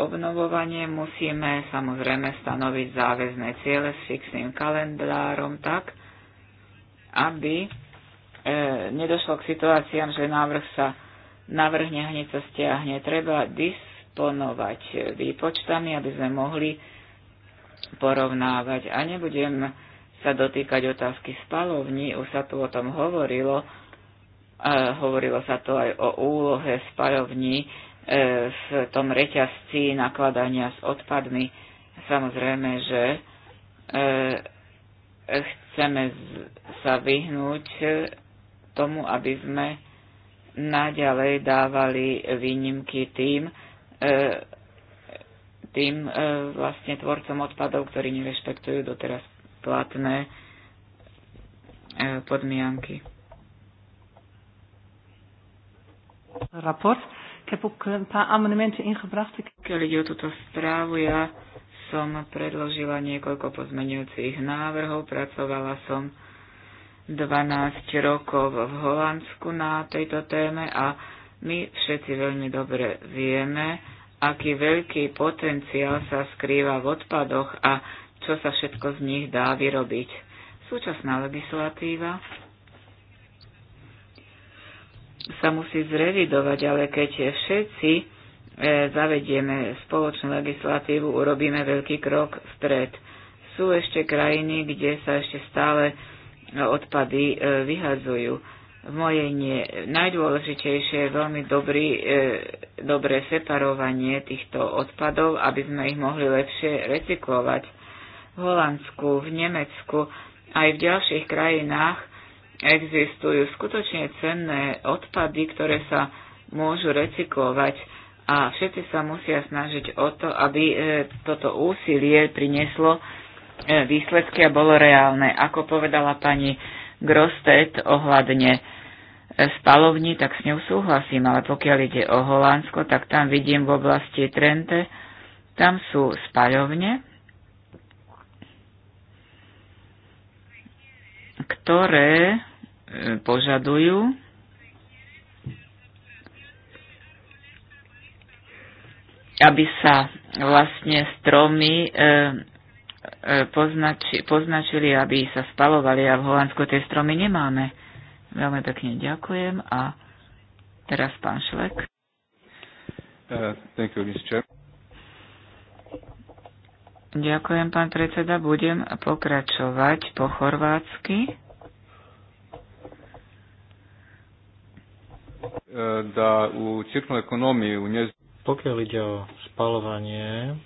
obnovovanie, musíme samozrejme stanoviť záväzné ciele s fixným kalendárom tak, aby e, nedošlo k situáciám, že návrh sa navrhne, hneď sa stiahne. Treba disponovať výpočtami, aby sme mohli porovnávať. A nebudem sa dotýkať otázky spalovní, už sa tu o tom hovorilo, hovorilo sa to aj o úlohe spajovní e, v tom reťazci nakladania s odpadmi. Samozrejme, že e, chceme sa vyhnúť tomu, aby sme naďalej dávali výnimky tým, e, tým vlastne tvorcom odpadov, ktorí nerešpektujú doteraz platné podmienky. Rapport. Ik heb ook een paar amendementen ingebracht. Keď ide o túto správu, ja som predložila niekoľko pozmeňujúcich návrhov. Pracovala som 12 rokov v Holandsku na tejto téme a my všetci veľmi dobre vieme, aký veľký potenciál sa skrýva v odpadoch a čo sa všetko z nich dá vyrobiť. Súčasná legislatíva sa musí zrevidovať, ale keď všetci e, zavedieme spoločnú legislatívu, urobíme veľký krok vpred. Sú ešte krajiny, kde sa ešte stále e, odpady e, vyhazujú. V mojej nie. Najdôležitejšie je veľmi dobrý, e, dobré separovanie týchto odpadov, aby sme ich mohli lepšie recyklovať. V Holandsku, v Nemecku, aj v ďalších krajinách existujú skutočne cenné odpady, ktoré sa môžu recyklovať a všetci sa musia snažiť o to, aby e, toto úsilie prinieslo e, výsledky a bolo reálne. Ako povedala pani Grostet ohľadne e, spalovní, tak s ňou súhlasím, ale pokiaľ ide o Holandsko, tak tam vidím v oblasti Trente, tam sú spaľovne, ktoré e, požadujú aby sa vlastne stromy e, e, poznači, poznačili, aby sa spalovali a v Holandsku tie stromy nemáme. Veľmi pekne ďakujem a teraz pán Šlek. Uh, thank you, Mr. Ďakujem, pán predseda. Budem pokračovať po chorvátsky. Da u cirkulnoj ekonomii, u nez... Pokiaľ ide o spalovanie,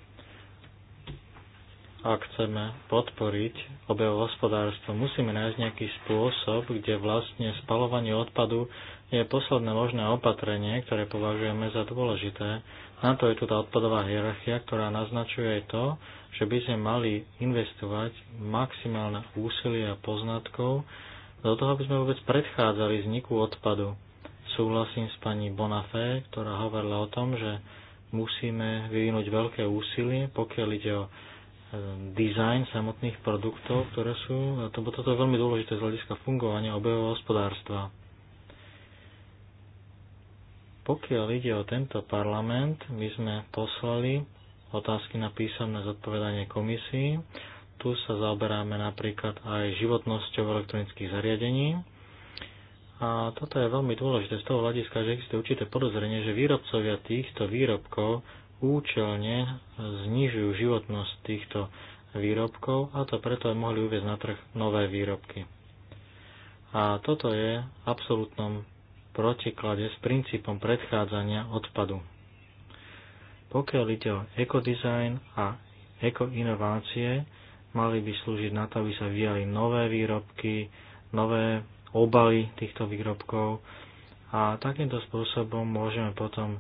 ak chceme podporiť obeho hospodárstvo, musíme nájsť nejaký spôsob, kde vlastne spalovanie odpadu je posledné možné opatrenie, ktoré považujeme za dôležité. Na to je tu tá odpadová hierarchia, ktorá naznačuje aj to, že by sme mali investovať maximálne úsilie a poznatkov do toho, aby sme vôbec predchádzali vzniku odpadu. Súhlasím s pani Bonafé, ktorá hovorila o tom, že musíme vyvinúť veľké úsilie, pokiaľ ide o e, dizajn samotných produktov, ktoré sú, to, toto je veľmi dôležité z hľadiska fungovania obehového hospodárstva. Pokiaľ ide o tento parlament, my sme poslali otázky na písomné zodpovedanie komisii. Tu sa zaoberáme napríklad aj životnosťou elektronických zariadení. A toto je veľmi dôležité z toho hľadiska, že existuje určité podozrenie, že výrobcovia týchto výrobkov účelne znižujú životnosť týchto výrobkov a to preto aj mohli uvieť na trh nové výrobky. A toto je v absolútnom protiklade s princípom predchádzania odpadu. Pokiaľ ide o ekodizajn a ekoinovácie, mali by slúžiť na to, aby sa vyjali nové výrobky, nové obaly týchto výrobkov a takýmto spôsobom môžeme potom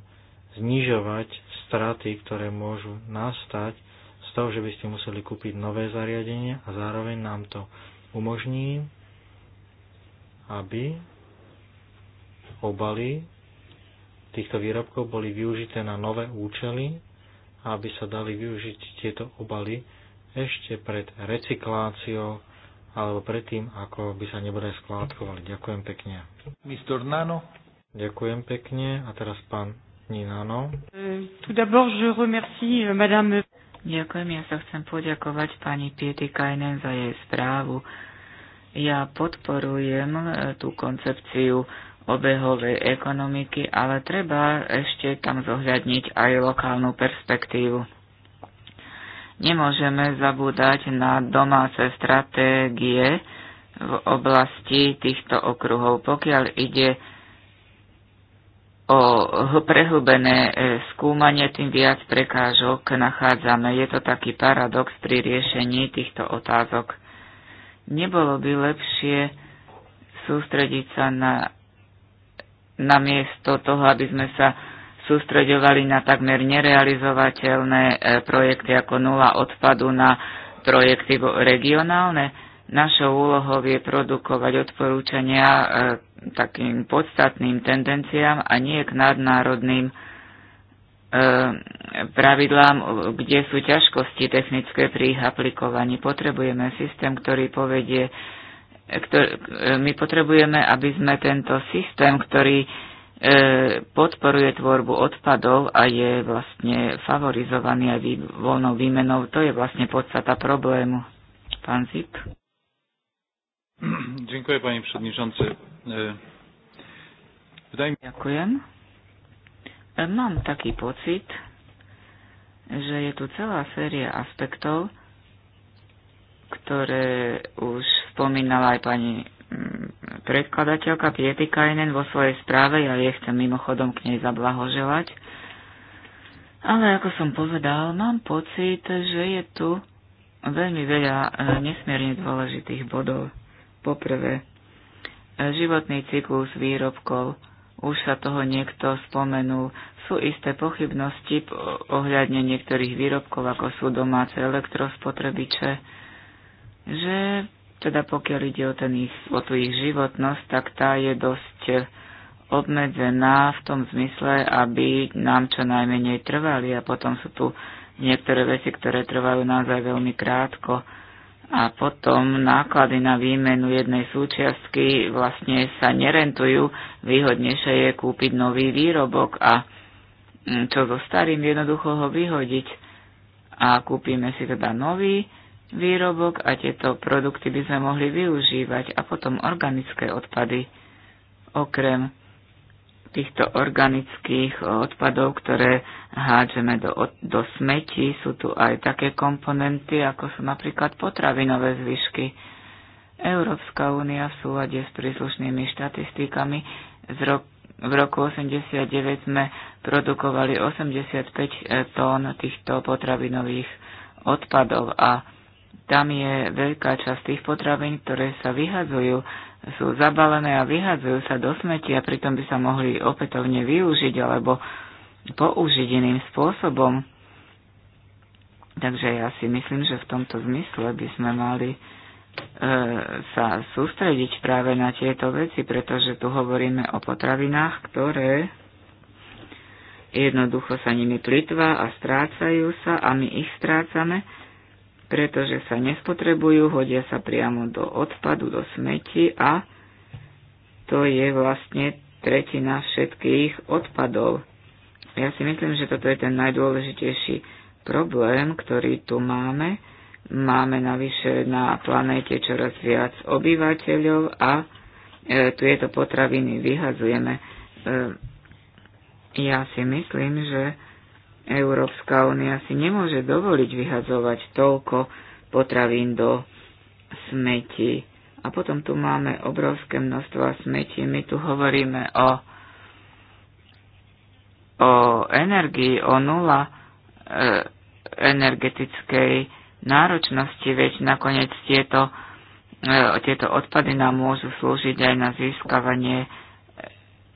znižovať straty, ktoré môžu nastať z toho, že by ste museli kúpiť nové zariadenie a zároveň nám to umožní, aby obaly týchto výrobkov boli využité na nové účely, aby sa dali využiť tieto obaly ešte pred recykláciou alebo predtým, ako by sa nebude skládkovali. Ďakujem pekne. Mr. Nano. Ďakujem pekne. A teraz pán Ninano. Euh, Ďakujem, ja sa chcem poďakovať pani Piety Kajnen za jej správu. Ja podporujem euh, tú koncepciu obehovej ekonomiky, ale treba ešte tam zohľadniť aj lokálnu perspektívu. Nemôžeme zabúdať na domáce stratégie v oblasti týchto okruhov. Pokiaľ ide o prehlbené e, skúmanie, tým viac prekážok nachádzame. Je to taký paradox pri riešení týchto otázok. Nebolo by lepšie sústrediť sa na namiesto toho, aby sme sa sústreďovali na takmer nerealizovateľné e, projekty ako nula odpadu na projekty regionálne. Našou úlohou je produkovať odporúčania e, takým podstatným tendenciám a nie k nadnárodným e, pravidlám, kde sú ťažkosti technické pri ich aplikovaní. Potrebujeme systém, ktorý povedie E, my potrebujeme, aby sme tento systém, ktorý e, podporuje tvorbu odpadov a je vlastne favorizovaný aj voľnou výmenou. To je vlastne podstata problému. Pán Zip. Dziękuję panie przewodniczący. E, wydaje mi... Ďakujem. Mám taký pocit, že je tu celá séria aspektov, ktoré už spomínala aj pani mm, predkladateľka Kajnen vo svojej správe, ja jej chcem mimochodom k nej zablahoželať. Ale ako som povedal, mám pocit, že je tu veľmi veľa e, nesmierne dôležitých bodov. Poprvé, e, životný cyklus výrobkov, už sa toho niekto spomenul, sú isté pochybnosti ohľadne niektorých výrobkov, ako sú domáce elektrospotrebiče, že teda pokiaľ ide o, ten ich, o tú ich životnosť, tak tá je dosť obmedzená v tom zmysle, aby nám čo najmenej trvali a potom sú tu niektoré veci, ktoré trvajú naozaj veľmi krátko a potom náklady na výmenu jednej súčiastky vlastne sa nerentujú, výhodnejšie je kúpiť nový výrobok a mm, čo so starým jednoducho ho vyhodiť a kúpime si teda nový výrobok a tieto produkty by sme mohli využívať. A potom organické odpady, okrem týchto organických odpadov, ktoré hádžeme do, do smeti, sú tu aj také komponenty, ako sú napríklad potravinové zvyšky. Európska únia v súlade s príslušnými štatistikami z ro- v roku 89 sme produkovali 85 tón týchto potravinových odpadov a tam je veľká časť tých potravín, ktoré sa vyhadzujú, sú zabalené a vyhadzujú sa do smeti a pritom by sa mohli opätovne využiť alebo použiť iným spôsobom. Takže ja si myslím, že v tomto zmysle by sme mali e, sa sústrediť práve na tieto veci, pretože tu hovoríme o potravinách, ktoré jednoducho sa nimi plitva a strácajú sa a my ich strácame pretože sa nespotrebujú, hodia sa priamo do odpadu, do smeti a to je vlastne tretina všetkých odpadov. Ja si myslím, že toto je ten najdôležitejší problém, ktorý tu máme. Máme navyše na planéte čoraz viac obyvateľov a e, tu je to potraviny vyhazujeme. E, ja si myslím, že Európska únia si nemôže dovoliť vyhadzovať toľko potravín do smeti. A potom tu máme obrovské množstvo smeti. My tu hovoríme o, o energii, o nula e, energetickej náročnosti, veď nakoniec tieto, e, tieto odpady nám môžu slúžiť aj na získavanie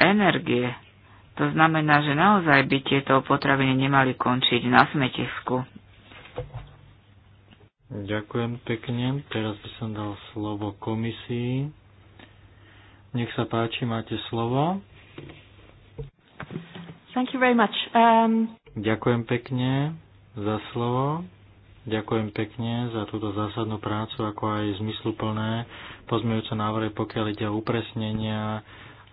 energie. To znamená, že naozaj by tieto potraviny nemali končiť na smetisku. Ďakujem pekne. Teraz by som dal slovo komisii. Nech sa páči, máte slovo. Thank you very much. Um... Ďakujem pekne za slovo. Ďakujem pekne za túto zásadnú prácu, ako aj zmysluplné pozmejúce návrhy, pokiaľ ide o upresnenia,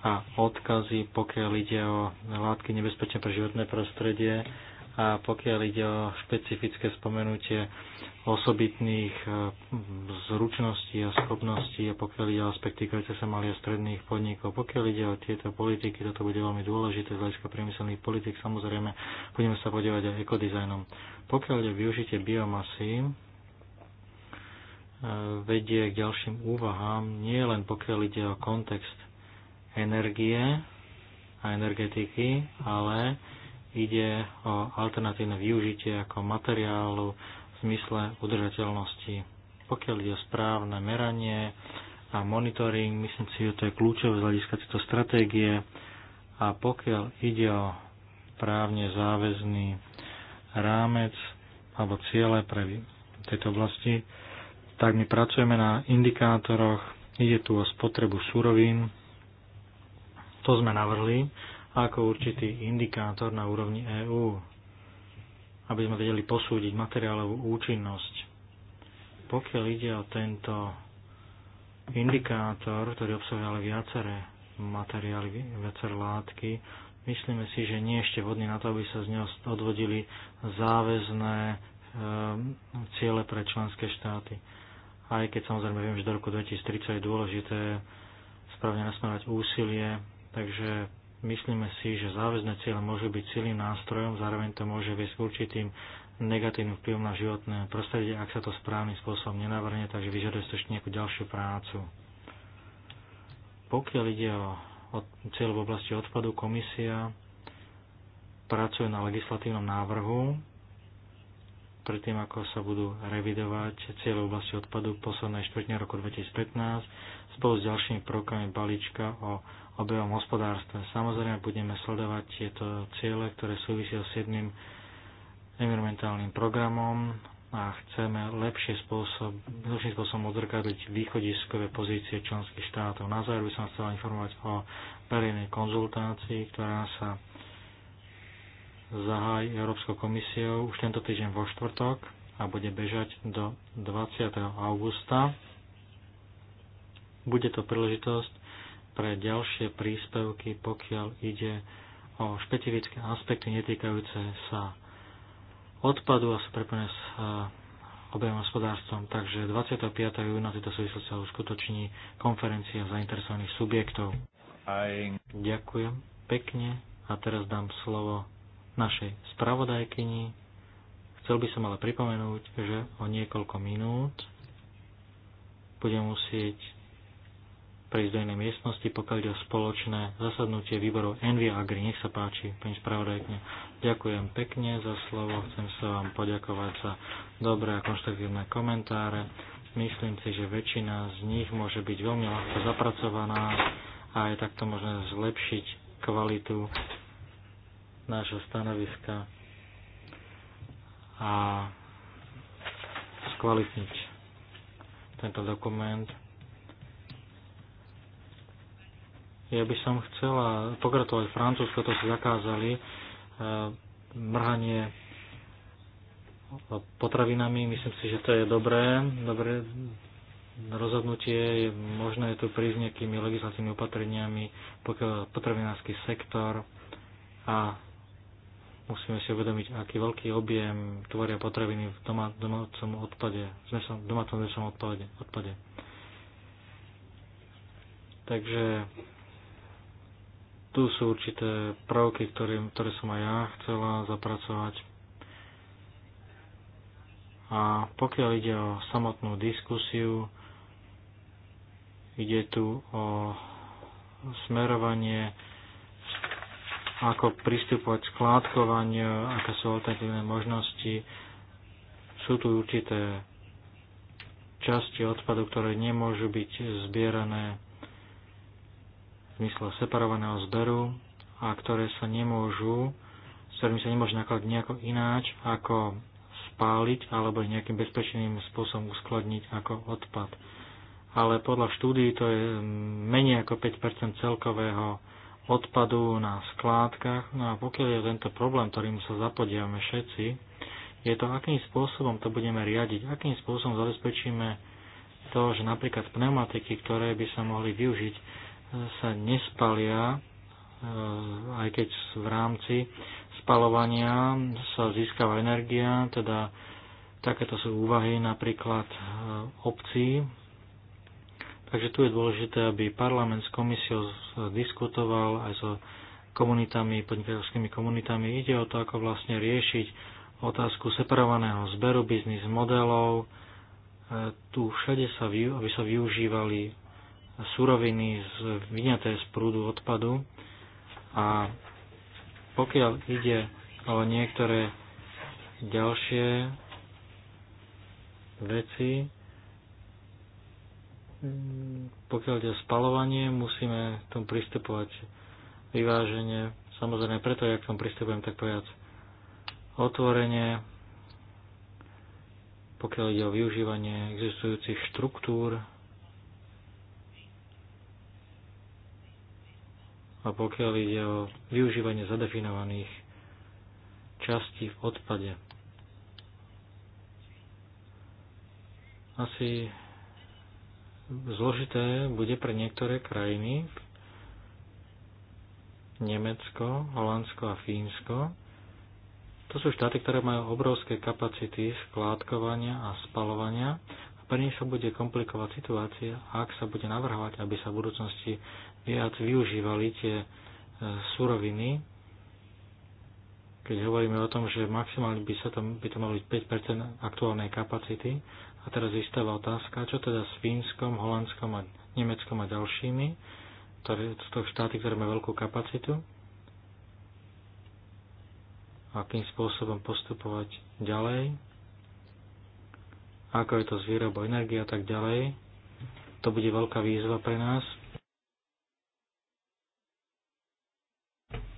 a odkazy, pokiaľ ide o látky nebezpečné pre životné prostredie a pokiaľ ide o špecifické spomenutie osobitných e, zručností a schopností a pokiaľ ide o aspekty týkajúce sa mali a stredných podnikov. Pokiaľ ide o tieto politiky, toto bude veľmi dôležité z hľadiska priemyselných politik. Samozrejme, budeme sa podívať aj ekodizajnom. Pokiaľ ide o využitie biomasy, e, vedie k ďalším úvahám, nie len pokiaľ ide o kontext energie a energetiky, ale ide o alternatívne využitie ako materiálu v zmysle udržateľnosti. Pokiaľ ide o správne meranie a monitoring, myslím si, že to je kľúčové z hľadiska tejto stratégie a pokiaľ ide o právne záväzný rámec alebo ciele pre tejto oblasti, tak my pracujeme na indikátoroch, ide tu o spotrebu surovín, to sme navrhli ako určitý indikátor na úrovni EÚ, aby sme vedeli posúdiť materiálovú účinnosť. Pokiaľ ide o tento indikátor, ktorý obsahuje ale viaceré materiály, viaceré látky, myslíme si, že nie ešte vhodný na to, aby sa z neho odvodili záväzné e, ciele pre členské štáty. Aj keď samozrejme viem, že do roku 2030 je dôležité správne nasmerovať úsilie Takže myslíme si, že záväzné cieľe môžu byť silným nástrojom, zároveň to môže viesť k určitým negatívnym vplyvom na životné prostredie, ak sa to správnym spôsobom nenavrne, takže vyžaduje to ešte nejakú ďalšiu prácu. Pokiaľ ide o, o cieľ v oblasti odpadu, komisia pracuje na legislatívnom návrhu, predtým ako sa budú revidovať cieľe v oblasti odpadu posledné poslednej roku 2015 spolu s ďalšími prvkami balíčka o obevom hospodárstva. Samozrejme budeme sledovať tieto ciele, ktoré súvisia s jedným environmentálnym programom a chceme lepšie spôsob, lepším spôsobom odzrkadliť východiskové pozície členských štátov. Na záver by som chcel informovať o verejnej konzultácii, ktorá sa zahaj Európskou komisiou už tento týždeň vo štvrtok a bude bežať do 20. augusta. Bude to príležitosť pre ďalšie príspevky, pokiaľ ide o špecifické aspekty netýkajúce sa odpadu a sú prepojené s e, objemom hospodárstvom. Takže 25. júna tieto súvislosti sa uskutoční konferencia zainteresovaných subjektov. Aj. Ďakujem pekne a teraz dám slovo našej spravodajkyni. Chcel by som ale pripomenúť, že o niekoľko minút budem musieť prejsť do miestnosti, pokiaľ ide o spoločné zasadnutie výborov Envy a Agri. Nech sa páči, pani spravodajkne. Ďakujem pekne za slovo, chcem sa vám poďakovať za dobré a konštruktívne komentáre. Myslím si, že väčšina z nich môže byť veľmi ľahko zapracovaná a je takto možné zlepšiť kvalitu nášho stanoviska a skvalitniť tento dokument Ja by som chcela pogratulovať Francúzsko, to si zakázali e, mrhanie potravinami. Myslím si, že to je dobré. Dobré rozhodnutie je možné je tu prísť nejakými legislatívnymi opatreniami, pokiaľ potravinársky sektor a musíme si uvedomiť, aký veľký objem tvoria potraviny v doma, domácom odpade, v zmesom, domácom zmesom odpade, odpade. Takže tu sú určité prvky, ktoré, ktoré som aj ja chcela zapracovať. A pokiaľ ide o samotnú diskusiu, ide tu o smerovanie, ako pristupovať k skládkovaniu, aké sú alternatívne možnosti. Sú tu určité časti odpadu, ktoré nemôžu byť zbierané v zmysle separovaného zberu a ktoré sa nemôžu, s ktorými sa nemôže nakladať nejako ináč ako spáliť alebo nejakým bezpečným spôsobom uskladniť ako odpad. Ale podľa štúdií to je menej ako 5 celkového odpadu na skládkach. No a pokiaľ je tento problém, ktorým sa zapodievame všetci, je to, akým spôsobom to budeme riadiť, akým spôsobom zabezpečíme to, že napríklad pneumatiky, ktoré by sa mohli využiť sa nespalia, eh, aj keď v rámci spalovania sa získava energia, teda takéto sú úvahy napríklad eh, obcí. Takže tu je dôležité, aby parlament s komisiou diskutoval aj so komunitami, podnikateľskými komunitami. Ide o to, ako vlastne riešiť otázku separovaného zberu biznis modelov. Eh, tu všade sa, aby sa využívali suroviny z, vyňaté z prúdu odpadu a pokiaľ ide o niektoré ďalšie veci, pokiaľ ide o spalovanie, musíme k tomu pristupovať vyváženie. Samozrejme, preto ja k tomu pristupujem tak povedať otvorenie, pokiaľ ide o využívanie existujúcich štruktúr a pokiaľ ide o využívanie zadefinovaných častí v odpade. Asi zložité bude pre niektoré krajiny, Nemecko, Holandsko a Fínsko. To sú štáty, ktoré majú obrovské kapacity skládkovania a spalovania nich sa bude komplikovať situácia, ak sa bude navrhovať, aby sa v budúcnosti viac využívali tie e, suroviny, keď hovoríme o tom, že maximálne by, sa to, by to malo byť 5 aktuálnej kapacity. A teraz vystáva otázka, čo teda s Fínskom, Holandskom a Nemeckom a ďalšími, ktoré, to štáty, ktoré majú veľkú kapacitu, akým spôsobom postupovať ďalej ako je to s výrobou energie a tak ďalej. To bude veľká výzva pre nás.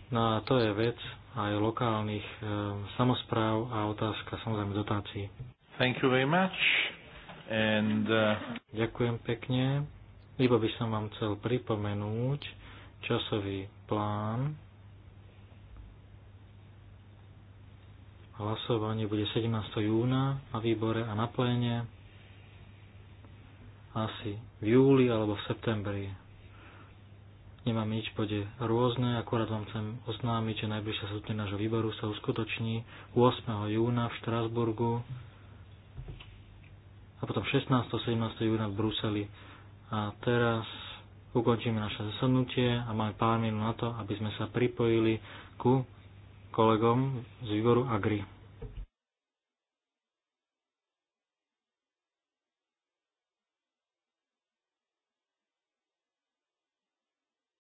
No a to je vec aj lokálnych e, eh, samozpráv a otázka samozrejme dotácií. Thank you very much. And, uh... Ďakujem pekne. Iba by som vám chcel pripomenúť časový plán Hlasovanie bude 17. júna na výbore a na pléne asi v júli alebo v septembri. Nemám nič, bude rôzne, akorát vám chcem oznámiť, že najbližšia súdne nášho výboru sa uskutoční 8. júna v Štrásburgu a potom 16. 17. júna v Bruseli. A teraz ukončíme naše zasadnutie a máme pár minút na to, aby sme sa pripojili ku kolegom z výboru Agri.